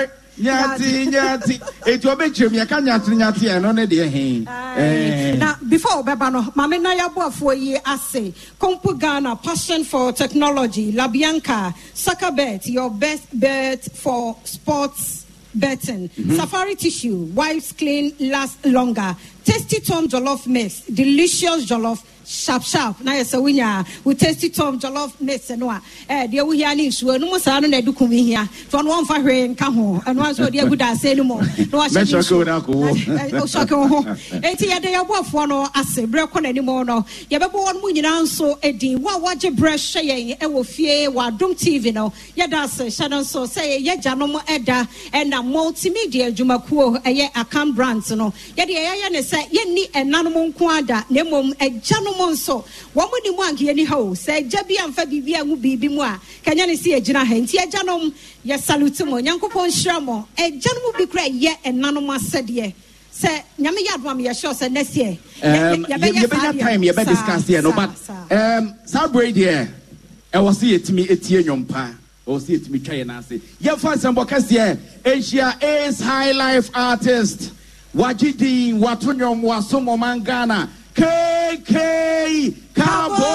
nyatinyatin eti ɔbɛkyerɛ mu yɛka nyatinyatin ɛno ne deɛ hɛn. Eh. na before ɔbɛba no maame na yaboafoɔ yi ase kompu ghana passion for technology labianca bet your best bet for sports betting mm -hmm. safari tissue wipes clean last longer tasty tom jollof mix delicious jollof sharp sharp na yɛ sɛ wonya wo tasty tom jollof mix no a ɛɛ deɛ wohia ne nsuo no mu saa no na ɛde kum hia to ɔno wɔmfa hwee nka ho ɛno anso ɔde agu daasɛ no mu na wahyɛ ne nsuo sɔke wo ho enti yɛde yɛboafoɔ no ase berɛ kɔ n'anim no yɛbɛbɔ wɔ no mu nyinaa nso din wo a woagye berɛ hyɛ yɛn ɛwɔ fie wɔ adom tv no yɛda ase hyɛ no nso sɛ yɛgyanom ɛda ɛna multimedia adwumakuo ɛyɛ akam brant no yɛde yɛyɛyɛ ne sɛ sɛ yɛnni ɛnanom nko ada na mmom agyanom nso wɔn mu ni mu anka yɛni ha o sɛ agya bi amfa biribi a mu biribi mu a kanya ne si yɛgyina ha nti agyanom yɛ salute mo nyankopɔn nhyira mo agyanom bi kura yɛ ɛnanom asɛdeɛ sɛ nyame yɛ adoma meyɛ sure sɛ nɛ seɛ time yɛbɛ discuss yɛ no but saa um, berɛ deɛ ɛwɔ sɛ yɛtumi ɛtie nnwom paa ɛwɔ sɛ yɛtumi twa yɛ no ase yɛmfa nsɛmbɔ kɛseɛ ɛnhyia as high life artist wagye din wato nnwom waso mmɔman ghana kk kabo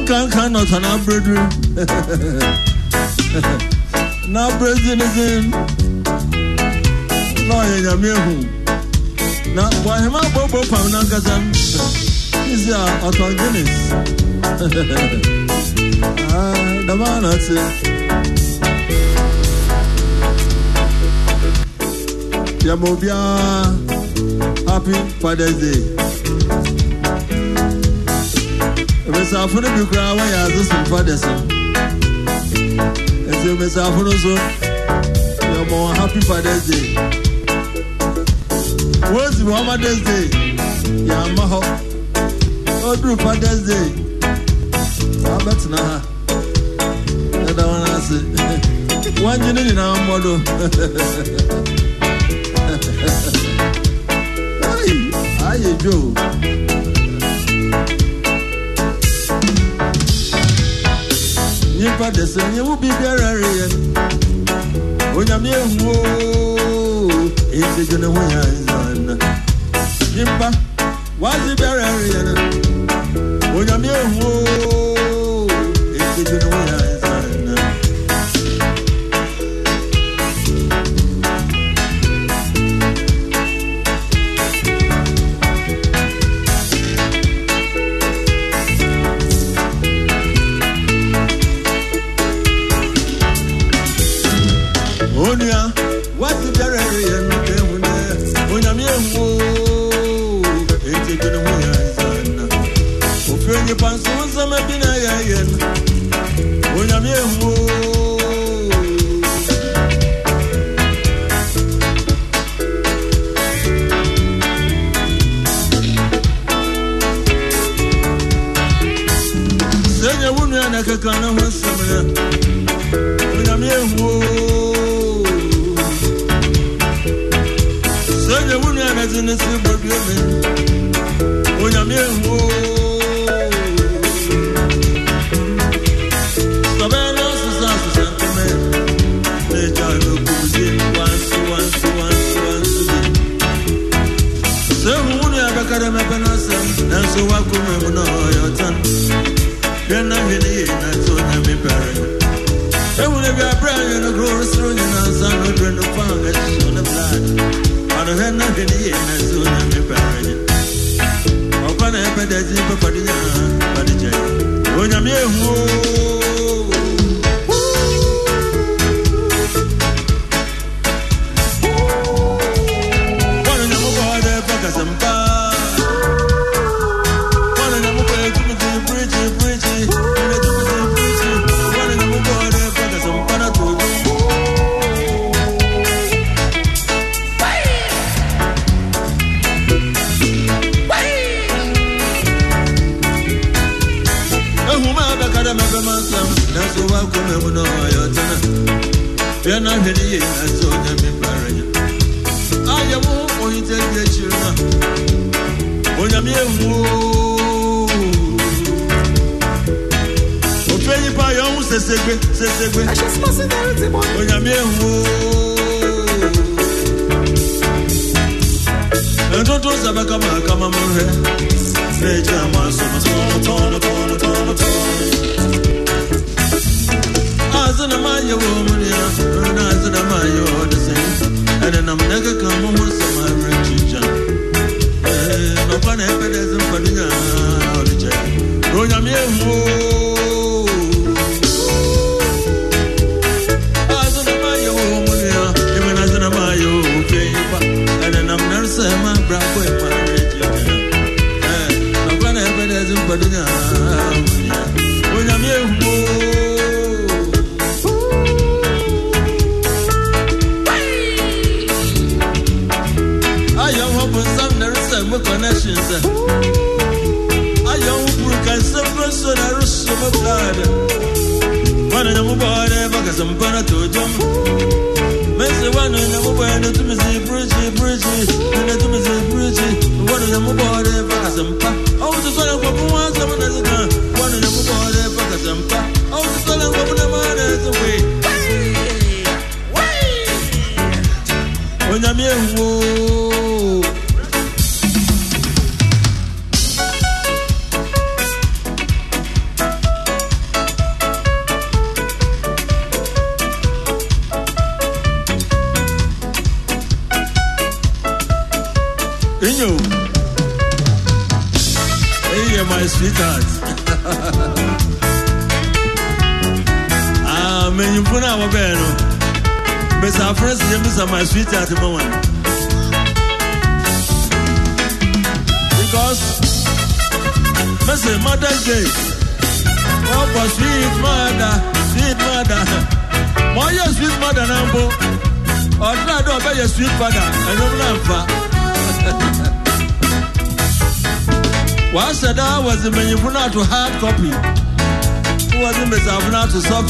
nkanka nɔtɔ n'abrɛdu n'abrɛdu ne din na ɔyɛ nyame ehu na wahema bobo pam n'ankasa n sisi a ɔtɔ guinness. ah, domani Abbiamo bià Happy Father's Day. Mmesafo no bi koraa wɔyɛ adze som fada so. Nti mmesafo no so yɛma wɔn Happy Father's Day. Wosi Muhammad's Day ha hɔ. Oduru Father's Day. saa bɛtena ha ɛda wɔn ase wɔngye ne nyinaa mmɔ do ayɛ dwo nyimpa de sɛ nyɛ wo biribiara reyɛ onyame ahuo ɛnti dwo ne ho yɛ ansan nyimpa wɔadze biara reyɛ no onyame ahuo de nous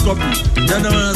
trouble. You're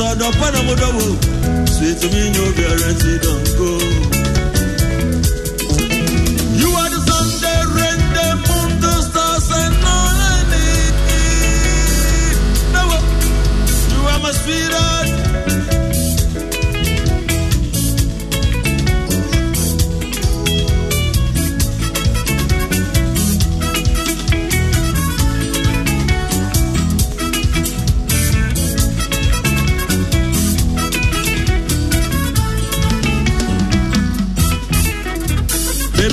so do me no guarantee don't go you are the rain the moon the stars and all I need no, you are my sweetheart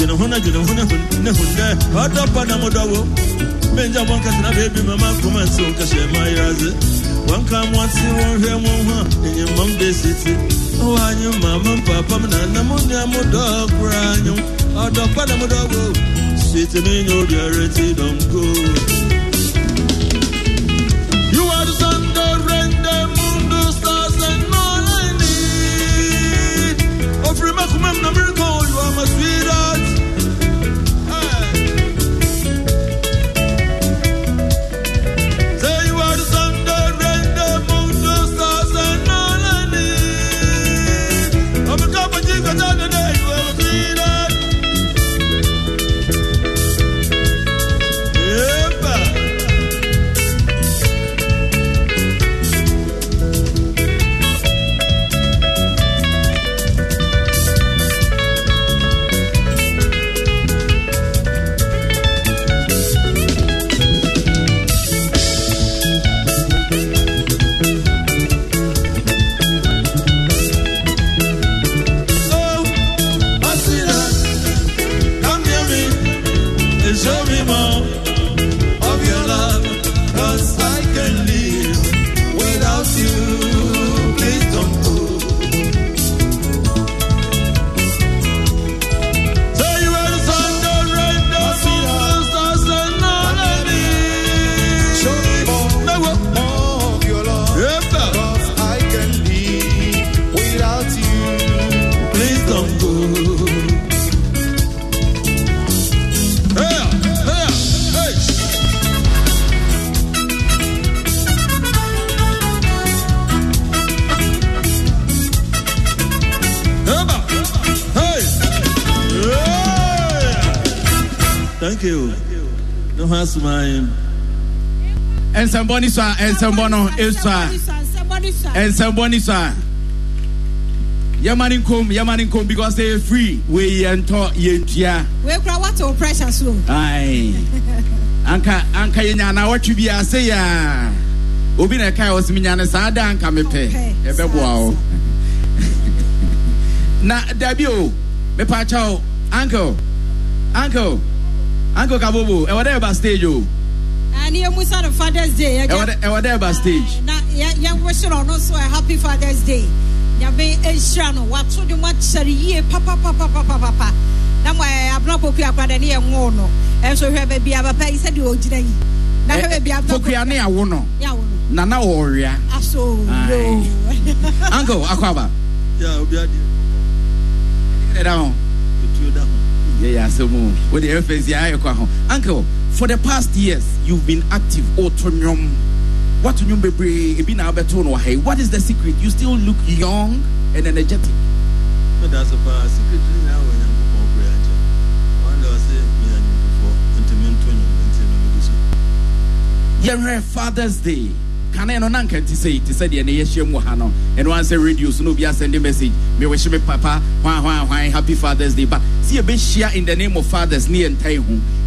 jene huna jene huna ne hunde wata pana mudogo menja wanka tina baby mama kuma so kashe mai razi wanka mwansi wanhe mwa enye mambe siti wanyu mama papa mna na munya mudogo ranyu wata pana mudogo siti ni nyodi areti donko You are the sun, the rain, the moon, the stars, and all I need. Oh, free my miracle, you are my sweet. nsɛmbɔ ni saa nsɛmbɔ no esaa nsɛmbɔ ni saa nkom yɛma nkom because ɛyɛ free wei yɛ ntɔ yɛ ntua. wei kura wato pressure so. ayi (laughs) anka anka yɛ nya anawɔtwi bi ase yaa obi na ɛka yɛ ɔsimi nya ne saa da anka mepɛ ɛbɛ boa o (laughs) na dabi o mepa akyɛw uncle uncle uncle kabobo ɛwɔ dɛ ɛba stage o. And you must have Father's Day. I was ah, stage. Yeah, wish it on also a happy Father's Day. Yabe Eshrano, eh, what to uh, eh, uh, the much ye, papa, papa, papa, papa. Now i eh, have not poking up at any one. And so here baby, I've a pay said you old day. Now here baby, I've not poking (laughs) a woman. Nana Oria. Aso. Uncle Aquaba. Yeah, I'll be at you. Down. Yeah, yeah, so move with the FSI. Uncle for the past years, you've been active. What is the secret? You still look young and energetic. But that's a secret. yɛhwɛ fathers day I no na nka nti sɛ said, sɛdeɛ ne yɛhyia mu ha no ɛno ansɛ radio so na obi sending message wish me papa hwan hwan hwan happy fathers day ba sɛ share in the name of fathers ne yɛntae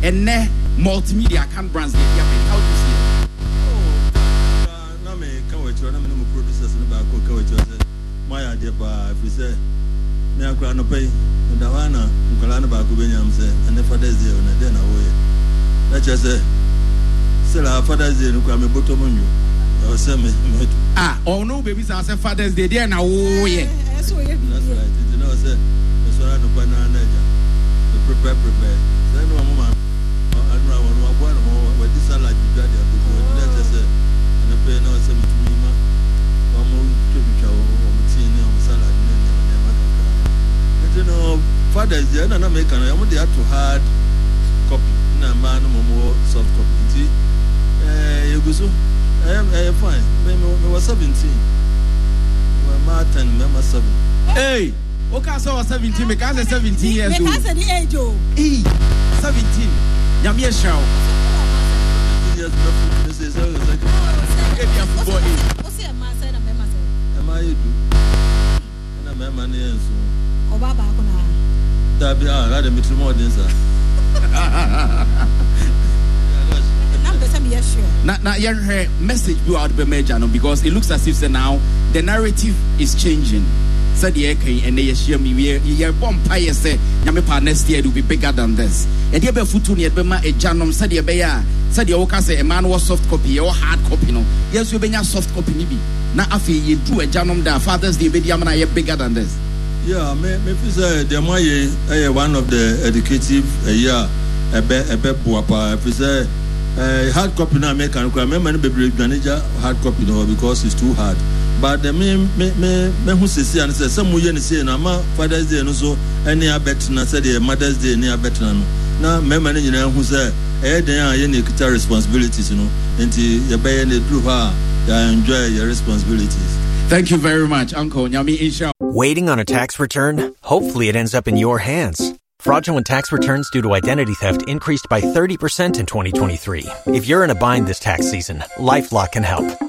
And ɛnɛ multimedia can brands they have been how do you see oh me me no say my idea ba if say me akra no pay no da wa na nkola na be say and the father's day na dey na wo ye na say say la father's day no kwa me bottom on you. o say me ah oh no baby say father's day dey na ye that's right you know say so na no pa na na prepare prepare say no mama mmerɛ a wɔno waboa no hɔ wɔde salad dwa de abɛgu wɔde na ɛkyɛ sɛ anɔpɛ na ɔsɛ metumi ma wɔma twabitwa wɔ wɔm tee ne ɔm salad ne nneɛma nneɛma kakra nti no fathers deɛ ɛna na meka no ɛmo de ato hard copy na mmaa no ma mowɔ soft copy nti yɛgu so ɛyɛ fine mewɔ 17 mmaa 10 mmarima 7 Hey! Okay, so I was 17, because I'm 17 years old. Because I'm the age o Hey, 17. nyame ɛhyɛ wo message bi a wode bɛma agya because it looks as if now the narrative is changing sɛdeɛ ɛka yi ɛnɛ yɛhyia mu yɛbɔ mpaeɛ sɛ nyame paa next year will be bigger than this yɛde ɛbɛfoto no yɛde bɛma agyanom sɛdeɛ ɛbɛyɛ a sɛdeɛ woka sɛ ɛma no wɔ soft copy yɛwɔ hard copy no yɛn nso yɛbɛnya soft copy no bi na afei yɛduru agyanom da fathers day bɛdi amana yɛ bigger than this yeah me me fi sɛ deɛ mo ayɛ ɛyɛ one of the educative ɛyi uh, a ɛbɛ ɛbɛ boa paa fi sɛ ɛɛ hard copy no a mɛka no kora mɛma no bebree dwane hard copy no because it's too hard but me me me me hu sisi an sɛ sɛ mo yɛ ne sei no fathers day no so ɛne abɛtena sɛdeɛ mothers day ne abɛtena no na mmarima no nyinaa hu sɛ ɛyɛ dan a yɛne kita responsibilities no nti yɛbɛyɛ ne duru hɔ a yɛenjoy your responsibilities Thank you very much, Uncle Nyami Insha. Waiting on a tax return? Hopefully, it ends up in your hands. Fraudulent tax returns due to identity theft increased by 30% in 2023. If you're in a bind this tax season, LifeLock can help.